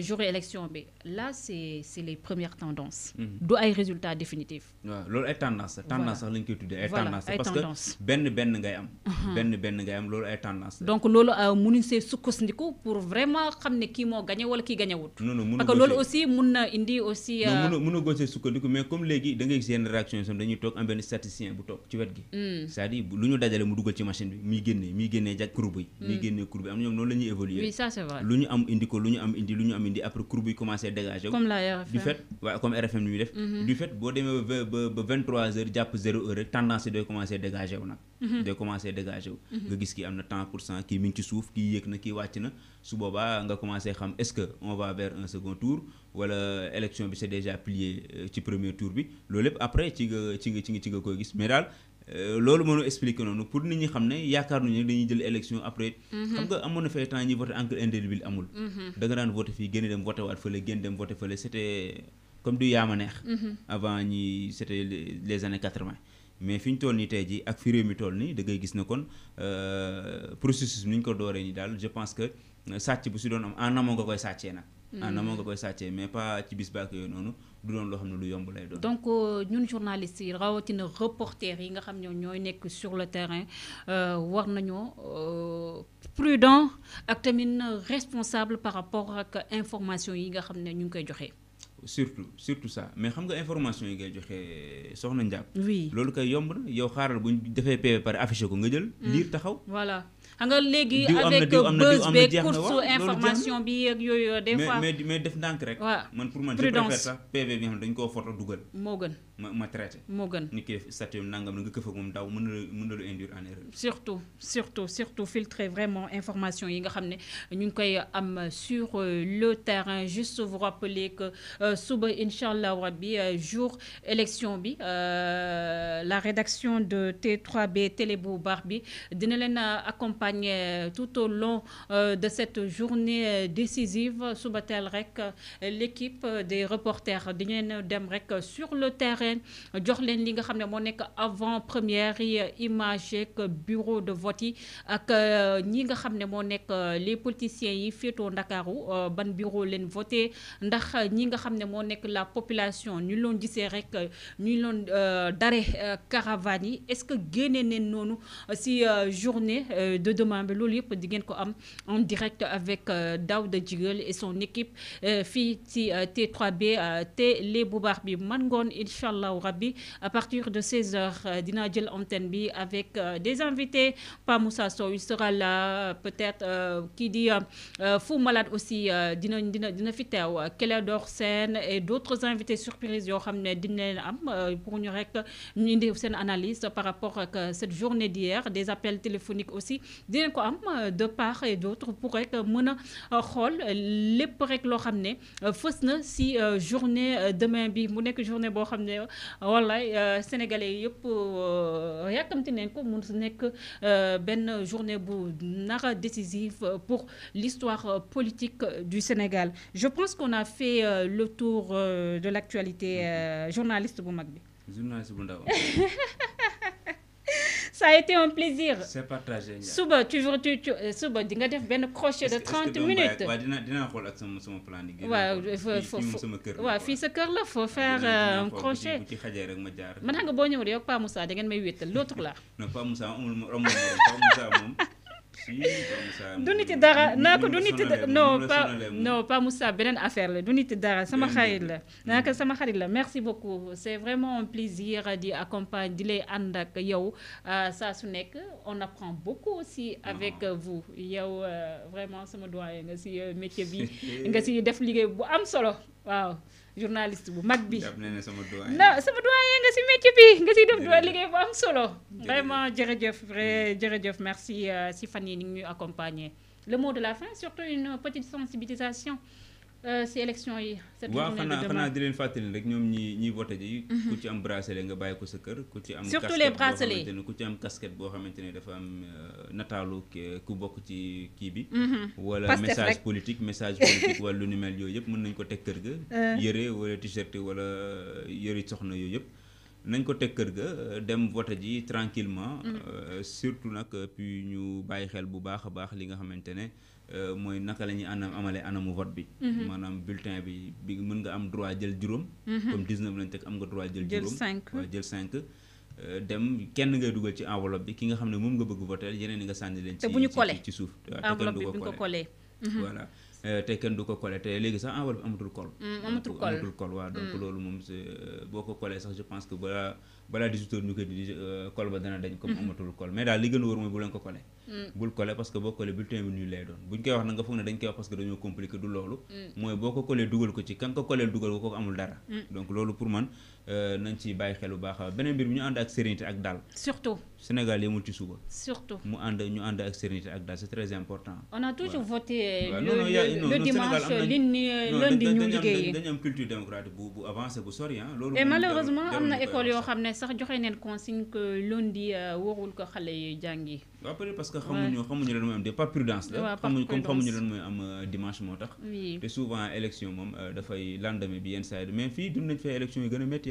S1: jour élection bi là c'est c'est les premières tendances. Mhm. du ay résultats définitifs.
S2: waaw loolu ay tendance tendance sax l'inquiétude koy voilà ay tendance parce que ben ben ngay am. ben ben ngay am lolu ay tendance
S1: donc loolu euh, mënuñ see sukkandiku pour vraiment xamné ki mo gagné wala ki gagné wut. non
S2: non parce que lolu aussi
S1: mun indi aussi. non
S2: mun na mun mais comme légui da ngay réaction sam dañuy tok am ben statisticien bu tok ci wet gi. Hmm. c'est-à-dire luñu dajalé mu dugal ci machine bi mi génné mi génné jag groupe yi. muy hmm. génnee am ñom non lañuy évoluer. oui ça c'est vrai luñu am indi ko luñu am indi luñu am après courbe commence à dégager comme la RFM du fait ouais, comme RFM ni mhm. du fait boo demain ba ba ba vingt heures tendance à commencer commencé dégager wu commencer de commencer à dégager mhm. nga gis qui am na tant pour cent qui mi qui ci qui est yéeg na na su boobaa nga commencé xam est-ce que on va vers un second tour wala élection bi c'est déjà plié euh, ci premier tour bi l'olé après ci tigre ci tigre ci nga gis mais là euh, loolu moo ñu expliqué noonu pour nit ñi xam ne yaakaar nañu dañuy jël élection après. Mhm. xam nga amoon na fay temps ñi voté encore indélébile amul. Mhm. da nga daan voté fii génn dem voté waat fële génn dem voté fële c' était comme du yaama neex. Mhm. avant ñi c' était les années 80 mais fi ñu toll nii tey jii ak fi réew mi toll nii da ngay gis na kon euh, processus ni ñu ko dooree nii daal je pense que euh, sàcc bu si doon am en amont nga koy sàccee nag. en amont nga koy sàccee mais pas ci bis baak yooyu noonu du doon loo xam ne lu yomb lay doon.
S1: donc euh, ñun journalistes yi rawatina reporters yi nga xam ne ñooy nekk sur le terrain euh, war nañoo euh, prudent ak tamit responsable par rapport ak information yi nga xam ne ñu ngi koy joxe.
S2: surtout surtout ça mais xam nga information yi ngay joxe soxna Ndiaye. oui loolu kay yomb na yow xaaral bu ñu defee PV pare affiché ko nga jël. Mm. lire taxaw
S1: voilà. xam nga léegi avec buzz beeg course information bi yeeg yooyu des fois mais mais def ndànk rek. waaw man pour man je préfère sax
S2: PV bi nga xam dañu koo dugal moo gën. ma traité. nangam nga ak daw en erreur.
S1: surtout surtout surtout filtrer vraiment information yi nga xamné koy am sur euh, le terrain juste vous rappeler que euh, suba inchallah euh, jour élection bi la rédaction de T3B télébo Barbie, bi dina accompagner tout au long de cette journée décisive suba tel rek l'équipe des reporters dinañ dem rek sur le terrain leen jox leen li avant première yi image que bureau de vote yi ak euh, ñi nga xam ne moo nekk euh, les politiciens yi féetoo Ndakaaru euh, ban bureau leen voté ndax ñi nga xam ne moo la population ñu loon gisee ñu loon dare caravane est-ce que génnee neen noonu si journée de demain bi loolu yëpp di en direct avec Daouda Djigal et son équipe fii T3B te les mangon bi man allah rabbi à partir de 16h euh, dina avec euh, des invités Pa Moussa il sera là peut-être euh, qui dit, Fou Malade aussi dina dina fi et d'autres invités surprises yo xamné dina am pour ñu rek ñu analyse par rapport à cette journée d'hier des appels téléphoniques aussi dina ko am de part et d'autre pour rek un xol xool lépp rek lo xamné ne si journée demain bi mu nek journée bo xamné euh, wallaay euh, sénégalais yëpp euh, yàkkamti neen ko nekk benn journée bu nara décisive pour l'histoire politique du Sénégal je pense qu'on a fait le tour de l'actualité journaliste bu mag
S2: journaliste ndaw
S1: ça a été un plaisir. C'est partagé. suba toujours tu tu euh, suba di nga def benn crochet de 30 minutes. waaw
S2: dinaa dinaa xool ak
S1: sama faut faire un crochet. bu
S2: ci xajee rek ma jaar.
S1: man nga boo ñëwee yow Pa Moussa da ngeen may wéttal l'autre là.
S2: non Pa Moussa amul ma amul moom Pa Moussa moom. du
S1: nit dara naa ko du nit non pas non pas Moussa beneen affaire la du nit dara sama xarit la naa ko sama xarit la merci beaucoup c'est vraiment un plaisir di accompagne di lay ànd ak yow euh, saa su nekk on apprend beaucoup aussi ah. avec vous yow euh, vraiment sama doyen nga ci euh, métier bi nga ci def liggéey bu am solo waaw journaliste bu mag bi
S2: na sama
S1: doyen nga si métier bi nga si def doyen liggéey bu am solo vraiment jërëjëf vrai jërëjëf merci euh, si fan yi ni ngi ñuy accompagner le mot de la fin surtout une petite sensibilisation ci euh, élection yi. cette journée de demain waaw xanaa xanaa
S2: di leen fàttali rek ñoom ñi ñiy voté ji. ku mhm. ci am bracelet nga bàyyi ko sa kër. ku ci am surtout les bracelets ku ci am casquette boo xamante ne dafa am euh, nataalu ku bokk ci kii bi. Mhm. wala message politique message politique wala lu ni mel yooyu yëpp mën nañ ko teg kër ga. Euh. yëre wala t-shirt wala yëri soxna yooyu yëpp. nañ ko teg kër ga dem vote ji tranquillement mhm. surtout nag puis ñu bàyyi xel bu baax a baax li nga xamante ne. Euh, mooy naka la anam amalee anamu vote bi. Mhm. maanaam bulletin bi bi mën nga am droit jël juróom. Mhm. comme 19 lañ teg euh, kenn ngay dugal ci enveloppe bi ki nga xam ne moom nga bëgg voter yeneen yi nga sànni leen. ci ci suuf te bu ñu collé enveloppe bi ko collé. Mhm. voilà euh, te kenn du ko collé te léegi sax enveloppe bi amatul col. Mm,
S1: amatul col amatul
S2: col waaw mm. loolu moom boo ko collé sax je pense que ba. balaa 18 heures ñu koy di euh, col ba dana dañ comme amatul col mais daal li gën a mooy bu leen ko collé mm. bul collé parce boo collé bulletin bi nul lay doon buñ koy wax na nga foog ne dañ koy wax parce dañoo compliqué du loolu mm. mooy boo ko collé dugal ko ci kan ko collé dugal ko kooku amul dara mm. donc loolu pour man Euh, nañ ci bàyyi xel bu baax beneen mbir bi ñu ànd ak sérénité ak daal. surtout Sénégal yemul ci suba. surtout mu ànd ñu ànd ak sérénité ak daal c'est très important. on a
S1: toujours voté. le dimanche lundi euh, ñu liggéeyi dañu am
S2: culture démocratique bu bu avancé bu sori ah. et malheureusement amna
S1: école yo xam ne sax joxe neen consigne que lundi euh, warul ko xale yi jàngi.
S2: waaw peut-être parce que xamuñu xamuñu lan mooy am des pas prudence la xamuñu comme xamuñu lan mooy am dimanche moo tax. te souvent élection moom dafay lendemain bi yenn saa yi mais fii dund nañ fee élection yi gën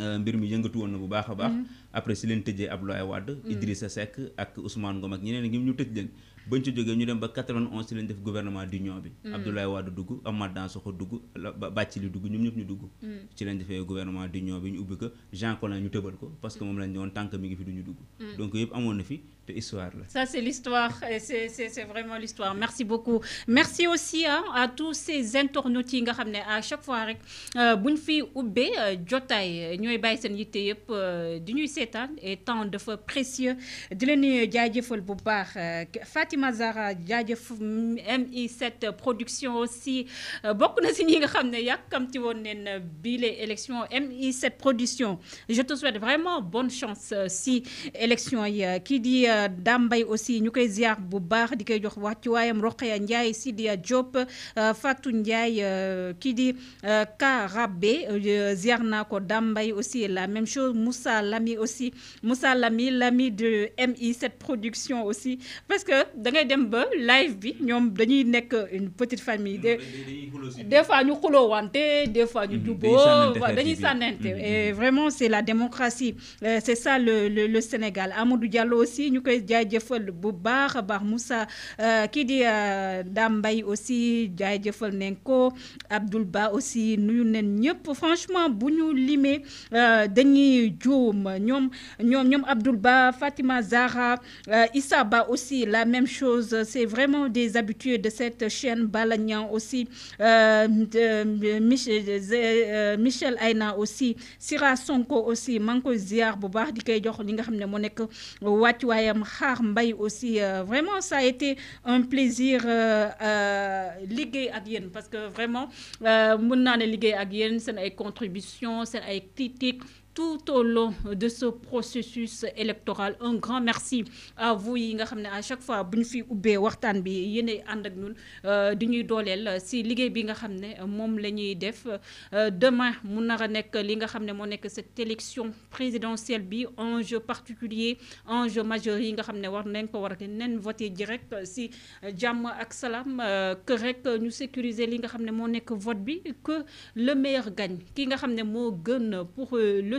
S2: Euh, mbir mi yëngatu woon na bu baax a baax. Mm-hmm. après si leen tëjee Abdoulaye Wade. Mm-hmm. Idrissa Seck ak Ousmane Ngom ak ñeneen ñi ñu tëj leen. bañ ci jógee ñu dem ba 91 si leen def gouvernement d'union bi. Mm-hmm. Abdoulaye Wade dugg Amath Dansokho dugg Bathily dugg ñoom ñëpp ñu dugg. ci leen defee gouvernement d'union bi ñu ubbi ko Jean Collin ñu tëbal ko parce que moom lañ ne woon tànk mi ngi fi du ñu dugg. donc yëpp amoon na fi. histoire.
S1: Ça, c'est l'histoire. C'est vraiment l'histoire. Merci beaucoup. Merci aussi hein, à tous ces internautes à chaque fois rek euh, euh, jotay euh, et tant de fois précieux Fatima Zara MI7 mm, production aussi Beaucoup de signes. comme nga xamné nous MI7 production je te souhaite vraiment bonne chance si élection qui dit Dambay aussi ñu koy ziar bu baax di koy jox wax wayam waayam Ndiaye Sidia Diop euh, Fatou Ndiaye euh, kii di euh, Karabé ziar na ko Dambay aussi la même chose Moussa lami aussi Moussa lami l'ami de MI cette production aussi parce que da ngay dem ba live bi ñom dañuy nek une petite famille. des fois ñu xuloo wante des fois ñu mm-hmm. juboo dañuy sànnante mm-hmm. et vraiment c'est la démocratie c'est ça le le Sénégal Amadou Diallo aussi ñu koy jaajëfal bu baax baax Moussa euh, ki di euh, aussi jaajëfal nenko Nenko, aussi nuyu nen franchement nous, limé limee euh, dañuy joom ñom ñom ñom abdul Fatima Zahra Issa Ba aussi la même chose c'est vraiment des habitués de cette chaîne Balagnan aussi Michel Aina aussi Sira Sonko aussi Manko ko ziar bu baax di koy jox li nga ne nek nekk Mkhar Mbaye aussi. Euh, vraiment, ça a été un plaisir euh, euh, liggéey à yéen parce que vraiment mon nom est liggéey à yéen c'est une contributions c'est une critiques tout au long de ce processus électoral un grand merci à vous yi nga à chaque fois bu ñu fi ubbee waxtaan bi yéenay ànd ak ñun euh, di ñuy dooleel si liggéey bi nga xam def euh, demain mu nar a nekk li nga xam cette élection présidentielle bi enjeu particulier enjeu majeur yi nga xam war nañ ko war nen direct si jàmm ak salaam euh, que rek ñu sécuriser li nga xam ne moo vote bi que le meilleur gagne ki nga xam ne gën pour le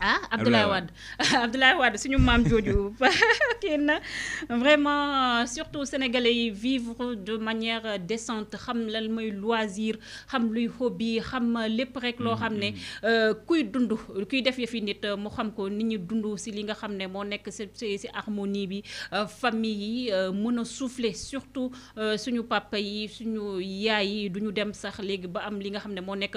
S1: ah Abdoulaye Wade Abdoulaye Wade suñu mam jooju kenn vraiment surtout sénégalais yi vivre de manière décente xam lan mooy loisir xam luy hobby xam lépp rek lo xamné mm-hmm. euh kuy dund kuy def yëfi nit euh, mu xam ko nit ñi dund ci li nga xamné ne nek ci harmonie bi euh, famille yi euh, mëna souffler surtout suñu papa yi suñu yaay yi du dem sax légui ba am li nga xamné ne nek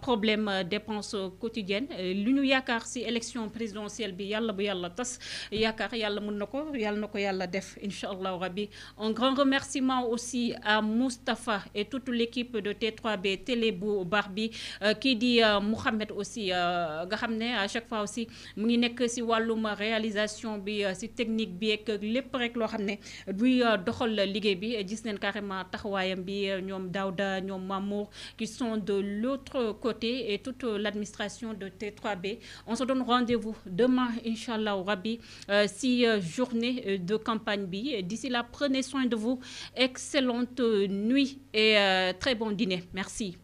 S1: problème dépense quotidienne luñu ñu yaakaar si élection présidentielle bi yalla bu yalla tas yakar yalla, mën nako yalla nako yalla def inshallah, rabi. rabbi un grand remerciement aussi à Mustapha et toute l'équipe de T3B télé bu euh, qui dit euh, Mohamed aussi euh, nga xamné à chaque fois aussi mu ngi nekk si réalisation bi ci technique bi ak lépp rek lo xamné du doxal liggéey bi gis neen carrément taxwayam bi ñom Daouda ñom Mamour qui sont de l'autre côté et toute l'administration de T3B donne rendez-vous demain, Inch'Allah, au Rabbi, euh, si euh, journée euh, de campagne bi. D'ici là, prenez soin de vous. Excellente nuit et très bon dîner. Merci.